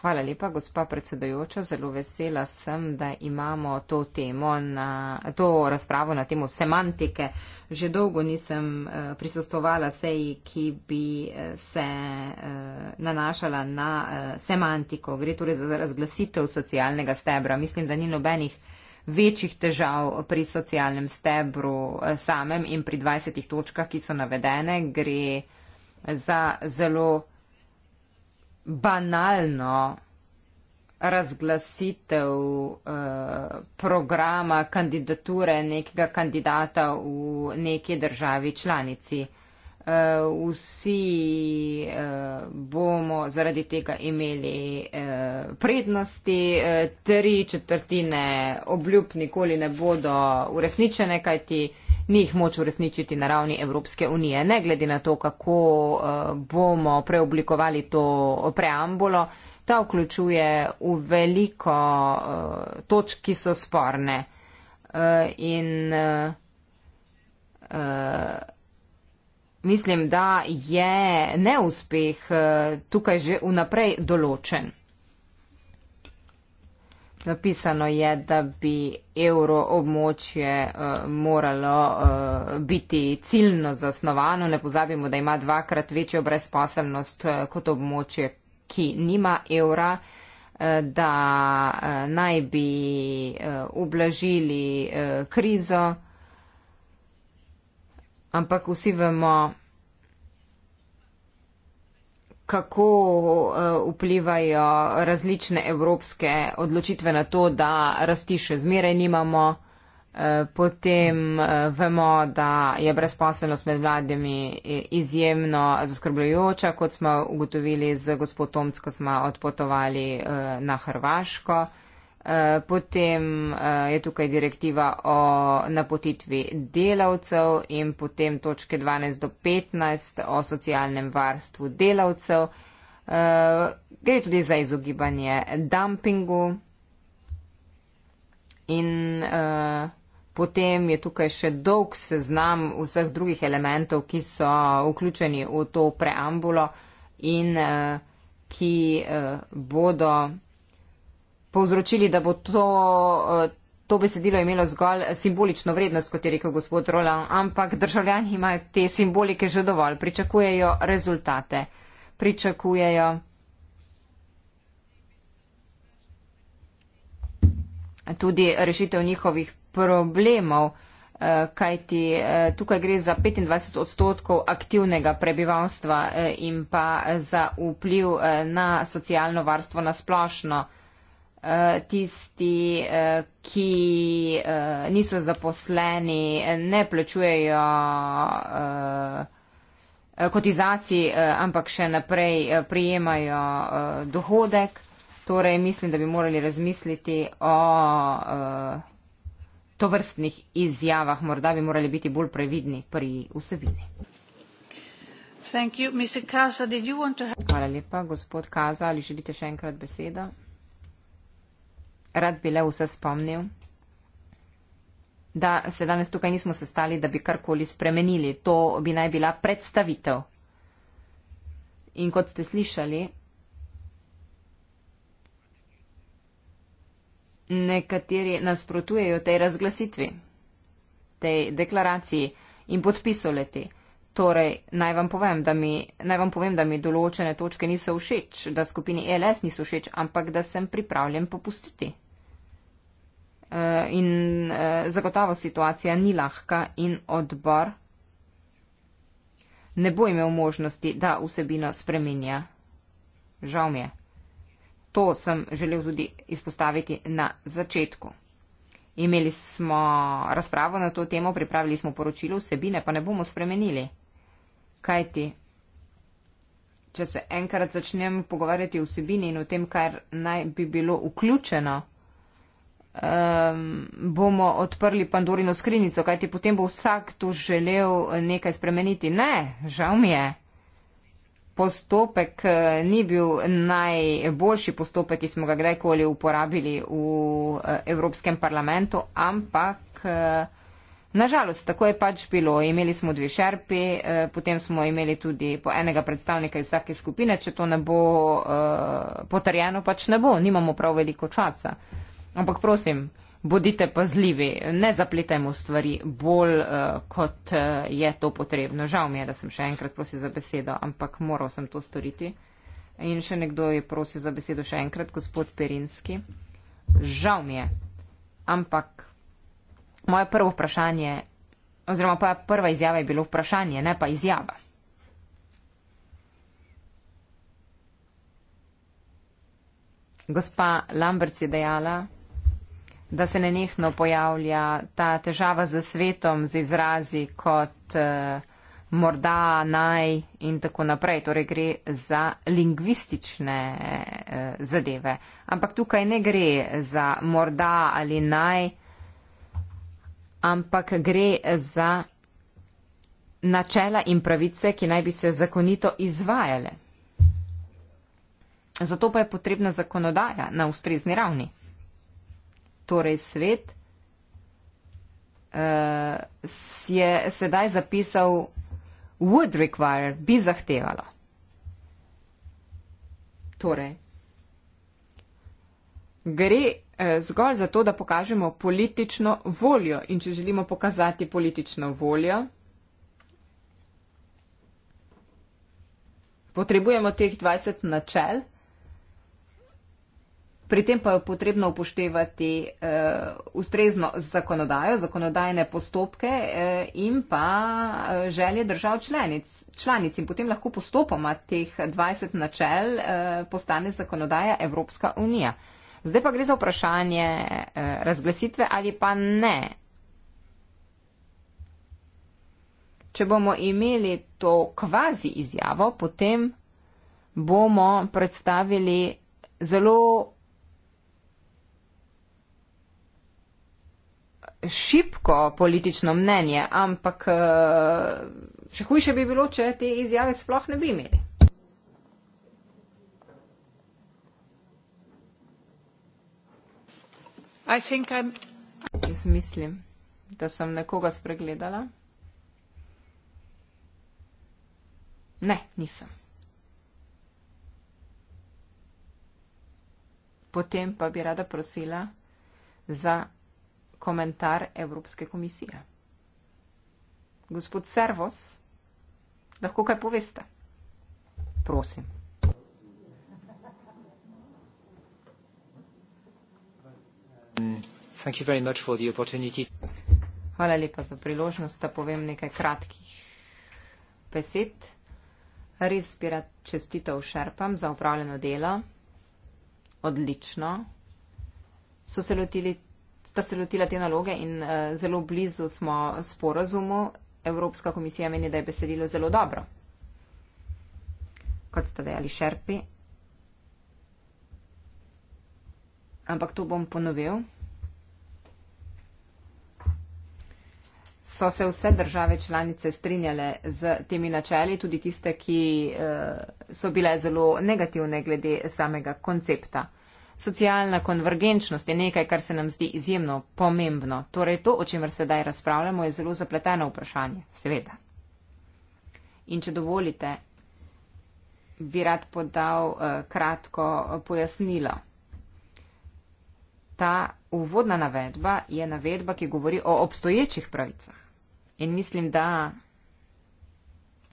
Hvala lepa, gospa predsedojoča. Zelo vesela sem, da imamo to temo, na, to razpravo na temo semantike. Že dolgo nisem eh, prisostovala seji, ki bi eh, se eh, nanašala na semantiko. Gre torej za razglasitev socialnega stebra. Mislim, da ni nobenih večjih težav pri socialnem stebru samem in pri 20 točkah, ki so navedene. Gre za zelo banalno razglasitev uh, programa kandidature nekega kandidata v neki državi članici. Uh, vsi uh, bomo zaradi tega imeli uh, prednosti, uh, tri četrtine obljub nikoli ne bodo uresničene, kajti uh, ni jih moč uresničiti na ravni Evropske unije. Ne glede na to, kako eh, bomo preoblikovali to preambulo, ta vključuje v veliko eh, točk, ki so sporne. Eh, in mislim, da je neuspeh tukaj že unaprej določen napisano je, da bi evro območje uh, moralo uh, biti ciljno zasnovano. Ne pozabimo, da ima dvakrat večjo brezposelnost uh, kot območje, ki nima evra da naj bi ublažili krizo, ampak vsi vemo, kako eh, vplivajo različne evropske odločitve na to, da rasti še zmeraj nimamo. Eh, potem eh, vemo, da je brezposelnost med vladami izjemno zaskrbljujoča, kot smo ugotovili z gospodom Tomc, ko smo odpotovali na Hrvaško. Eh, potem eh, je tukaj direktiva o napotitvi delavcev in potem točke 12 do 15 o socialnem varstvu delavcev. Eh, gre tudi za izogibanje dumpingu. In potem je tukaj še dolg seznam vseh drugih elementov, ki so vključeni v to preambulo in ki bodo povzročili, da bo to, eh, to besedilo imelo zgolj simbolično vrednost, kot je rekel gospod Roland, ampak državljani imajo te simbolike že dovolj, pričakujejo rezultate, pričakujejo. tudi rešitev njihovih problemov, eh, kajti eh, tukaj gre za 25 odstotkov aktivnega prebivalstva in pa za vpliv na socialno varstvo na splošno. Eh, tisti, eh, ki eh, niso zaposleni, ne plačujejo kotizacij, ampak še naprej prijemajo dohodek. Torej, mislim, da bi morali razmisliti o tovrstnih izjavah. Morda bi morali biti bolj previdni pri vsebini. Hvala lepa, gospod Kaza. Ali želite še enkrat besedo? rad bi le vse spomnil, da se danes tukaj nismo sestali, da bi karkoli spremenili. To bi naj bila predstavitev. In kot ste slišali, nekateri nasprotujejo tej razglasitvi, tej deklaraciji in podpisu leti. Torej, naj vam, povem, mi, naj vam povem, da mi določene točke niso všeč, da skupini ELS niso všeč, ampak da sem pripravljen popustiti. Uh, in uh, zagotovo situacija ni lahka in odbor ne bo imel možnosti, da vsebino spremenja. Žal mi je. To sem želel tudi izpostaviti na začetku. Imeli smo razpravo na to temo, pripravili smo poročilo vsebine, pa ne bomo spremenili kaj ti. Če se enkrat začnem pogovarjati vsebini in o tem, kar naj bi bilo vključeno, um, bomo odprli Pandorino skrinico, kajti potem bo vsak tu želel nekaj spremeniti. Ne, žal mi je. Postopek eh, ni bil najboljši postopek, ki smo ga kdajkoli uporabili v eh, Evropskem parlamentu, ampak. Uh, Nažalost, tako je pač bilo. Imeli smo dve šerpi, eh, potem smo imeli tudi po enega predstavnika iz vsake skupine. Če to ne bo eh, potrjeno, pač ne bo. Nimamo prav veliko časa. Ampak prosim, bodite pazljivi, ne zapletajmo stvari bolj, eh, kot je to potrebno. Žal mi je, da sem še enkrat prosil za besedo, ampak moral sem to storiti. In še nekdo je prosil za besedo še enkrat, gospod Perinski. Žal mi je, ampak. Moje prvo vprašanje, oziroma pa prva izjava je bilo vprašanje, ne pa izjava. Gospa Lamberts je dejala, da se nenehno pojavlja ta težava z svetom, z izrazi kot eh, morda, naj in tako naprej. Torej gre za lingvistične eh, zadeve. Ampak tukaj ne gre za morda ali naj. Eh, ampak gre za načela in pravice, ki naj bi se zakonito izvajale. Zato pa je potrebna zakonodaja na ustrezni ravni. Torej svet uh, je sedaj zapisal would require, bi zahtevalo. Torej, gre Eh, zgolj zato, da pokažemo politično voljo. In če želimo pokazati politično voljo, potrebujemo teh 20 načel, pri tem pa je potrebno upoštevati uh, ustrezno zakonodajo, zakonodajne postopke uh, in pa uh, želje držav članic, članic. In potem lahko postopoma teh 20 načel uh, postane zakonodaja Evropska unija. Uh, Zdaj pa gre za vprašanje eh, razglasitve ali pa ne. Če bomo imeli to kvazi izjavo, potem bomo predstavili zelo šipko politično mnenje, ampak eh, še hujše bi bilo, če te izjave sploh ne bi imeli. Jaz mislim, da sem nekoga spregledala. Ne, nisem. Potem pa bi rada prosila za komentar Evropske komisije. Gospod Servos, lahko kaj poveste? Prosim. Hvala lepa za priložnost, da povem nekaj kratkih besed. Res bi rad čestitev šerpam za upravljeno delo. Odlično. So se lotili, sta se lotila te naloge in uh, zelo blizu smo sporazumu. Evropska komisija meni, da je besedilo zelo dobro. Kot ste dejali, šerpi ampak to bom ponovil. So se vse države članice strinjale z temi načeli, tudi tiste, ki eh, so bile zelo negativne glede samega koncepta. Socialna konvergenčnost je nekaj, kar se nam zdi izjemno pomembno. Torej to, o čemer sedaj razpravljamo, je zelo zapleteno vprašanje, seveda. In če dovolite, bi rad podal eh, kratko pojasnilo ta uvodna navedba je navedba, ki govori o obstoječih pravicah. In mislim, da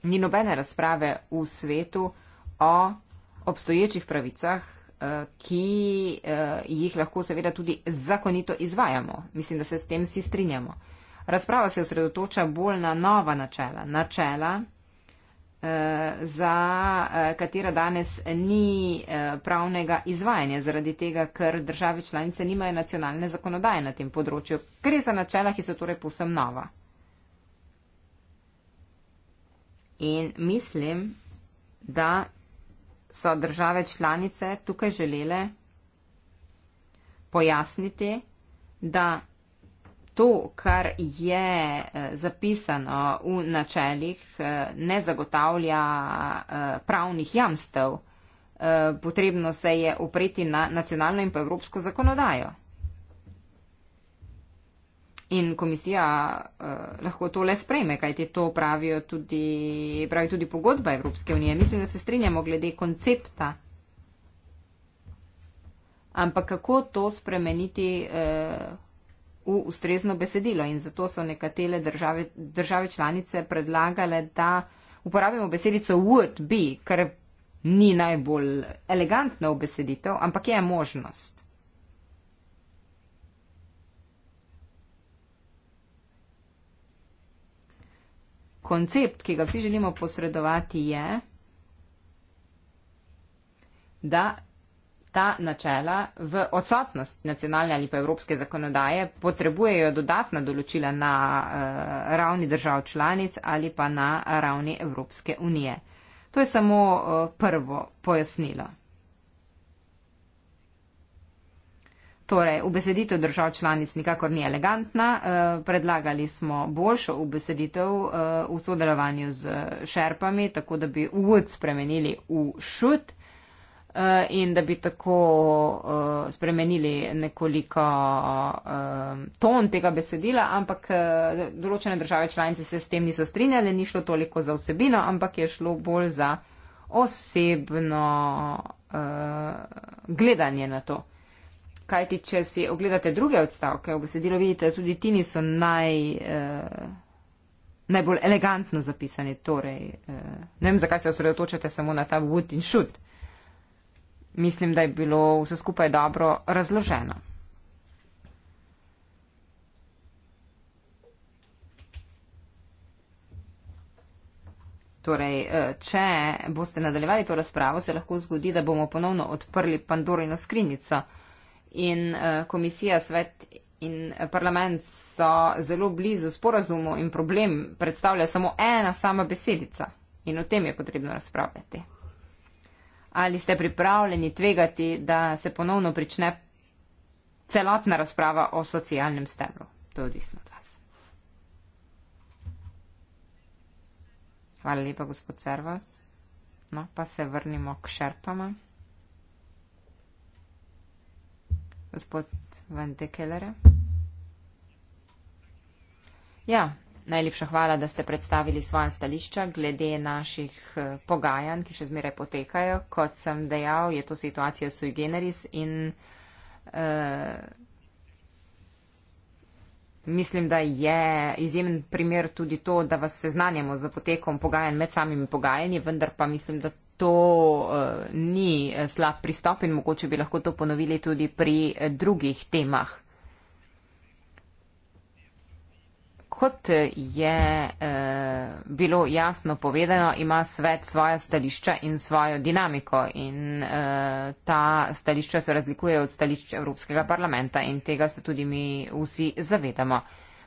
ni nobene razprave v svetu o obstoječih pravicah, eh, ki eh, jih lahko seveda tudi zakonito izvajamo. Mislim, da se s tem vsi strinjamo. Razprava se osredotoča bolj na nova načela. Načela, Eh, za eh, katera danes ni eh, pravnega izvajanja, zaradi tega, ker države članice nimajo nacionalne zakonodaje na tem področju. Gre za načela, ki so torej posem nova. In mislim, da so države članice tukaj želele pojasniti, da to, kar je eh, zapisano v načeljih, eh, ne zagotavlja eh, pravnih jamstev. Potrebno se je opreti na nacionalno in pa evropsko zakonodajo. In komisija lahko to le sprejme, kajti to pravijo tudi, pravi tudi pogodba Evropske unije. Mislim, da se strinjamo glede koncepta. Ampak kako to spremeniti eh, v ustrezno besedilo in zato so nekatere države, države članice predlagale, da uporabimo besedico would be, kar ni najbolj elegantna obeseditev, ampak je možnost. Koncept, ki ga vsi želimo posredovati, je, da ta načela v odsotnost nacionalne ali pa evropske zakonodaje potrebujejo dodatna določila na eh, ravni držav članic ali pa na ravni Evropske unije. To je samo eh, prvo pojasnilo. Torej, ubeseditev držav članic nikakor ni elegantna. Eh, predlagali smo boljšo ubeseditev v sodelovanju z šerpami, tako da bi would spremenili v should Eh, in da bi tako eh, spremenili nekoliko eh, ton tega besedila, ampak določene države članice se s tem niso strinjali, ni šlo toliko za vsebino, ampak je šlo bolj za osebno gledanje na to. Kaj ti, če si ogledate druge odstavke, v besedilo vidite, tudi ti niso naj, eh, najbolj elegantno zapisani. Torej, eh, ne vem, zakaj se osredotočate samo na ta wood and shoot. Eh, Mislim, da je bilo vse skupaj dobro razloženo. Torej, eh, če boste nadaljevali to razpravo, se lahko zgodi, da bomo ponovno odprli Pandorino skrinjico. In eh, komisija, svet in parlament so zelo blizu sporazumu in problem predstavlja samo ena sama besedica. In o tem je potrebno razpravljati ali ste pripravljeni tvegati, da se ponovno prične celotna razprava o socialnem stebru. To je odvisno od vas. Hvala lepa, gospod Servas. No, pa se vrnimo k šerpama. Gospod Van de Kellere. Ja, Najlepša hvala, da ste predstavili svoje stališča glede naših eh, pogajanj, ki še zmeraj potekajo. Kot sem dejal, je to situacija sui generis in uh, mislim, da je izjemen primer tudi to, da vas seznanjamo z potekom pogajanj med samimi pogajanji, vendar pa mislim, da to uh, ni slab pristop in mogoče bi lahko to ponovili tudi pri drugih temah. Kot je eh, bilo jasno povedano, ima svet svoja stališča in svojo dinamiko in eh, ta stališča se razlikuje od stališč Evropskega parlamenta in tega se tudi mi vsi zavedamo.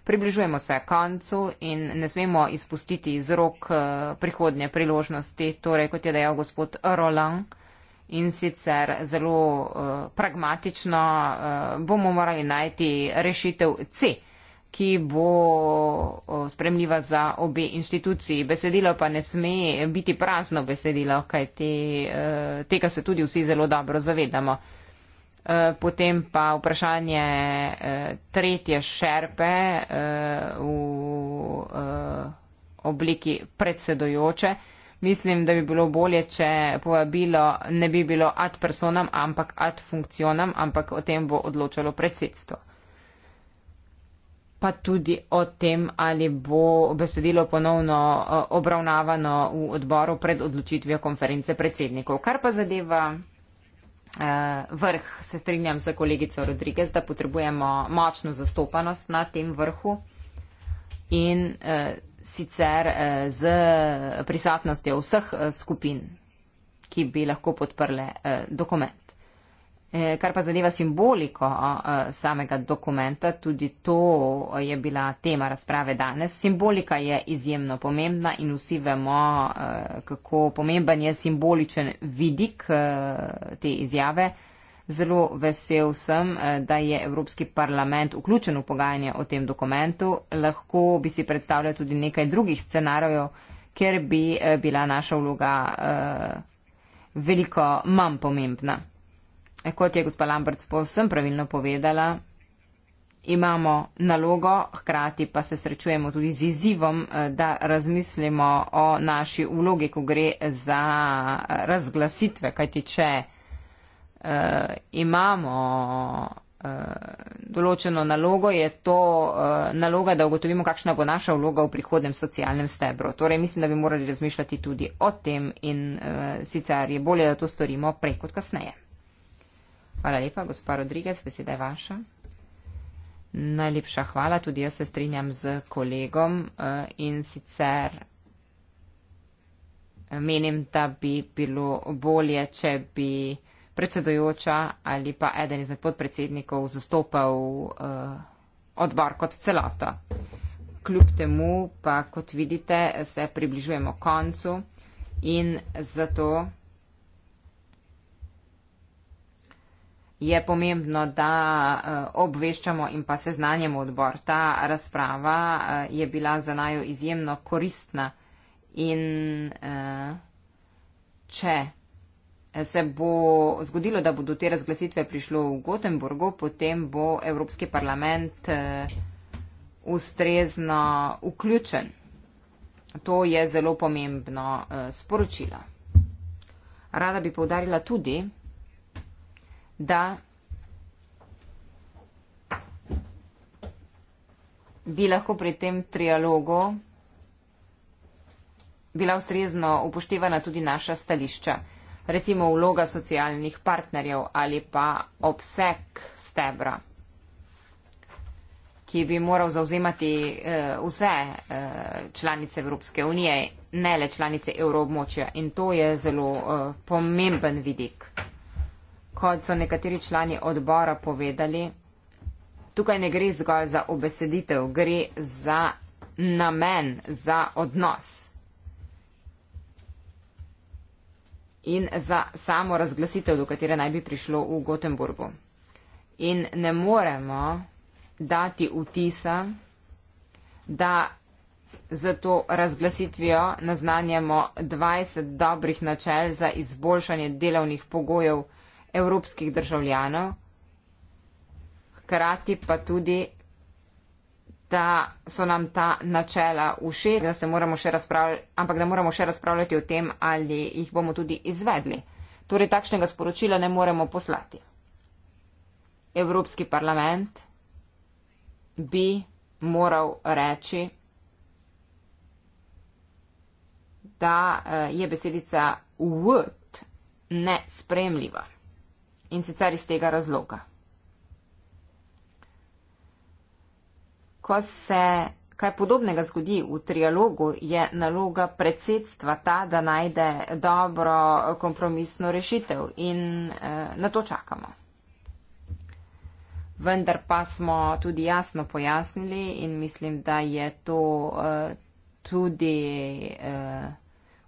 Približujemo se koncu in ne smemo izpustiti iz rok eh, prihodnje priložnosti, torej kot je dejal gospod Roland in sicer zelo eh, pragmatično eh, bomo morali najti rešitev C ki bo spremljiva za obe inštituciji. Besedilo pa ne sme biti prazno besedilo, kaj te, e, tega se tudi vsi zelo dobro zavedamo. E, potem pa vprašanje e, tretje šerpe v obliki predsedojoče. Mislim, da bi bilo bolje, če povabilo ne bi bilo ad personam, ampak ad funkcionam, ampak o tem bo odločalo predsedstvo pa tudi o tem, ali bo besedilo ponovno eh, obravnavano v odboru pred odločitvijo konference predsednikov. Kar pa zadeva eh, vrh, se strinjam z kolegico Rodriguez, da potrebujemo močno zastopanost na tem vrhu in eh, sicer z prisotnostjo vseh skupin, ki bi lahko podprle dokument. Eh, kar pa zadeva simboliko eh, samega dokumenta, tudi to je bila tema razprave danes. Simbolika je izjemno pomembna in vsi vemo, eh, kako pomemben je simboličen vidik te izjave. Zelo vesel sem, da je Evropski parlament vključen v pogajanje o tem dokumentu. Lahko bi si predstavljal tudi nekaj drugih scenarijev, ker bi bila naša vloga veliko manj pomembna. E, kot je gospod Lambert povsem pravilno povedala, imamo nalogo, hkrati pa se srečujemo tudi z izzivom, eh, da razmislimo o naši vlogi, ko gre za razglasitve. Kajti, če e, imamo e, določeno nalogo, je to e, naloga, da ugotovimo, kakšna bo naša vloga v prihodnem socialnem stebru. Torej, mislim, da bi morali razmišljati tudi o tem in e, sicer je bolje, da to storimo prej kot kasneje. Hvala lepa, gospod Rodriguez, beseda je vaša. Najlepša hvala, tudi jaz se strinjam z kolegom eh, in sicer eh, menim, da bi bilo bolje, če bi predsedojoča ali pa eden izmed podpredsednikov zastopal eh, odbor kot celota. Kljub temu pa, kot vidite, se približujemo koncu in zato. je pomembno, da eh, obveščamo in pa seznanjamo odbor. Ta razprava eh, je bila za najo izjemno koristna in eh, če se bo zgodilo, da bo do te razglasitve prišlo v Gotenburgu, potem bo Evropski parlament ustrezno vključen. To je zelo pomembno sporočilo. Rada bi povdarila tudi, da bi lahko pri tem trialogu bila ustrezno upoštevana tudi naša stališča, recimo vloga socialnih partnerjev ali pa obseg stebra, ki bi moral zauzemati eh, vse eh, članice Evropske unije, ne le članice evroobmočja. In to je zelo eh, pomemben vidik kot so nekateri člani odbora povedali, tukaj ne gre zgolj za obeseditev, gre za namen, za odnos in za samo razglasitev, do katere naj bi prišlo v Gotenburgu. In ne moremo dati vtisa, da z to razglasitvijo naznanjamo 20 dobrih načel za izboljšanje delovnih pogojev evropskih državljanov, hkrati pa tudi, da so nam ta načela všeč, da, ampak da moramo še razpravljati o tem, ali jih bomo tudi izvedli. Torej takšnega sporočila ne moremo poslati. Evropski parlament bi moral reči, da eh, je besedica word nespremljiva in sicer iz tega razloga. Ko se kaj podobnega zgodi v trialogu, je naloga predsedstva ta, da najde dobro kompromisno rešitev in eh, na to čakamo. Vendar pa smo tudi jasno pojasnili in mislim, da je to eh, tudi eh,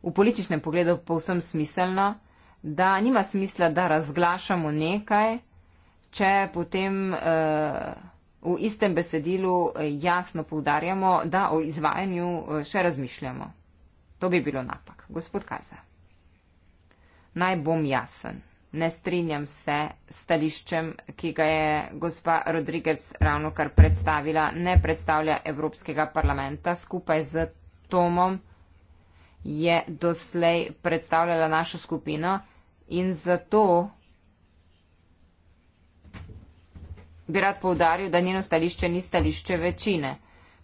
v političnem pogledu povsem smiselno da nima smisla, da razglašamo nekaj, če potem uh, v istem besedilu eh, jasno poudarjamo, da o izvajanju eh, še razmišljamo. To bi bilo napak. Gospod Kaza. Naj bom jasen. Ne strinjam se s stališčem, ki ga je gospa Rodriguez ravno kar predstavila, ne predstavlja Evropskega parlamenta skupaj z Tomom je doslej predstavljala našo skupino. In zato bi rad povdaril, da njeno stališče ni stališče večine.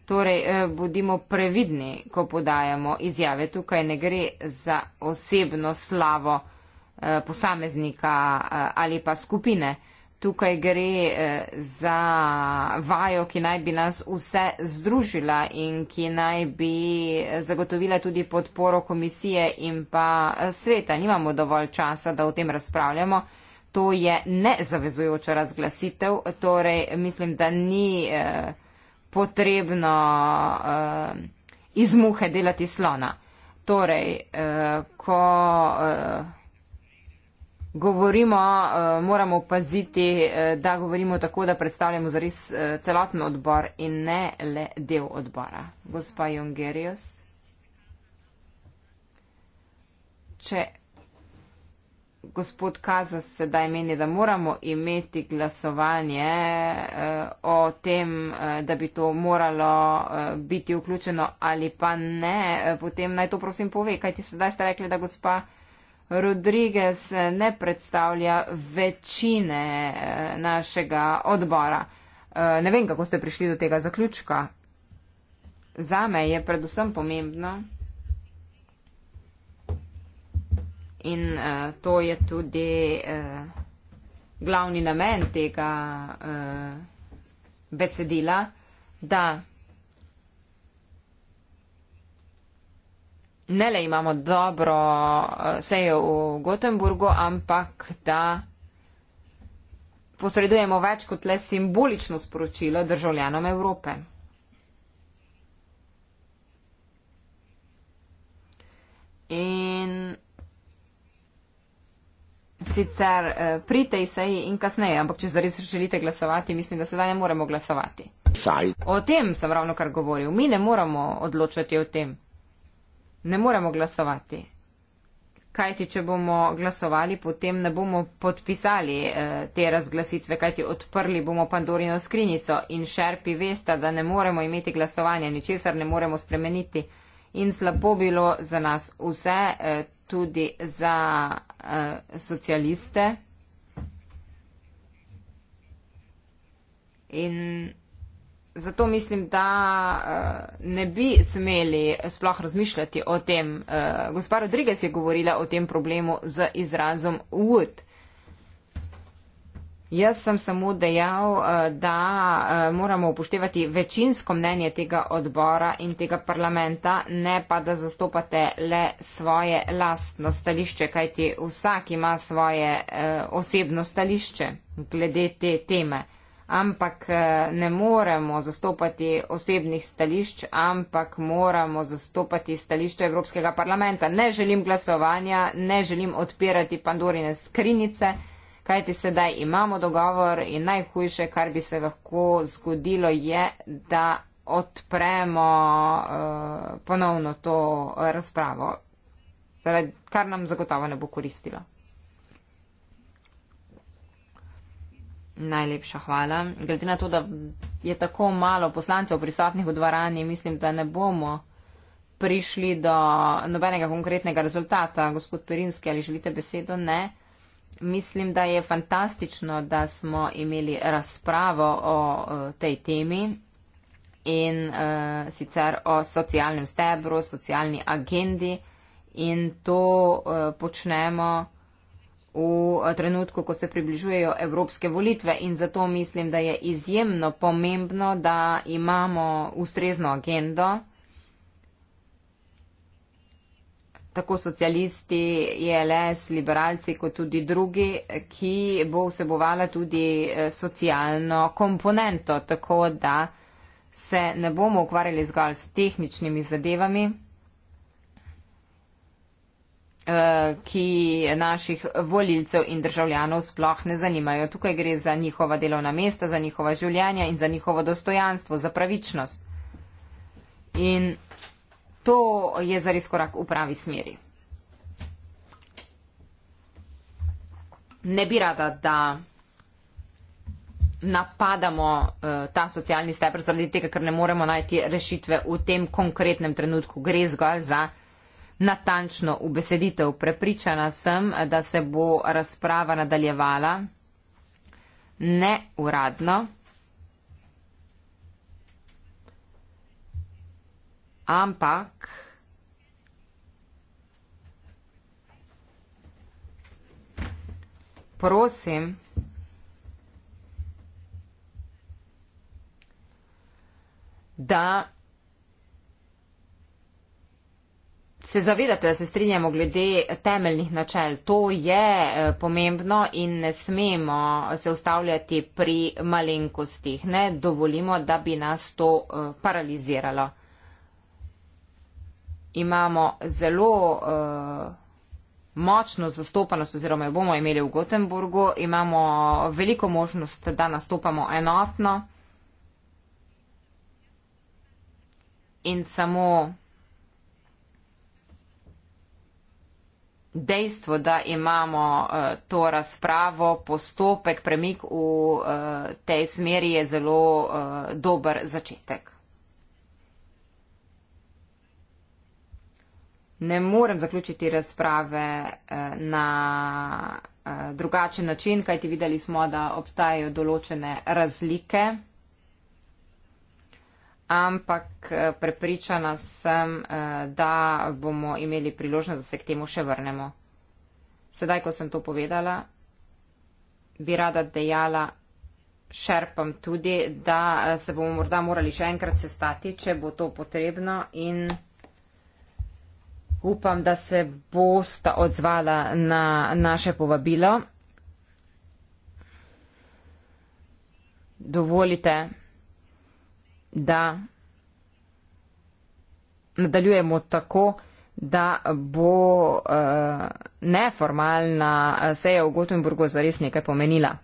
Torej, eh, bodimo previdni, ko podajamo izjave. Tukaj ne gre za osebno slavo eh, posameznika eh, ali pa skupine. Tukaj gre eh, za vajo, ki naj bi nas vse združila in ki naj bi eh, zagotovila tudi podporo komisije in pa eh, sveta. Nimamo dovolj časa, da o tem razpravljamo. To je nezavezujoča razglasitev, torej mislim, da ni potrebno iz muhe delati slona. Torej, ko govorimo, eh, moramo paziti, eh, da govorimo tako, da predstavljamo zares eh, celoten odbor in ne le del odbora. Gospa Jongerius, če gospod Kaza sedaj meni, da moramo imeti glasovanje o tem, da bi to moralo biti vključeno ali pa ne, potem naj to prosim pove, kajti sedaj ste rekli, da gospa. Rodriguez ne predstavlja večine eh, našega odbora. Eh, ne vem, kako ste prišli do tega zaključka. Za me je predvsem pomembno in uh, to je tudi uh, glavni namen tega uh, besedila, da ne le imamo dobro eh, seje v Gotemburgu, ampak da posredujemo več kot le simbolično sporočilo državljanom Evrope. In sicer eh, pri tej seji in kasneje, ampak če zares želite glasovati, mislim, da sedaj ne moremo glasovati. O tem sem ravno kar govoril. Mi ne moramo odločati o tem ne moremo glasovati. Kajti, če bomo glasovali, potem ne bomo podpisali eh, te razglasitve, kajti odprli bomo Pandorino skrinjico in šerpi veste, da ne moremo imeti glasovanja, ničesar ne moremo spremeniti. In slabo bilo za nas vse, eh, tudi za eh, socialiste. In zato mislim, da uh, ne bi smeli sploh razmišljati o tem. Uh, gospa Rodriguez je govorila o tem problemu z izrazom would. Jaz sem samo dejal, uh, da uh, moramo upoštevati večinsko mnenje tega odbora in tega parlamenta, ne pa da zastopate le svoje lastno stališče, kajti vsak ima svoje uh, osebno stališče glede te teme ampak eh, ne moremo zastopati osebnih stališč, ampak moramo zastopati stališče Evropskega parlamenta. Ne želim glasovanja, ne želim odpirati pandorine skrinice, kajti sedaj imamo dogovor in najhujše, kar bi se lahko zgodilo, je, da odpremo uh, ponovno to razpravo, kar nam zagotovo ne bo koristilo. Najlepša hvala. Glede na to, da je tako malo poslancev prisotnih v dvorani, mislim, da ne bomo prišli do nobenega konkretnega rezultata. Gospod Perinski, ali želite besedo? Ne. Mislim, da je fantastično, da smo imeli razpravo o, o eh, tej temi in e, sicer o socialnem stebru, socialni agendi in to e, počnemo v eh, trenutku, ko se približujejo evropske volitve in zato mislim, da je izjemno pomembno, da imamo ustrezno agendo. tako socialisti, ELS, liberalci, kot tudi drugi, ki bo vsebovala tudi eh, socialno komponento, tako da se ne bomo ukvarjali zgolj s tehničnimi zadevami. Eh, ki naših volilcev in državljanov sploh ne zanimajo. Tukaj gre za njihova delovna mesta, za njihova življenja in za njihovo dostojanstvo, za pravičnost. In to je zares korak v pravi smeri. Ne bi rada, da napadamo uh, ta socialni stebr zaradi tega, ker ne moremo najti rešitve v tem konkretnem trenutku. Gre zgolj za natančno ubeseditev. Prepričana sem, da se bo razprava nadaljevala neuradno. Ampak. Prosim, da Se zavedate, da se strinjamo glede temeljnih načel. To je eh, pomembno in ne smemo se ustavljati pri malenkostih. Ne dovolimo, da bi nas to eh, paraliziralo. Imamo zelo uh, močno zastopanost oziroma jo bomo imeli v Gotenburgu. Imamo veliko možnost, da nastopamo enotno. In samo dejstvo, da imamo eh, to razpravo, postopek, premik v eh, tej smeri je zelo eh, dober začetek. Ne morem zaključiti razprave na drugačen način, kajti videli smo, da obstajajo določene razlike ampak eh, prepričana sem, eh, da bomo imeli priložnost, da se k temu še vrnemo. Sedaj, ko sem to povedala, bi rada dejala šerpam tudi, da eh, se bomo morda morali še enkrat sestati, če bo to potrebno in upam, da se bosta odzvala na naše povabilo. Dovolite da nadaljujemo tako, da bo uh, neformalna eh, seja v Gotenburgu zares nekaj pomenila.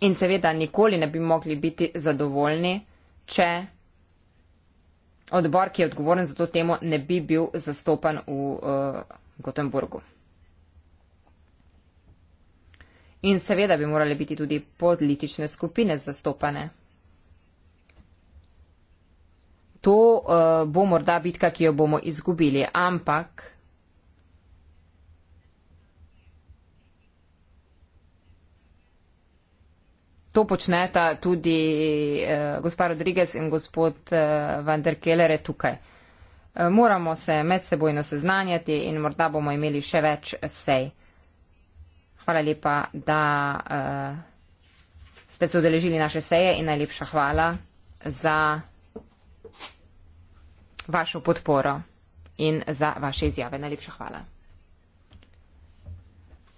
In seveda nikoli ne bi mogli biti zadovoljni, če odbor, ki je odgovoren za to temo, ne bi bil zastopan v uh, eh, Gotenburgu. In seveda bi morali biti tudi politične skupine zastopane to uh, bo morda bitka, ki jo bomo izgubili, ampak. To počneta tudi eh, gospa Rodriguez in gospod eh, Van der Kellere tukaj. E, moramo se medsebojno seznanjati in morda bomo imeli še več sej. Hvala lepa, da eh, ste se odeležili naše seje in najlepša hvala za vašo podporo in za vaše izjave. Najlepša hvala.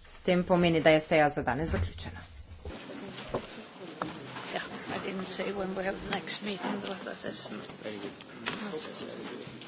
S tem pomeni, da je seja za danes zaključena. Yeah, I didn't say when we have next meeting, but that isn't necessary.